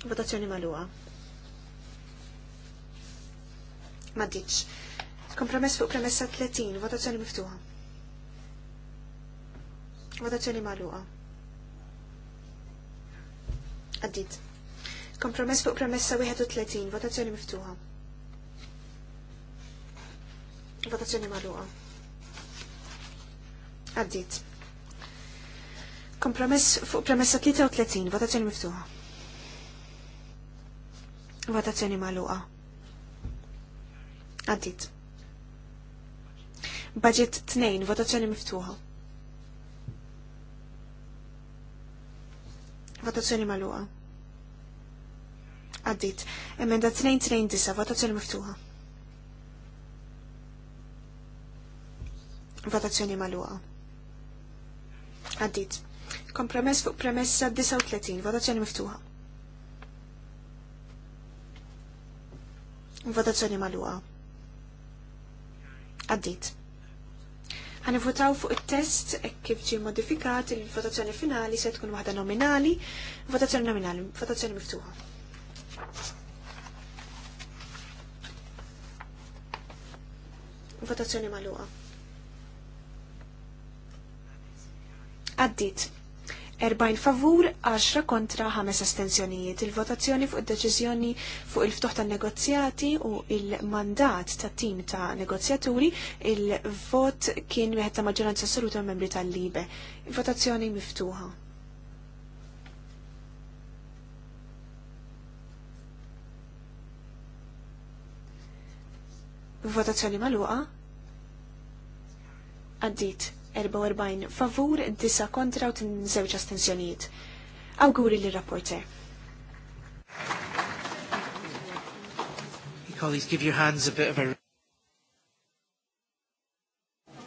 Votazzjoni magħluqa. maddiċ. Kompromess fuq premessa 30, votazzjoni miftuħa. Votazzjoni marruqa. Għaddit. Kompromess fuq premessa 31, votazzjoni miftuħa. Votazzjoni marruqa. Għaddit. Kompromess fuq premessa 33, votazzjoni miftuħa. Votazzjoni maluqa. Għaddit. Budget 2, votazzjoni miftuħa. Votazzjoni maluqa. Għaddit. Emenda 2-2-9, votazzjoni miftuħa. Votazzjoni maluqa. Għaddit. Kompromess fuq premessa 39, votazzjoni miftuħa. Votazzjoni maluqa. Għaddit. Għanivvotaw fuq il-test e kif ġi modifikat il-votazzjoni finali se tkun waħda nominali, votazzjoni nominali, votazzjoni miftuħa. Votazzjoni maluqa. Għaddit. 40 favur, 10 kontra, 5 astenzjonijiet. Il-votazzjoni fuq id-deċiżjoni fuq il-ftuħ tan negozjati u il-mandat ta' tim ta' negozjaturi, il-vot kien wieħed ta' maġġoranza assoluta membri tal-libe. Il-votazzjoni miftuħa. votazzjoni maluqa għaddit 44 favur, 9 kontra u tinżewġ astensjonijiet. Awguri li rapporter. Colleagues, give your hands a bit of a...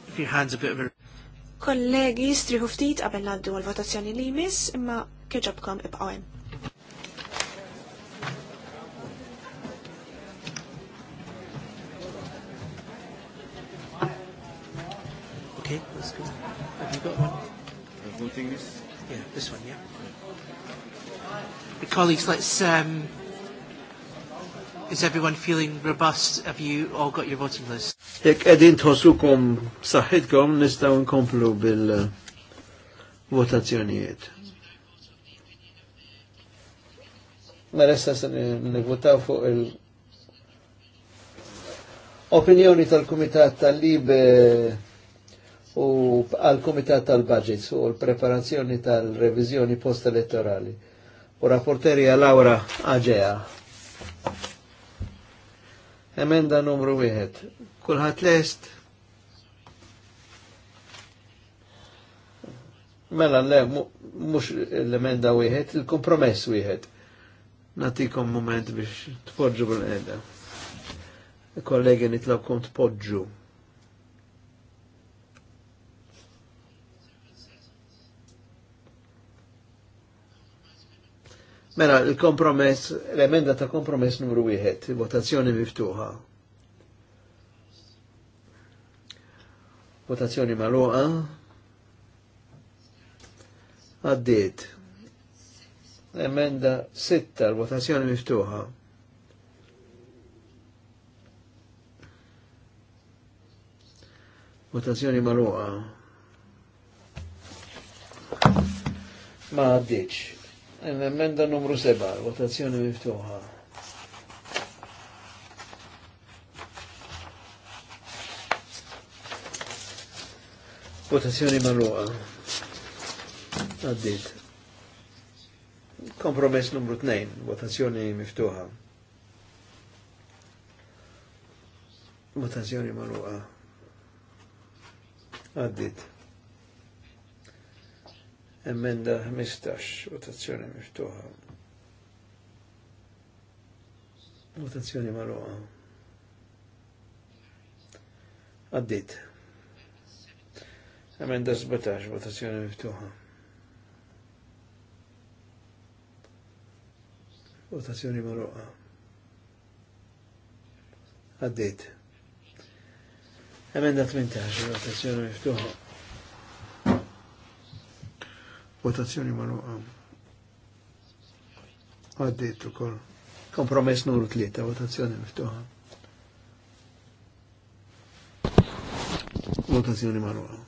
Give your hands a bit of a... Kollegi, striħuftit ftit qabel għal-votazzjoni li jmiss, imma kieġobkom ibqawem. Okay, that's good. Have you got one? The whole thing is? Yeah, this one, yeah. yeah. Colleagues, let's. Um, is everyone feeling robust? Have you all got your voting list? Jek edin tħossukom saħħitkom nistaw nkomplu bil-votazzjonijiet. Ma mela resta se nivvotaw fuq il- Opinjoni tal-Kumitat tal-Libe u għal-Komitat tal-Budgets u l-preparazzjoni tal-revizjoni post-elettorali. U rapporterja Laura Aġea. Emenda numru 1. Kulħat lest. Mela le, mux l-emenda wieħed, il-kompromess wieħed. Natikom moment biex tpoġġu bil-edha. Kollegi nitlobkom tpoġġu. Mela, il-kompromess, l-emenda ta' kompromess numru wieħed. votazzjoni miftuħa. Votazzjoni maluqa. Għaddiet. Emenda l votazzjoni miftuħa. votazzjoni maluqa. ma għaddiċ Emenda numru 7, votazzjoni miftuħa. Votazzjoni maluqa. Għaddit. Kompromess numru 2, votazzjoni miftuħa. Votazzjoni maluqa. Għaddit. Emenda 15, votazzjoni miftuħa. Votazzjoni marruqa. Għaddit. Emenda 17, votazzjoni miftuħa. Votazzjoni marruqa. Għaddit. Emenda 18, votazzjoni miftuħa. Votazzjoni Għaddejt u kol. Kompromess numru tlieta, votazzjoni miftuħa. Votazzjoni manuqa.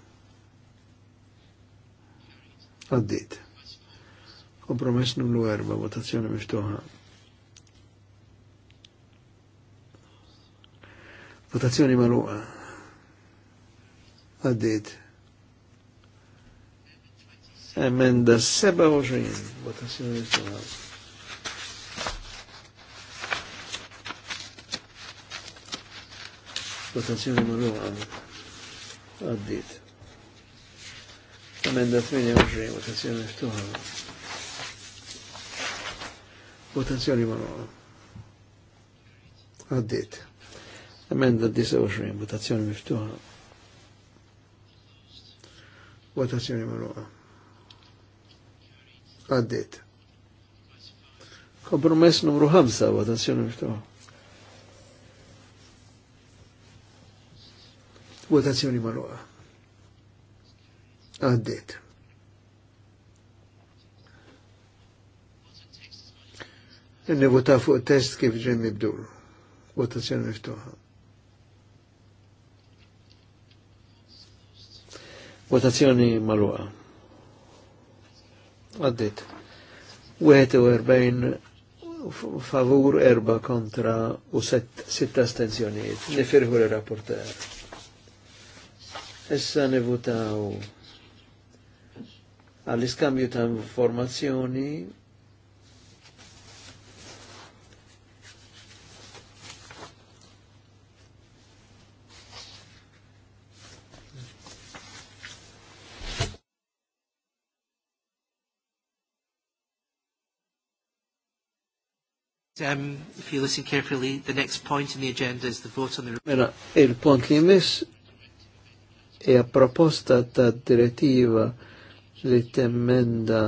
Għaddejt. Kompromess numru erba, votazzjoni miftuħa. Votazzjoni manuqa. Għaddejt. Emenda 27, votazzjoni elettorale. Votazzjoni manuale. Għaddit. Emenda 28, votazzjoni elettorale. Votazzjoni manuale. Għaddit. Emenda 29, votazzjoni miftuħa. Votazzjoni manuale għaddit. Kompromess numru 5 u attenzjoni miftuħa. Votazzjoni marruqa. Għaddit. vota fuq test kif ġen nibdulu. Votazzjoni miftuħa. Votazzjoni marruqa. Għaddit. 41 favur 4 kontra u 6 astenzjoniet. Nifirħu l-rapporter. Issa nivutaw għall-iskambju ta' informazzjoni um, if you listen carefully, the next point in the agenda is the vote on the... Mela, il-pont li jmiss e a proposta ta' direttiva li temmenda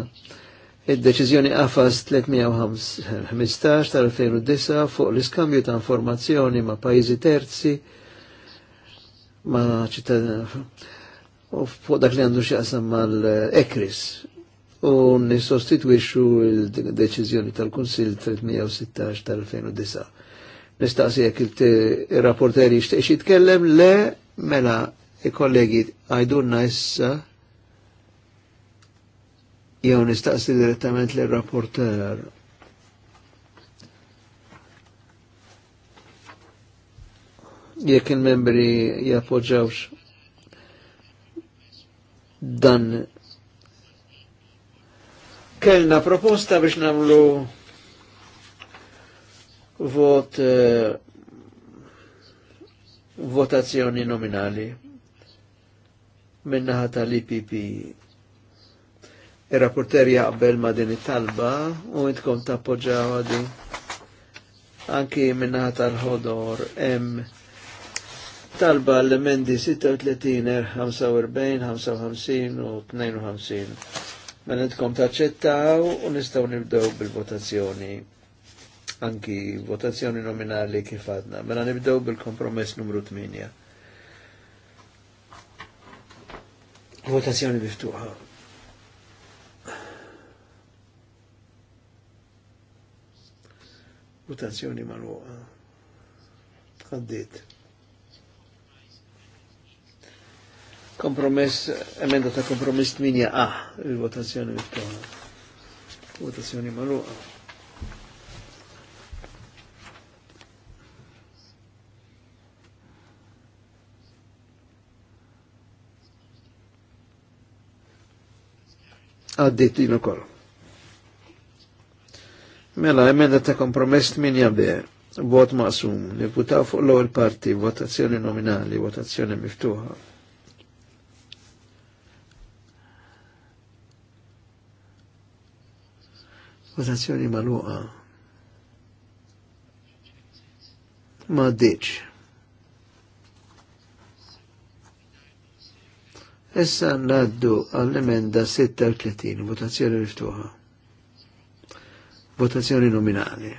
il-deċizjoni AFAS 315 tal-2009 fuq l-iskambju ta' informazzjoni ma' pajizi terzi ma' ċittadina u fuq dak li għandu xieqsam mal-ekris u nisostitwixu il deċizjoni tal-Kunsill 316 tal-2009. Nistaqsi jekk il-rapporteri jixtieq jitkellem le mela il-kollegi għajdunna issa jew nistaqsi direttament lir-rapporter. jekk il-membri jappoġġawx dan kellna proposta biex namlu vot eh, votazzjoni nominali minnaħa tal-IPP. Il-rapporter jaqbel ma din it-talba u intkom tappoġġaw għadi anki minnaħa tal-ħodor em talba l-emendi 36, 45, 55 u 52 Ma mela nidkom taċċettaw u nistaw nibdew bil-votazzjoni. Anki votazzjoni nominali kif għadna. Mela nibdew bil-kompromess numru 8. Votazzjoni miftuħa. Votazzjoni mal-waqa. Għaddit. Kompromess, emenda ta' kompromess 8 A, il-votazzjoni miftuħa. Votazzjoni maluqa. Għaddit din ukoll. Mela, emenda ta' kompromess 8 B, vot maqsum, niputaw fuq l-ewwel parti, votazzjoni nominali, votazzjoni miftuħa. Votazzjoni maluqa. Ma ddiċ. Issa naddu għall-emenda 36, votazzjoni riftuħa. Votazzjoni nominali.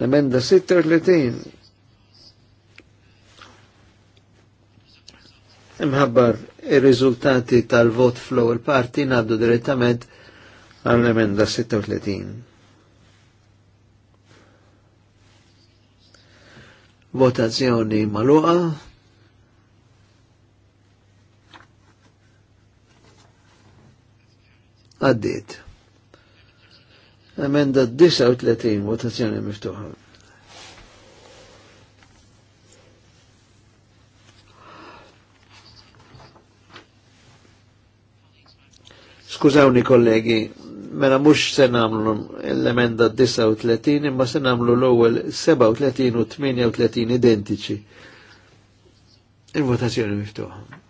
L-emenda 36 Imħabbar ir-riżultati tal-vot flow il-parti naddu direttament għall-emenda 36. Votazzjoni maluqa. Għaddit. Emenda 39, votazzjoni miftuħa. Skużawni kollegi, mela mux se namlu l-emenda 39 imma se namlu l-ewwel 37 u 38 identiċi. Il-votazzjoni miftuħa.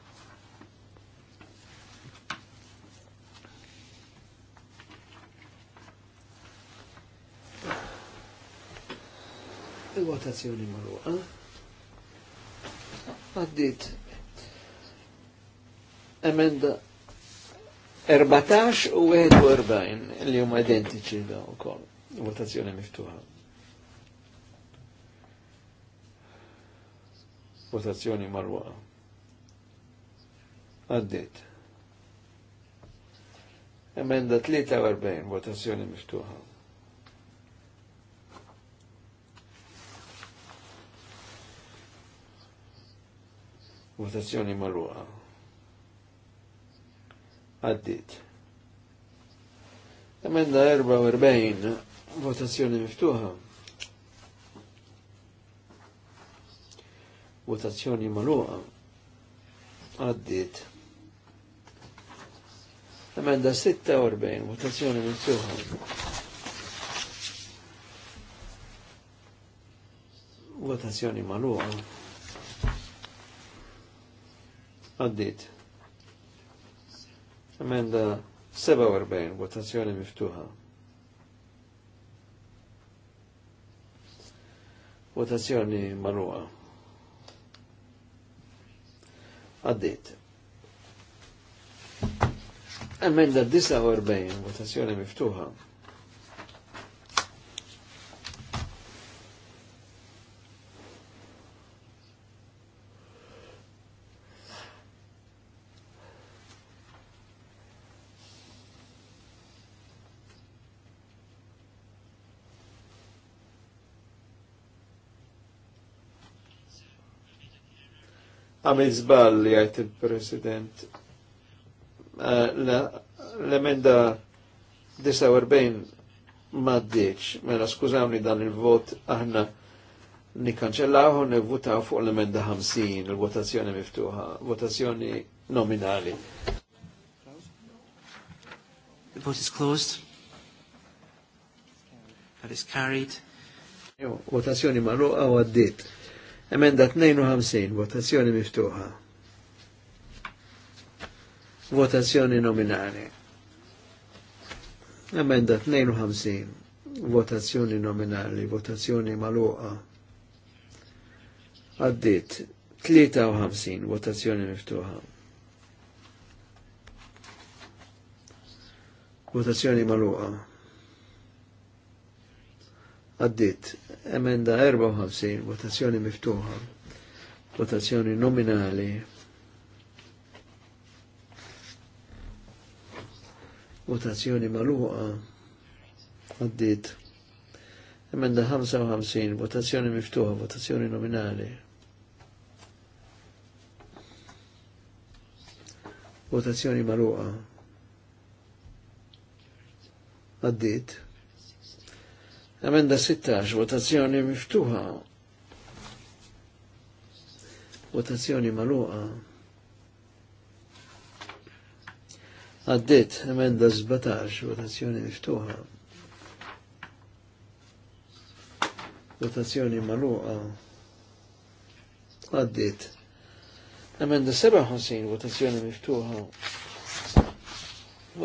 Il-votazzjoni marruqa. Għaddit. Emenda 14 u 41 li huma identiċi da u kol. Votazzjoni miftuħa. Votazzjoni marwa. Għaddit. Emenda 43, votazzjoni miftuħa. Votazzjoni marwa għaddit. Emenda 44, votazzjoni miftuħa. Votazzjoni maluqa, għaddit. Emenda 46, votazzjoni miftuħa. Votazzjoni maluqa, għaddit. Amenda 47, votazzjoni miftuħa. Votazzjoni marruqa. Għaddit. Amenda 49, votazzjoni miftuħa. għamil zballi għajt il-President. Eh, l-emenda 49 d-dieċ, mela skużawni dan il-vot aħna nikanċellaw u nivvutaw fuq l-emenda 50, il-votazzjoni miftuħa, votazzjoni nominali. The vote is closed. That is carried. Votazzjoni maluqa għaddit. Emenda 52, votazzjoni miftuħa. Votazzjoni nominali. Emenda 52, votazzjoni nominali, votazzjoni maluqa. Għaddit 53, votazzjoni miftuħa. Votazzjoni maluqa. Għaddit, emenda 54, votazzjoni miftuħa, votazzjoni nominali. Votazzjoni maluqa. Għaddit. Emenda 55, votazzjoni miftuħa, votazzjoni nominali. Votazzjoni maluqa. Għaddit. Amenda 16, votazzjoni miftuħa. Votazzjoni maluqa. Għaddit, emenda 17, votazzjoni miftuħa. Votazzjoni maluqa. Għaddit. Emenda 57, votazzjoni miftuħa.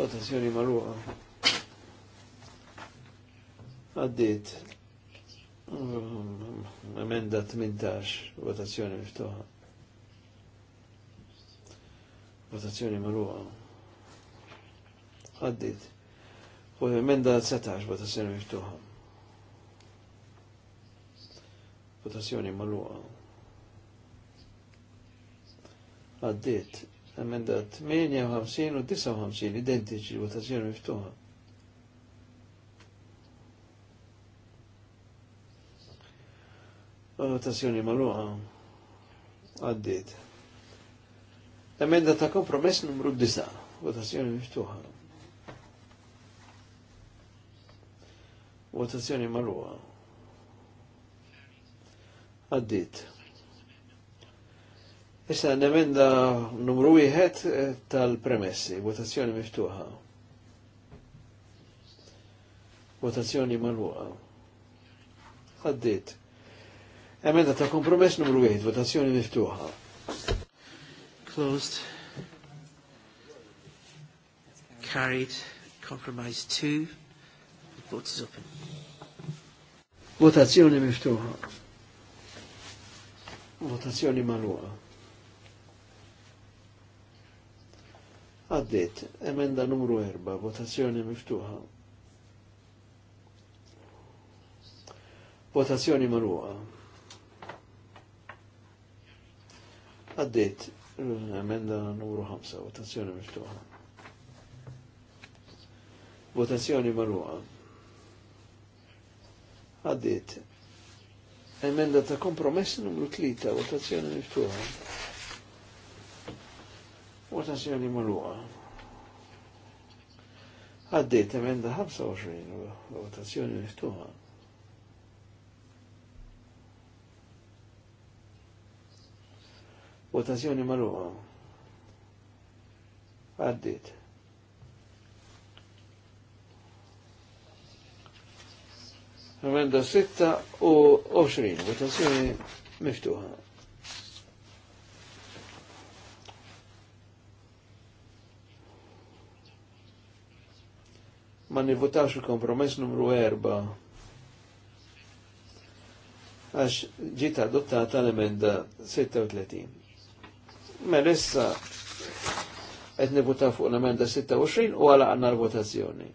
Votazzjoni maluqa. Għaddit. Mm, emenda 18, votazzjoni miftuħa. Votazzjoni marruħa. Għaddit. U emenda 17, votazzjoni miftuħa. Votazzjoni marruħa. Għaddit. Emenda 58 u 59, identiċi, votazzjoni miftuħa. Votazzjoni maluqa. Għaddit. Emenda ta' kompromess numru 9. Votazzjoni miftuħa. Votazzjoni maluqa. Għaddit. Issa n-emenda numru 1 eh, tal-premessi. Votazzjoni miftuħa. Votazzjoni maluqa. Għaddit. Emenda ta' kompromess numru 8, votazzjoni miftuħa. Closed. Carried. Compromise 2. The vote is open. Votazzjoni miftuħa. Votazzjoni maluqa. Għaddit, emenda numru 4, votazzjoni miftuħa. Votazzjoni maluqa. Għaddit, eh, emenda numru 5, votazzjoni miftuħa. Votazzjoni marruqa. Għaddit, emenda ta' kompromess numru 3, votazzjoni miftuħa. Votazzjoni marruqa. Għaddit, emenda 25, votazzjoni miftuħa. Votazzjoni marruqa. Għaddit. Emenda 6 u 20, votazzjoni miftuħa. Ma nivvotax il-kompromess numru 4 għax ġita adottata l-emenda 36. Melissa qed nivutaw fuq l-emenda 26 u għala għandna l-votazzjoni.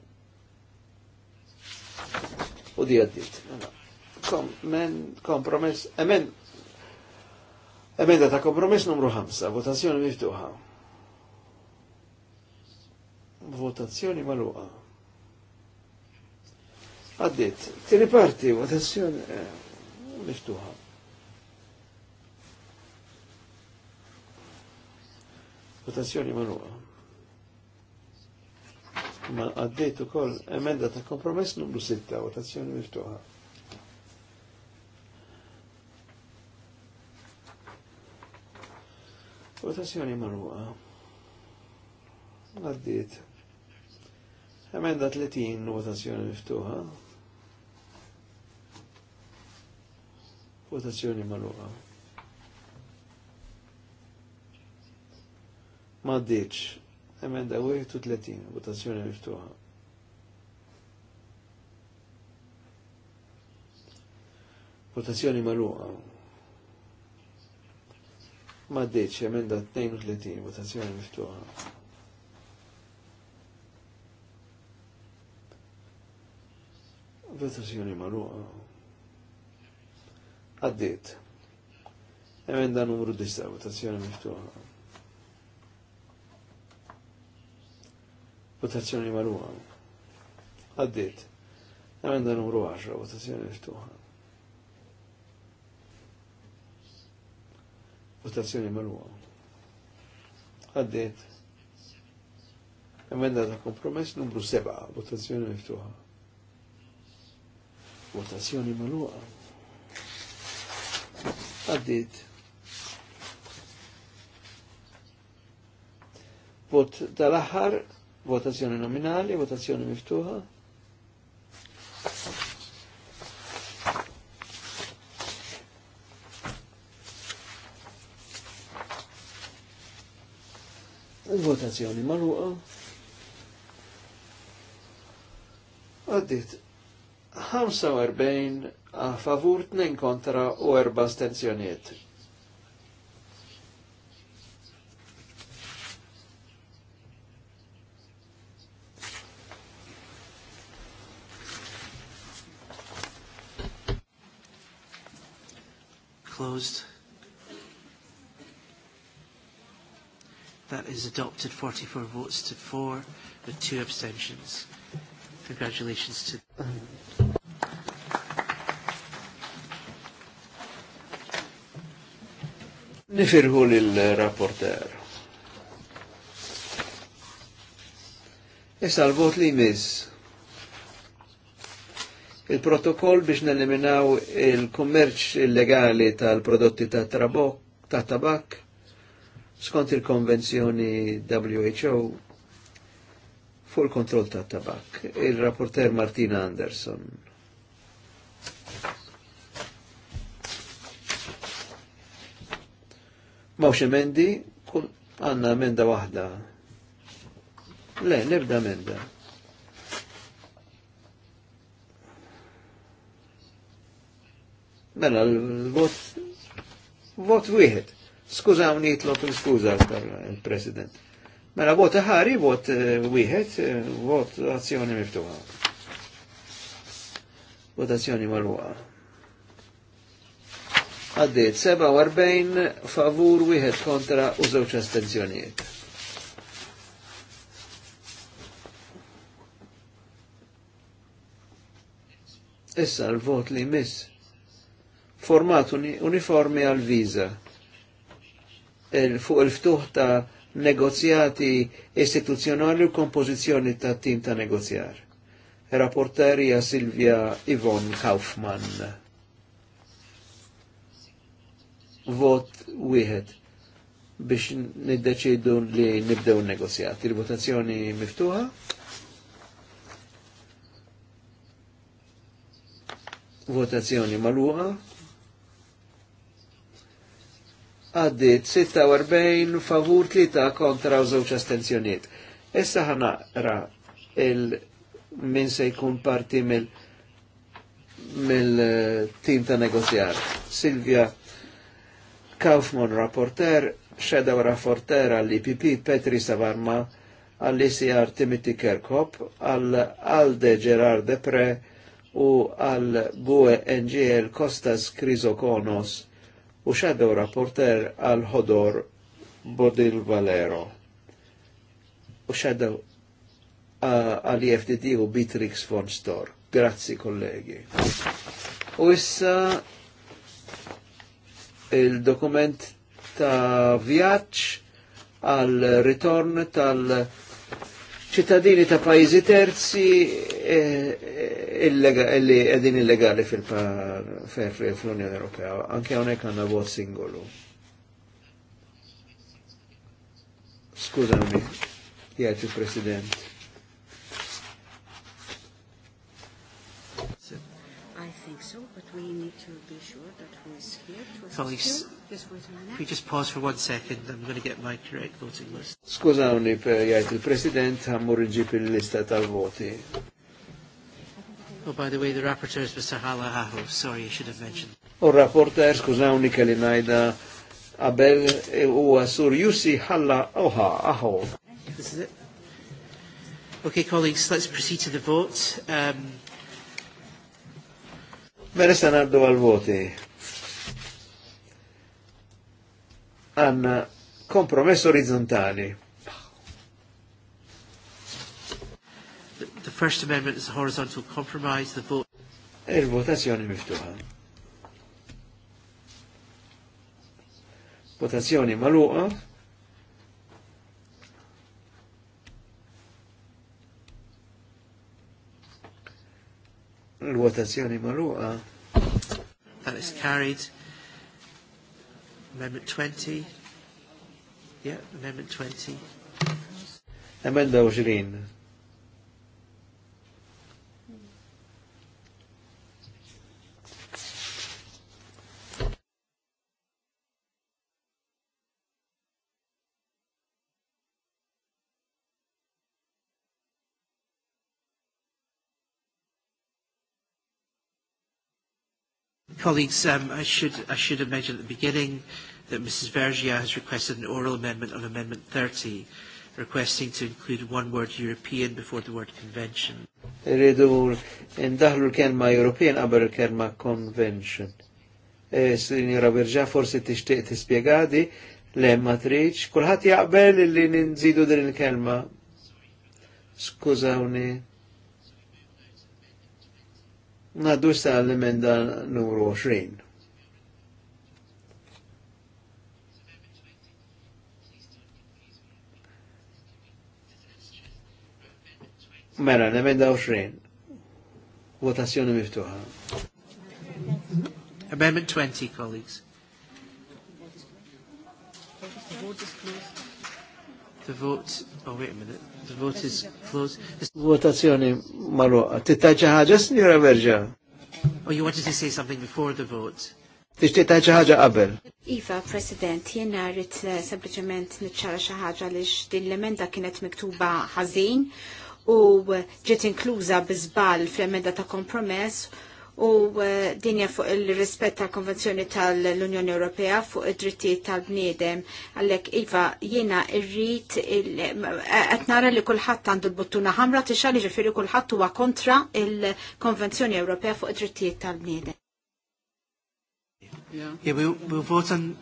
U di għaddit. Mela. kompromess, emen, emenda ta' kompromess numru 5, votazzjoni miftuħa. Votazzjoni maluqa. Għaddit, tiri parti, votazzjoni eh, miftuħa. votazzjoni nuqa. Ma għaddejtu ukoll emenda ta' kompromess numru 6, votazzjoni miftuħa. Votazzjoni nuqa. Għaddejt. Emenda 30, votazzjoni miftuħa. Votazzjoni nuqa. ma ddiċ. Emenda 31, votazzjoni miftuħa. Votazzjoni marruqa. Ma ddiċ, emenda 32, votazzjoni miftuħa. Votazzjoni marruqa. Għaddit. Emenda numru 10, votazzjoni miftuħa. votazzjoni marruħa. Għaddit. Għanda numru 10, votazzjoni miftuħa. Votazzjoni marruħa. Għaddit. Emenda ta' kompromess numru 7, votazzjoni miftuħa. Votazzjoni marruħa. Għaddit. Vot tal-aħħar Votazzjoni nominali, votazzjoni miftuħa. Il-votazzjoni marruqa. Għaddit 45 a favur 2 kontra u 4 stenzjoniet. Opposed? That is adopted 44 votes to 4 with two abstentions. Congratulations to... Nifirħu lill-rapporter. Issa l-vot li miss. Il-protokoll biex neliminaw il-kummerċ illegali tal-prodotti ta' trabok, ta' tabak, skont il-konvenzjoni WHO fuq il-kontroll ta' tabak. Il-rapporter Martina Anderson. Mawx emendi, għanna emenda wahda. Le, nibda emenda. Mela l-vot vot wieħed. Skużawni jitlob l skuża il-President. Mela vot ħari, vot eh, wieħed, eh, vot azzjoni miftuħa. Votazzjoni marruqa. Għaddiet 47 favur wieħed kontra u żewġ astenzjonijiet. Issa l-vot li miss format uniformi għal viza il fuq il-ftuħ ta' negozjati istituzjonali u kompożizzjoni ta' tim ta' negozjar. Rapporterja Silvia Ivon Kaufmann. Vot wieħed biex niddeċidu li nibdew negozjati. Il-votazzjoni miftuħa. Votazzjoni maluħa? għaddit 46 favur 3 kontra u żewġ astenzjoniet. Issa ra il min se jkun parti mill mill-tim eh, ta' negozjar. Silvia Kaufman, rapporter, Shadow Rapporter għall-IPP Petri Savarma, għall-ICR Timothy Kerkop, għall-Alde Gerard Depre u għall Bue NGL Kostas Krizokonos u xadew rapporter għal ħodor Bodil Valero u xadew għal IFDD e u Beatrix von Stor. Grazzi kollegi. U issa il-dokument ta' vjaċ għal ritorn tal- ċittadini ta' pajizi terzi e, e, illi qegħdin illegali fil-Unjoni Ewropea, anke għonek għanna vot singolu. Skużami, jgħid il-President. I think so, but we need to be sure that who is here to assist you. If just pause for one second, I'm going to get my correct voting list. Skużawni per jajt il-President ħammur nġib il-lista tal-voti. Oh, by the way, the rapporteur is Mr. Hala Ahu. Sorry, I should have mentioned. U rapporteur, skużawni kelli najda qabel e, huwa sur Jussi Hala Oha Ahu. This is it. Okay, colleagues, let's proceed to the vote. Um, Mela se għal voti. għanna kompromess orizzontali. The First Amendment is a horizontal compromise, the vote. il votazione miftuħa. Votazione maluqa. Il-votazzjoni maluqa. That is carried. Amendment 20. Yeah, Amendment 20. Amendment 20. Colleagues, um, I, should, I should have mentioned at the beginning that Mrs. Vergia has requested an oral amendment of Amendment 30, requesting to include one word European before the word convention. Irridu ndaħlu l-kelma European qabel il-kelma convention. E, Signora Vergia forsi tixtieq tispjegadi le matriċ, kulħadd jaqbel li ninżidu din il-kelma. Skużawni. Naddu sa l-emenda numru 20. Mela, l-emenda 20. Votazzjoni miftuħa. Amendment 20, colleagues. The vote is closed. The vote, oh wait a minute, the vote is closed. Votazzjoni maluqa. Tittaċa ħagġa, njura Verġa? Oh, you wanted to say something before the vote? Tixtieq tgħid ħagġa ħaġa qabel. Iva, President, jena rrit eh, sempliciment niċċara xi li din l-emenda kienet miktuba ħazin u eh, ġet inkluza bizbal fl-emenda ta' kompromess u eh, dinja fuq il-rispett tal-Konvenzjoni tal-Unjoni Ewropea fuq id-drittijiet tal-bniedem. Għallek, Iva, jiena irrit, għetnara eh, li kullħat għandu l-buttuna ħamra t-xalli ġifiri kullħat huwa kontra il-Konvenzjoni Ewropea fuq id-drittijiet tal-bniedem. Yeah, we'll, we'll vote on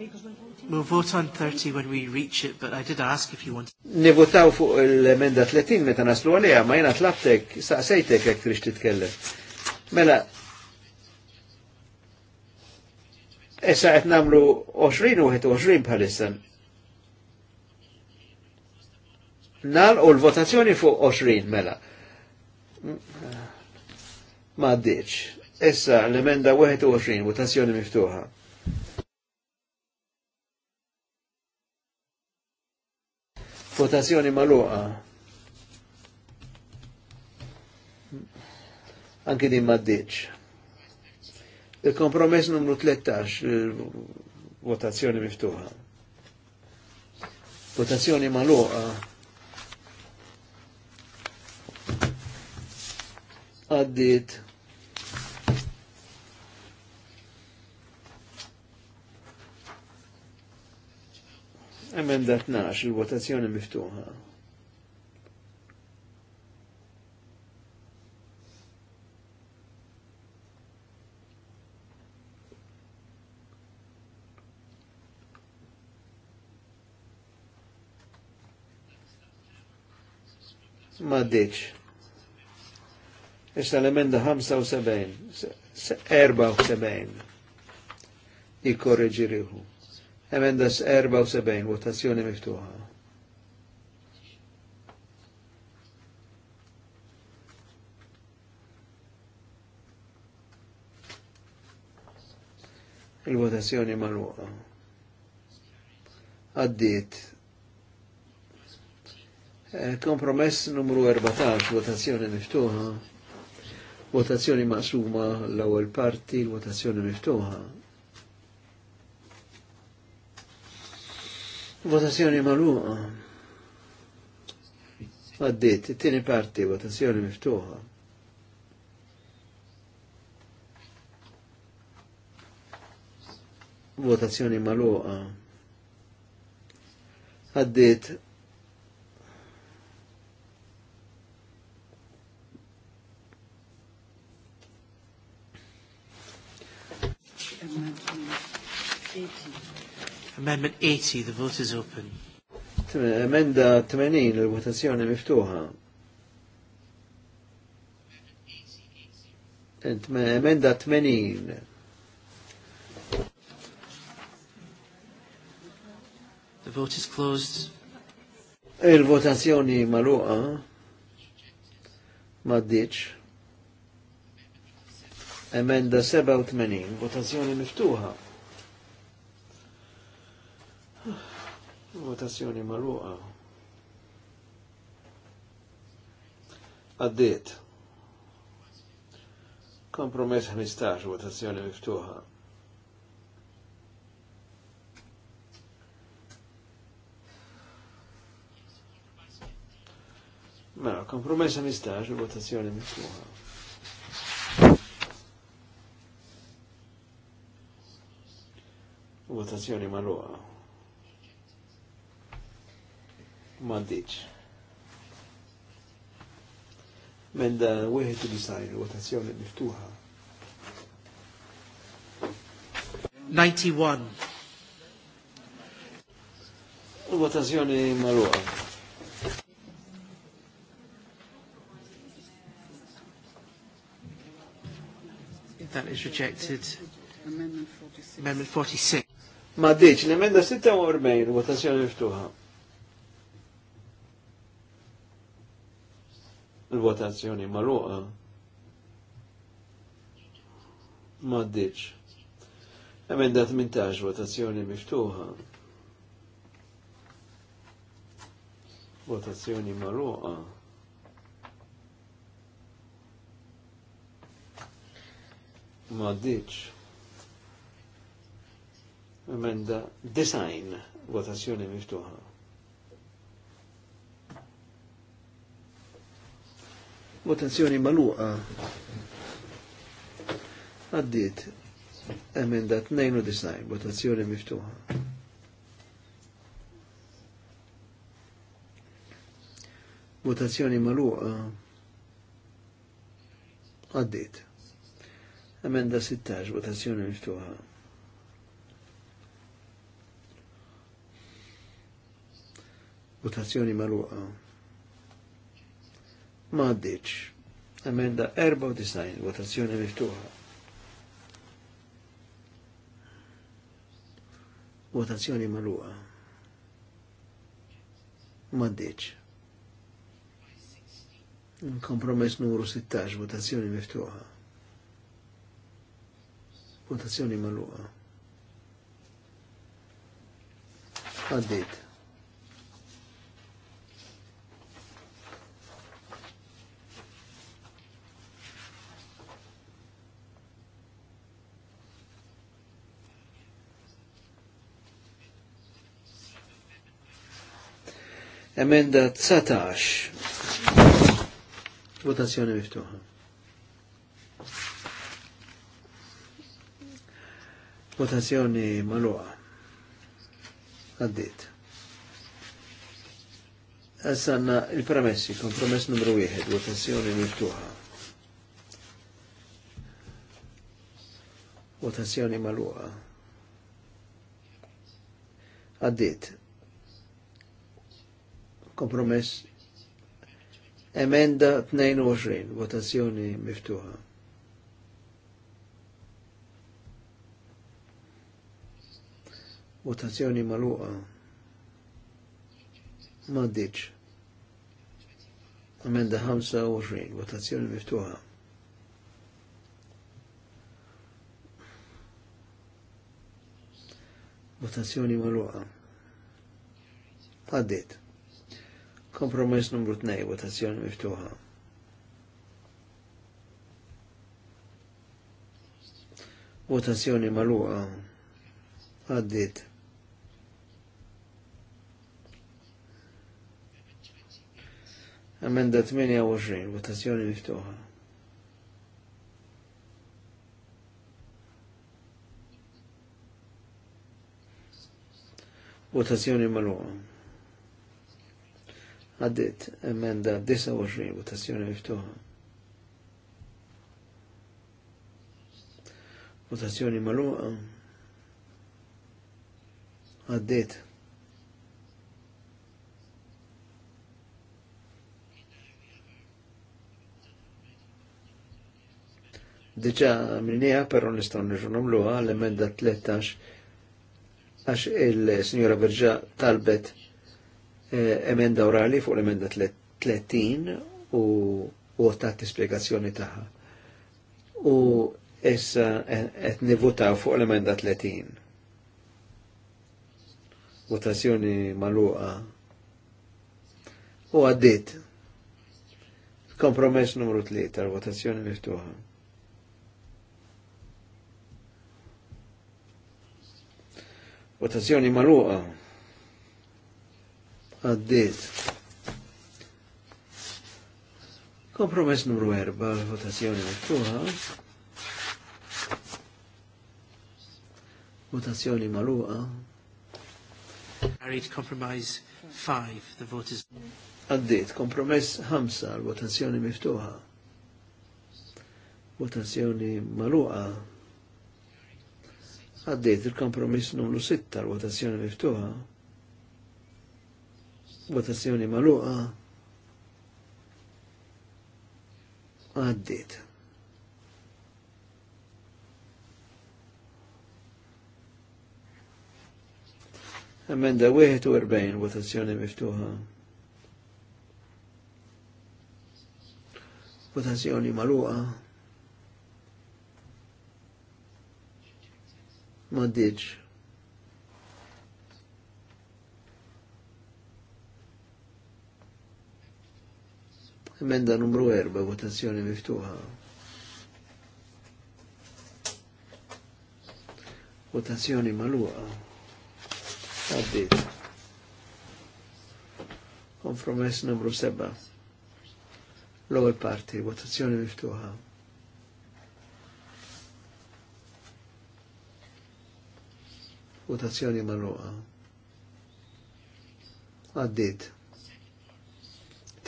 We'll vote on 30 when we reach it, but I did ask if you want. Nivotaw fuq il emenda 30 meta naslu għalija, ma jena tlabtek, saqsejtek jek trix titkellem. Mela, Issa qed nagħmlu 20 u 21 bħalissa. u l-votazzjoni fuq 20 mela. Ma ddiċ. Issa l-emenda 21, votazzjoni miftuħa. Votazzjoni maluqa. Anki din ma ddiċ. Il-kompromess numru 13, eh, votazzjoni miftuħa. Votazzjoni maluqa. Għaddit. Emenda 12, il-votazzjoni miftuħa. ma ddiċ. Issa l-emenda 75, 74, jikorreġi riħu. Emenda 74, votazzjoni miftuħa. Il-votazzjoni maluqa. Għaddit Eh, kompromess numru 14, votazzjoni miftuħa. Votazzjoni maqsuma l-ewwel parti, votazzjoni miftuħa. Votazzjoni magħluqa. Għaddit, it-tieni parti, votazzjoni miftuħa. Votazzjoni magħluqa. Għaddit, Amendment 80, the vote is open. Amenda 80, il-votazzjoni miftuħa. Amenda 80. The vote is closed. Il-votazzjoni maluqa Amenda Emenda 87, votazzjoni miftuħa. votazzjoni marruqa. Għaddiet. Kompromess 15, votazzjoni miftuħa. Mela, kompromess 15, votazzjoni miftuħa. votazzjoni marruqa mandiċ. Menda wieħed design votazzjoni miftuħa. 91. Votazzjoni marruqa. That is rejected. Amendment 46. Amendment 46. Ma diċ, l-emenda 46, votazzjoni miftuħa. Il-votazzjoni marruqa Maddiċ. Emenda 18, votazzjoni miftuħa. Votazzjoni marruqa. Maddiċ. Emenda design, votazzjoni miftuħa. Votazzjoni maluqa. Għaddit. Emenda 92, votazzjoni miftuħa. Votazzjoni maluqa. Għaddit. Emenda 16, votazzjoni miftuħa. Votazzjoni maluqa ma għaddiċ. Emenda 94, votazzjoni miftuħa. Votazzjoni maluqa. Ma għaddiċ. Kompromess numru 16, votazzjoni miftuħa. Votazzjoni maluqa. Għaddiċ. Emenda 19. Votazzjoni miftuħa. Votazzjoni maluqa. Għaddit. Għassanna il premessi kompromess numru 1, votazzjoni miftuħa. Votazzjoni maluqa. Għaddit. Kompromess. Emenda 22, votazzjoni miftuħa. Votazzjoni maluqa. Maddiċ. Emenda 25, votazzjoni miftuħa. Votazzjoni maluqa. Għaddit. Kompromess numru 2, votazzjoni miftuħa. Votazzjoni maluqa. Għaddit. Amenda 28, votazzjoni miftuħa. Votazzjoni maluqa għaddit emenda 29 votazzjoni miftuħa. Votazzjoni maluqa għaddit. Diċa minnija però nistaw nġunum namluħa l-emenda 13 għax il-Signora Verġa talbet Eh, emenda orali fuq l-emenda 30 u għotat t spiegazzjoni taħħa. U issa qed nivutaw fuq l-emenda 30. Votazzjoni maluqa. U għaddit. Kompromess numru 3, votazzjoni miftuħa. Votazzjoni maluqa għaddiet. Kompromess numru 4, votazzjoni miftuħa. Votazzjoni maluqa. Carried compromise 5, the vote is... Għaddiet, kompromess 5, votazzjoni miftuħa. Votazzjoni maluqa. Għaddiet il-kompromess numru 6, votazzjoni miftuħa votazzjoni maluqa għaddit. Emenda 41 votazzjoni miftuħa. Votazzjoni maluqa. Ma ditx. Emenda numru 4, votazzjoni miftuħa. Votazzjoni maluqa. Għaddit. Kompromess numru 7. Lower parti, votazzjoni miftuħa. Votazzjoni maluqa. Għaddit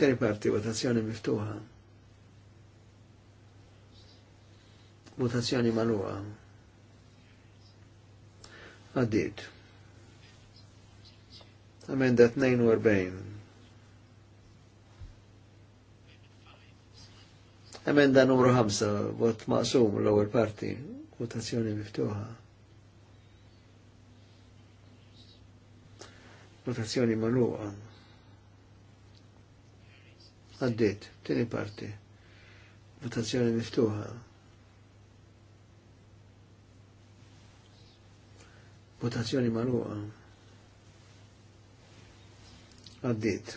Tani parti, votazzjoni miftuħa. Votazzjoni maluħa. Għaddit. Amenda 42. Emenda numru 5, vot maqsum l-ewwel parti, votazzjoni miftuħa. Votazzjoni maluħa għaddit, tini parti. Votazzjoni miftuħa. Votazzjoni marruqa. Għaddit.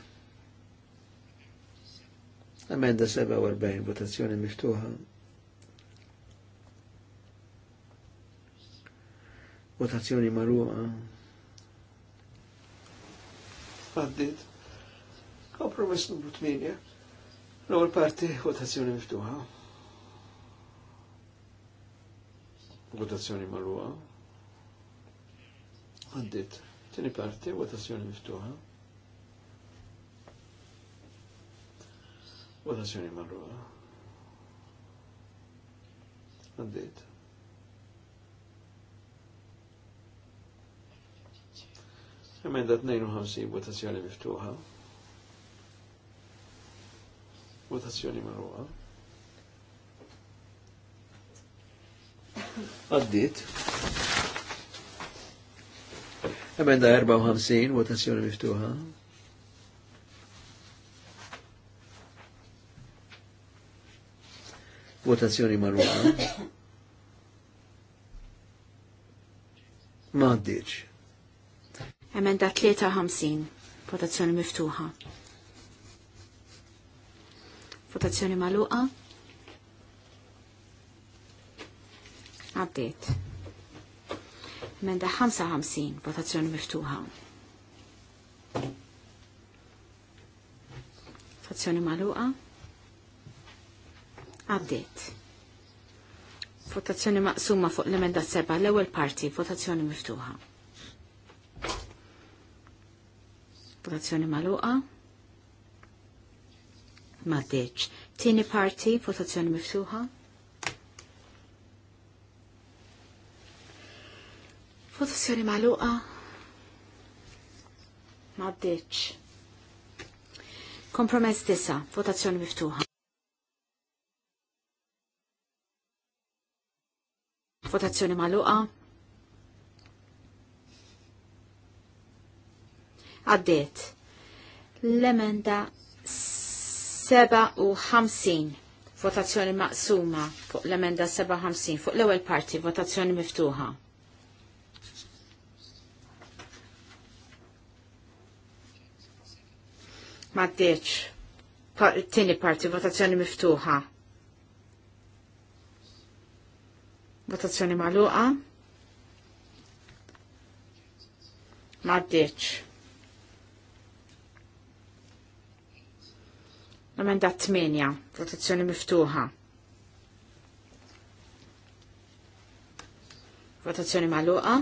Amenda 47, votazzjoni miftuħa. Votazzjoni marruqa. Għaddit. Kompromess numru 8 L-ewwel parti votazzjoni miftuħa. Votazzjoni magħluqa. Għaddit. Tieni parti votazzjoni miftuħa. Votazzjoni magħluqa. Għaddit. Emenda 52 votazzjoni miftuħa votazzjoni marruqa. Għaddit. Emenda 54, votazzjoni miftuħa. Votazzjoni marruqa. Ma għaddiċ. Emenda 53, votazzjoni miftuħa. Votazzjoni maluqa. Għaddit. Emenda 55, votazzjoni miftuħa. Votazzjoni maluqa. Għaddit. Votazzjoni maqsuma fuq l-emenda 7, l-ewwel parti, votazzjoni miftuħa. Votazzjoni maluqa ma Tini Tieni parti, votazzjoni miftuħa. Votazzjoni maluqa. Ma Kompromess tisa, votazzjoni miftuħa. Votazzjoni maluqa. Għaddiet. L-emenda 57 votazzjoni maqsuma fuq l-emenda 57 fuq l-ewwel parti votazzjoni miftuħa. Maddeċ. Par tini parti votazzjoni miftuħa. Votazzjoni maluqa. Maddeċ. Amenda 8, votazzjoni miftuħa. Votazzjoni maluqa.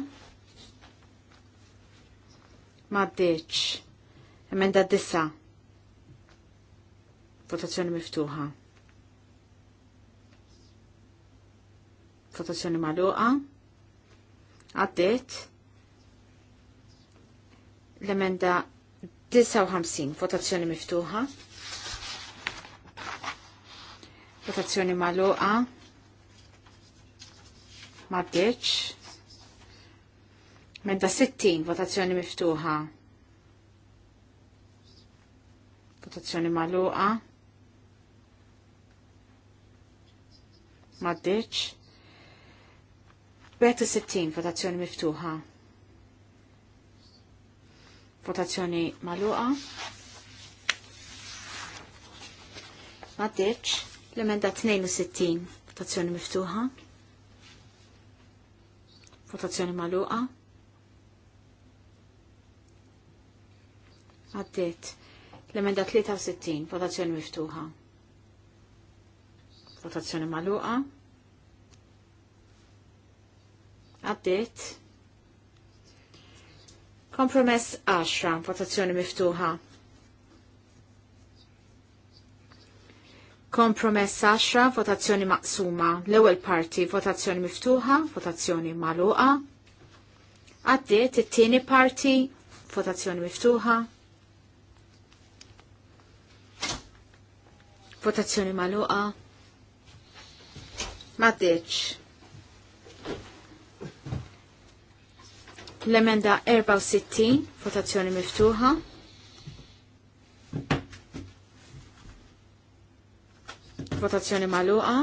Maddeċ. Emenda 9. Votazzjoni miftuħa. Votazzjoni maluqa. Għaddit. L-emenda 59. Votazzjoni miftuħa votazzjoni maluqa, maddiċ, Menda 60 votazzjoni miftuħa. Votazzjoni maluqa. Maddiċ. 60 votazzjoni miftuħa. Votazzjoni maluqa. Maddiċ. L-emenda 62, votazzjoni miftuħa. Votazzjoni maluqa. Għaddit. L-emenda 63, votazzjoni miftuħa. Votazzjoni maluqa. Għaddit. Kompromess 10, votazzjoni miftuħa. Kompromess 10, votazzjoni maqsuma. L-ewwel parti, votazzjoni miftuħa, votazzjoni magħluqa. Għaddiet it-tieni parti, votazzjoni miftuħa. Votazzjoni magħluqa. M'għaddiex. L-emenda 64, votazzjoni miftuħa. votazzjoni maluqa.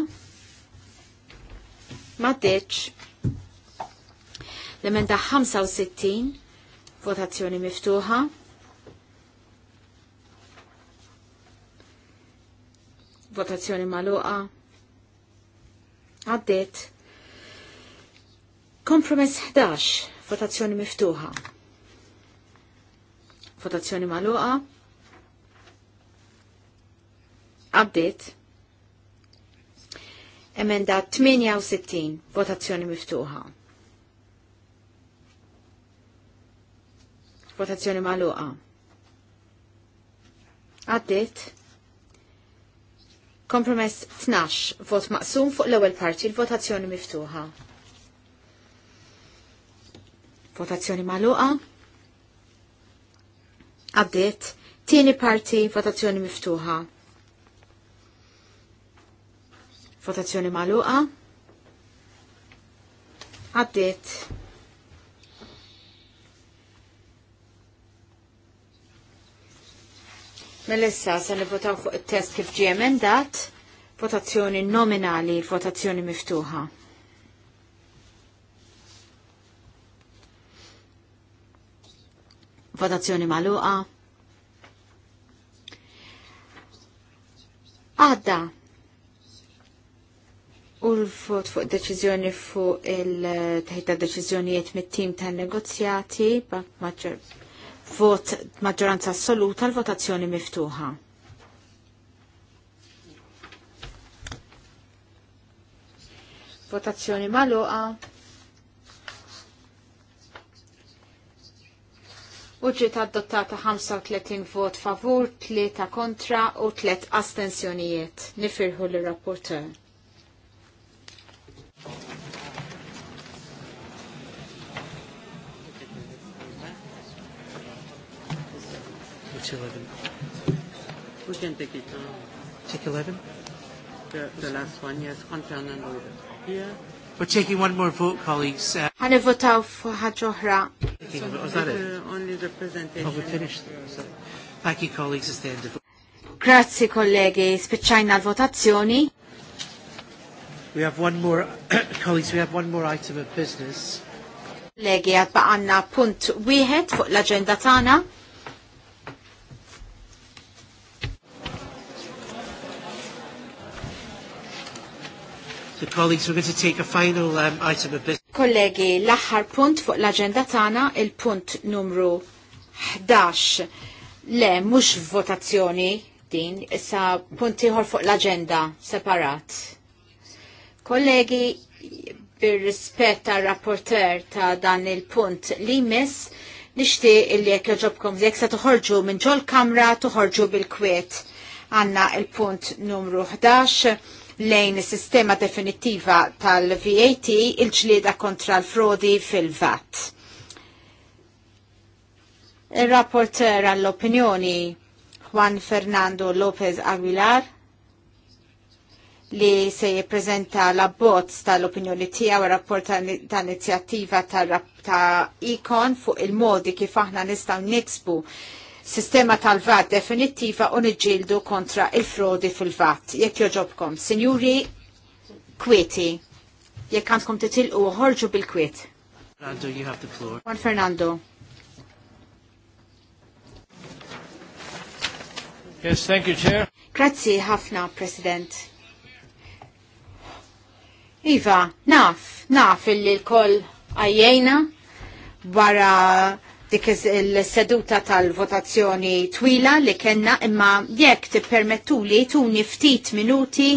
Ma deċ. L-emenda 65, votazzjoni miftuħa. Votazzjoni maluqa. Għaddit. Kompromess 11, votazzjoni miftuħa. Votazzjoni maluqa. Għaddit. Emenda 68, votazzjoni miftuħa. Votazzjoni maluqa. Għaddit. Kompromess 12, vot maqsum fuq l-ewwel parti, l-votazzjoni miftuħa. Votazzjoni maluqa. Għaddit. Tieni parti, votazzjoni miftuħa. Votazzjoni maluqa. Għaddit. Melissa, se nivvotaw fuq il-test kif ġie emendat, votazzjoni nominali, votazzjoni miftuħa. votazzjoni maluqa. Għadda, U l-vot fuq deċiżjoni fuq il-teħita deċiżjonijiet mit-tim ta' negozjati, vot maġġoranza assoluta l-votazzjoni miftuħa. Votazzjoni maluqa. Uġġiet adottata 35 vot favur, 3 kontra u 3 astensjonijiet. Nifirħu l-rapporter. It's 11. We can take it now. Uh, take 11? The, the last one, yes, concern and Here. We're taking one more vote, colleagues. Uh, Għan uh, votaw ħagħuħra. Was that it? Uh, only the presentation. Oh, we finished. So, thank you, colleagues. It's the end of Grazzi kollegi, spiċċajna l-votazzjoni. We have one more, colleagues, we have one more item of business. Legi għad baqanna punt wieħed fuq l-agenda tagħna. So colleagues, we're going to take a final um, item of business. Kollegi, l-aħħar punt fuq l-agenda tana, il-punt numru 11. Le, mhux votazzjoni din, issa punt ieħor fuq l-agenda separat. Kollegi, bir-rispett ta' rapporter ta' dan il-punt li mis, nishti illi jekk joġobkom jekk se toħorġu minn ġol kamra tuħorġu bil-kwiet. Għanna il-punt numru 11 lejn is-sistema definittiva tal-VAT il-ġlieda kontra l-frodi fil-VAT. Il-rapporter għall-opinjoni Juan Fernando Lopez Aguilar li se jipprezenta la bozz tal-opinjoni tiegħu rapport ta' inizjattiva ta' ikon fuq il-modi kif aħna nistgħu nixbu sistema tal-vat definittiva u niġġieldu kontra il-frodi fil-vat. Jekk joġobkom, sinjuri kwieti, jekk għandkom titilqu ħorġu bil-kwiet. Fernando, you have the floor. Juan Fernando. Yes, thank you, Chair. Grazie ħafna, President Iva, naf, naf illi l-koll għajjena wara dik il-seduta tal-votazzjoni twila li kena imma jekk permettu li tuni ftit minuti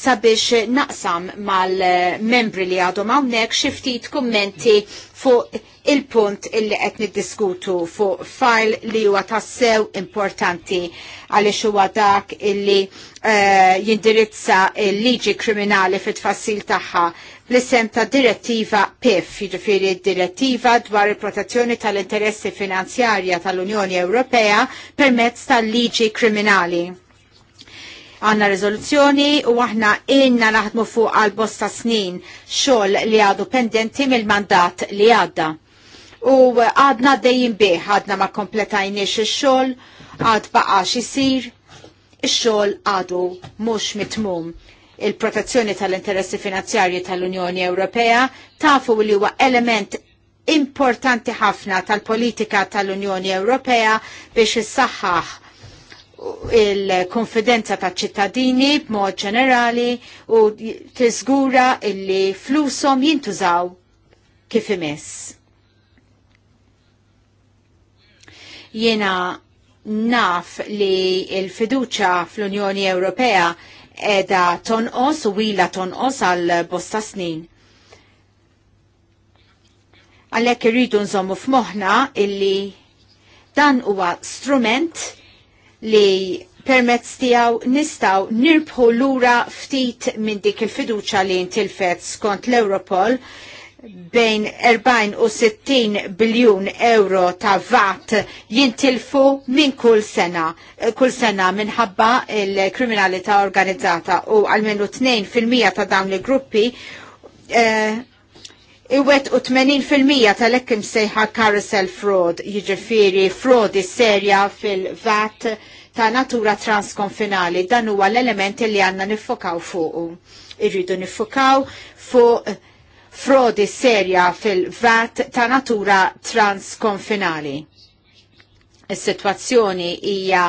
sabiex naqsam mal-membri li għadhom hawnhekk xi ftit kummenti fuq il-punt illi qed niddiskutu fuq file li huwa tassew importanti għaliex huwa dak illi uh, jindirizza il-liġi kriminali fit-tfassil tagħha l-isem ta' direttiva PIF, jiġifieri direttiva dwar il-protezzjoni tal-interessi finanzjarja tal-Unjoni Ewropea permezz tal-liġi kriminali għanna rezoluzzjoni u aħna inna naħdmu fuq għal bosta snin xogħol li għadu pendenti mill-mandat li għadda u eh, għadna dejjem bih, għadna ma kompletajniex ix-xogħol, għad baqax isir, ix-xogħol għadu mhux mitmum il-protezzjoni tal-interessi finanzjarji tal-Unjoni Ewropea tafu li huwa element importanti ħafna tal-politika tal-Unjoni Ewropea biex issaħħaħ il-konfidenza ta' ċittadini b'mod ġenerali u tiżgura illi flusom jintużaw kif imiss. Jena naf li il-fiduċa fl-Unjoni Ewropea edha tonqos u wila tonqos għal bosta snin. Għalhekk irridu nżommu f'moħħna illi dan huwa strument li permezz tiegħu nistgħu nirbħu lura ftit minn dik il-fiduċa li ntilfet skont l-Europol bejn 40 u 60 biljun euro ta' vat jintilfu minn kull sena, eh, kull sena minħabba il-kriminalità organizzata u għalmenu 2% ta' dawn li gruppi eh, iwet u 80% tal-ekkim sejħa carousel fraud, jġifiri frodi serja fil-vat ta' natura transkonfinali dan huwa l-elementi li għanna nifokaw fuq. Irridu nifokaw fuq frodi serja fil-VAT ta' natura transkonfinali. Is-sitwazzjoni hija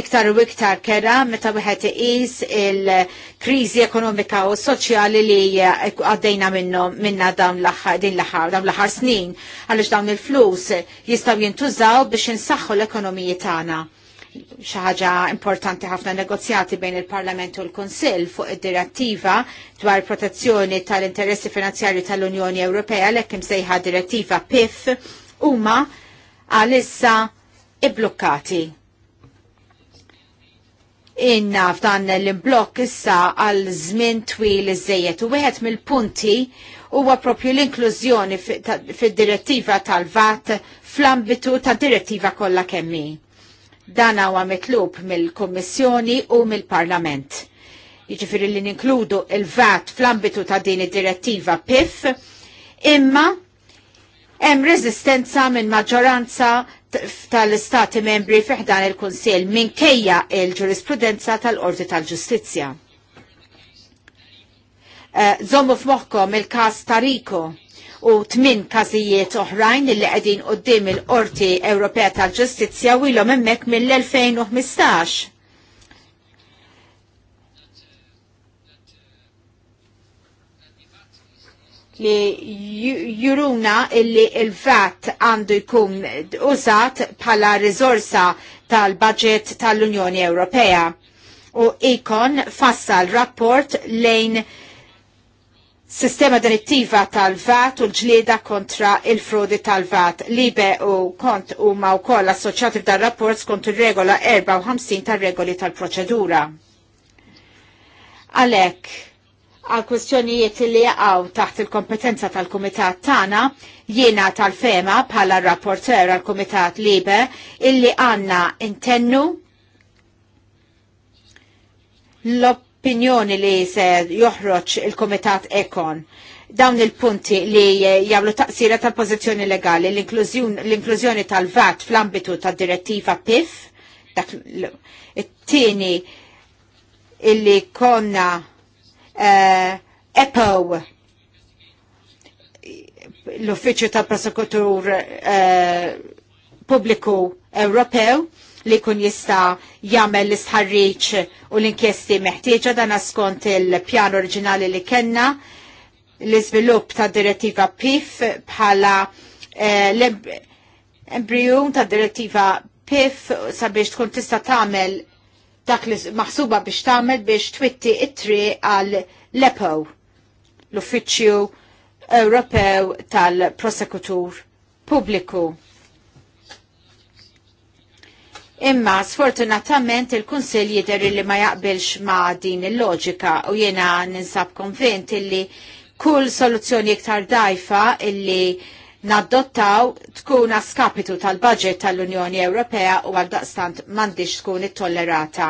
iktar u iktar kera meta wieħed iqis il-kriżi ekonomika u soċjali li għaddejna minnhom minna dawn l-aħħar din l-aħħar dawn l-aħħar snin għaliex dawn il-flus jistgħu jintużaw biex insaħħu l-ekonomiji tagħna xaħġa importanti ħafna negozjati bejn il-Parlament u l-Konsil fuq id-direttiva dwar protezzjoni tal-interessi finanzjarju tal-Unjoni Ewropea l sejħa direttiva PIF huma għalissa iblokkati. Inna f'dan l-imblokk issa għal żmien twil iż-żejjed u wieħed mill-punti huwa propju l-inklużjoni fid-direttiva tal-VAT fl-ambitu tad direttiva kollha kemmi Dan huwa mitlub mill-Kummissjoni u mill-Parlament. Jiġifieri li ninkludu il-VAT fl-ambitu ta' din id-direttiva PIF, imma hemm reżistenza minn maġġoranza tal-Istati membri fiħdan il-Kunsill minkejja il-ġurisprudenza tal-Qorti tal-Ġustizzja. Zommu eh, f'moħħkom il-każ Tariko u tmin każijiet oħrajn li qegħdin qudiem il-Qorti Ewropea tal-Ġustizzja u hemmhekk mill-2015. li juruna illi il-VAT għandu jkun użat bħala rizorsa tal-budget tal-Unjoni Ewropea. U ikon fassal rapport lejn sistema direttiva tal-VAT u l-ġlieda kontra il-frodi tal-VAT. Libe u kont u ma' u koll assoċjati dal rapport skont il-regola 54 tal-regoli tal-proċedura. Għalek, għal kwestjonijiet li għaw taħt il-kompetenza tal-Kumitat tana, jiena tal-fema bħala rapporter għal kumitat Libe illi għanna intennu l-op l-opinjoni li se joħroġ il-Komitat Ekon dawn il-punti li jagħmlu taqsira tal-pożizzjoni legali, l-inklużjoni tal-VAT fl-ambitu tad-direttiva PIF, dak it-tieni illi konna eh, EPO l-Uffiċċju tal-Prosekutur eh, Pubbliku Ewropew li kun jista jagħmel l-istħarriċ u l-inkjesti meħtieġa dan skont il-pjan oriġinali li kenna l-iżvilupp ta' direttiva PIF bħala eh, l embryum ta' direttiva PIF sabiex tkun tista' tagħmel dak li maħsuba biex tagħmel biex twitti it-tri għal l-EPO l-Uffiċċju Ewropew tal-Prosekutur Pubbliku Imma sfortunatament il-Kunsill jidher li ma jaqbilx ma' din il-loġika u jiena ninsab konvint illi kull soluzzjoni iktar dajfa illi naddottaw tkun skapitu tal-budget tal-Unjoni Ewropea u għaldaqstant mandiġ tkun it-tollerata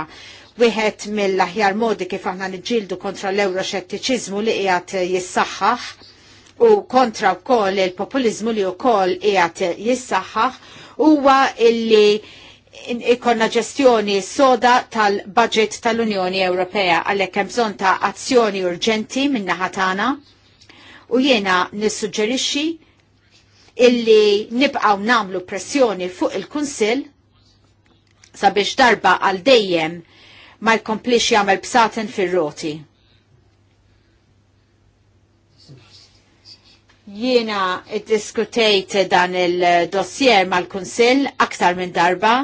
wieħed mill-aħjar modi kif aħna niġġieldu kontra l-euroxettiċiżmu li qiegħed jissaħħaħ u kontra wkoll il-populiżmu li wkoll qiegħed jissaħħaħ huwa illi ikonna ġestjoni soda tal-budget tal-Unjoni Ewropea għalhekk hemm bżonn ta' azzjoni urġenti min-naħa tagħna u jiena nissuġġerixxi illi nibqgħu nagħmlu pressjoni fuq il-Kunsill sabiex darba għal dejjem ma jkomplix jagħmel bsaten fir-roti. Jiena id-diskutejt dan il-dossier mal-Kunsill aktar minn darba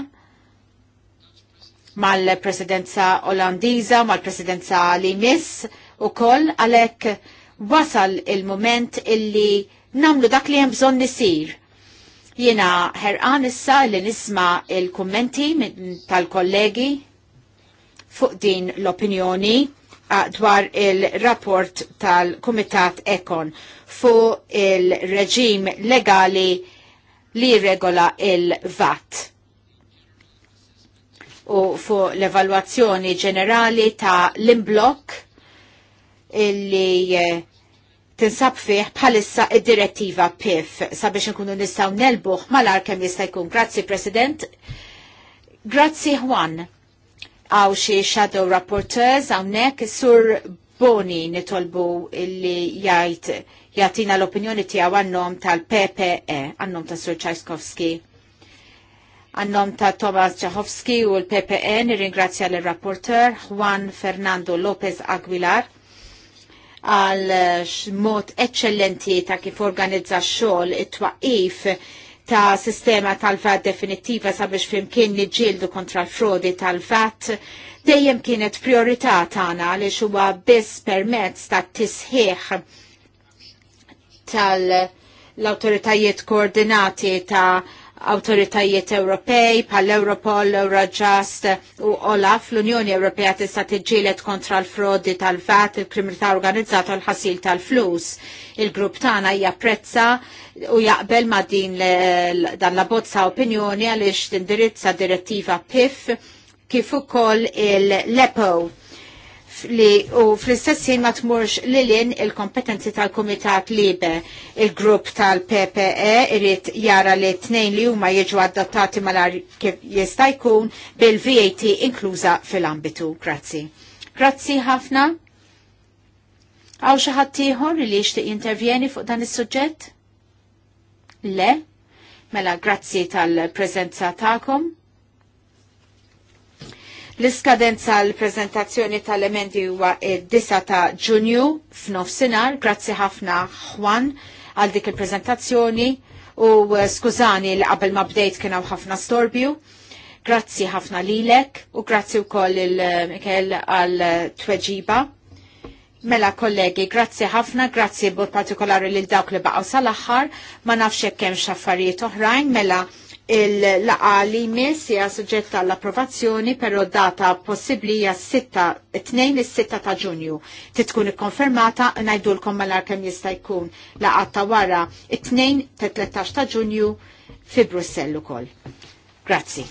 mal-presidenza olandiza, mal-presidenza li miss u koll għalek wasal il-moment illi namlu dak li jemżon nisir. Jena herqan issa li nisma il-kommenti tal-kollegi fuq din l-opinjoni dwar il-rapport tal-Kumitat Ekon fuq il-reġim legali li regola il-VAT u fuq l-evalwazzjoni ġenerali ta' l-imblok illi eh, tinsab fih bħalissa id-direttiva PIF sabiex nkunu nistaw nelbuħ malar kem jista' jkun. Grazzi President. Grazzi Juan. Għaw xie shadow rapporteurs għawnek sur Boni nitolbu illi jgħid jatina l-opinjoni tiegħu għannom tal-PPE, għannom ta' Sur Tchaikovsky. Għannom ta' Thomas Ġahovski u l-PPN e, ringrazzja l-rapporter Juan Fernando Lopez Aguilar għal eh, mod eccellenti ta' kif organizza xogħol it-twaqif ta' sistema tal-VAT definittiva sabiex flimkien niġġieldu kontra l-frodi tal-VAT dejjem kienet priorità tagħna li huwa biss permezz ta' tisħiħ tal-autoritajiet koordinati ta' autoritajiet Ewropej pal Europol, Eurojust u Olaf l-Unjoni Ewropea tista' tiġġielet kontra l-frodi tal-vat, il-kriminalità organizzata u l-ħasil tal-flus. Il-grupp tagħna japprezza u jaqbel ma' din dan la bozza opinjoni għaliex tindirizza direttiva PIF kif ukoll il-LEPO li u fl-istessin ma tmurx lilin il-kompetenzi tal-Komitat Libe. Il-grupp tal-PPE irrit jara li t-nejn li huma jiġu adattati malar kif jista' jkun bil-VAT inkluża fil-ambitu. Grazzi. Grazzi ħafna. Għaw xaħat tiħor li xti intervjeni fuq dan is-suġġett? Le? Mela, grazzi tal-prezenza ta'kom. L-iskadenza l-prezentazzjoni tal-emendi huwa id-9 ta' Ġunju f'nofsinhar. Grazzi ħafna Juan għal dik il-prezentazzjoni u eh, skużani li qabel ma bdejt kien hawn ħafna storbju. Grazzi ħafna lilek u grazzi wkoll il-Mikel eh, għal eh, tweġiba. Mela kollegi, grazzi ħafna, grazzi bur partikolari lil dawk li baqgħu sal-aħħar, ma nafx hekk hemm xaffarijiet oħrajn, mela il-laqali mis hija suġġetta l-approvazzjoni però data possibbli hija 2 6 ta' Ġunju. Titkun ikkonfermata ngħidulkom malar kemm jista' jkun laqgħat ta' wara 2 ta' 13 ta' Ġunju fi Brussell ukoll. Grazzi.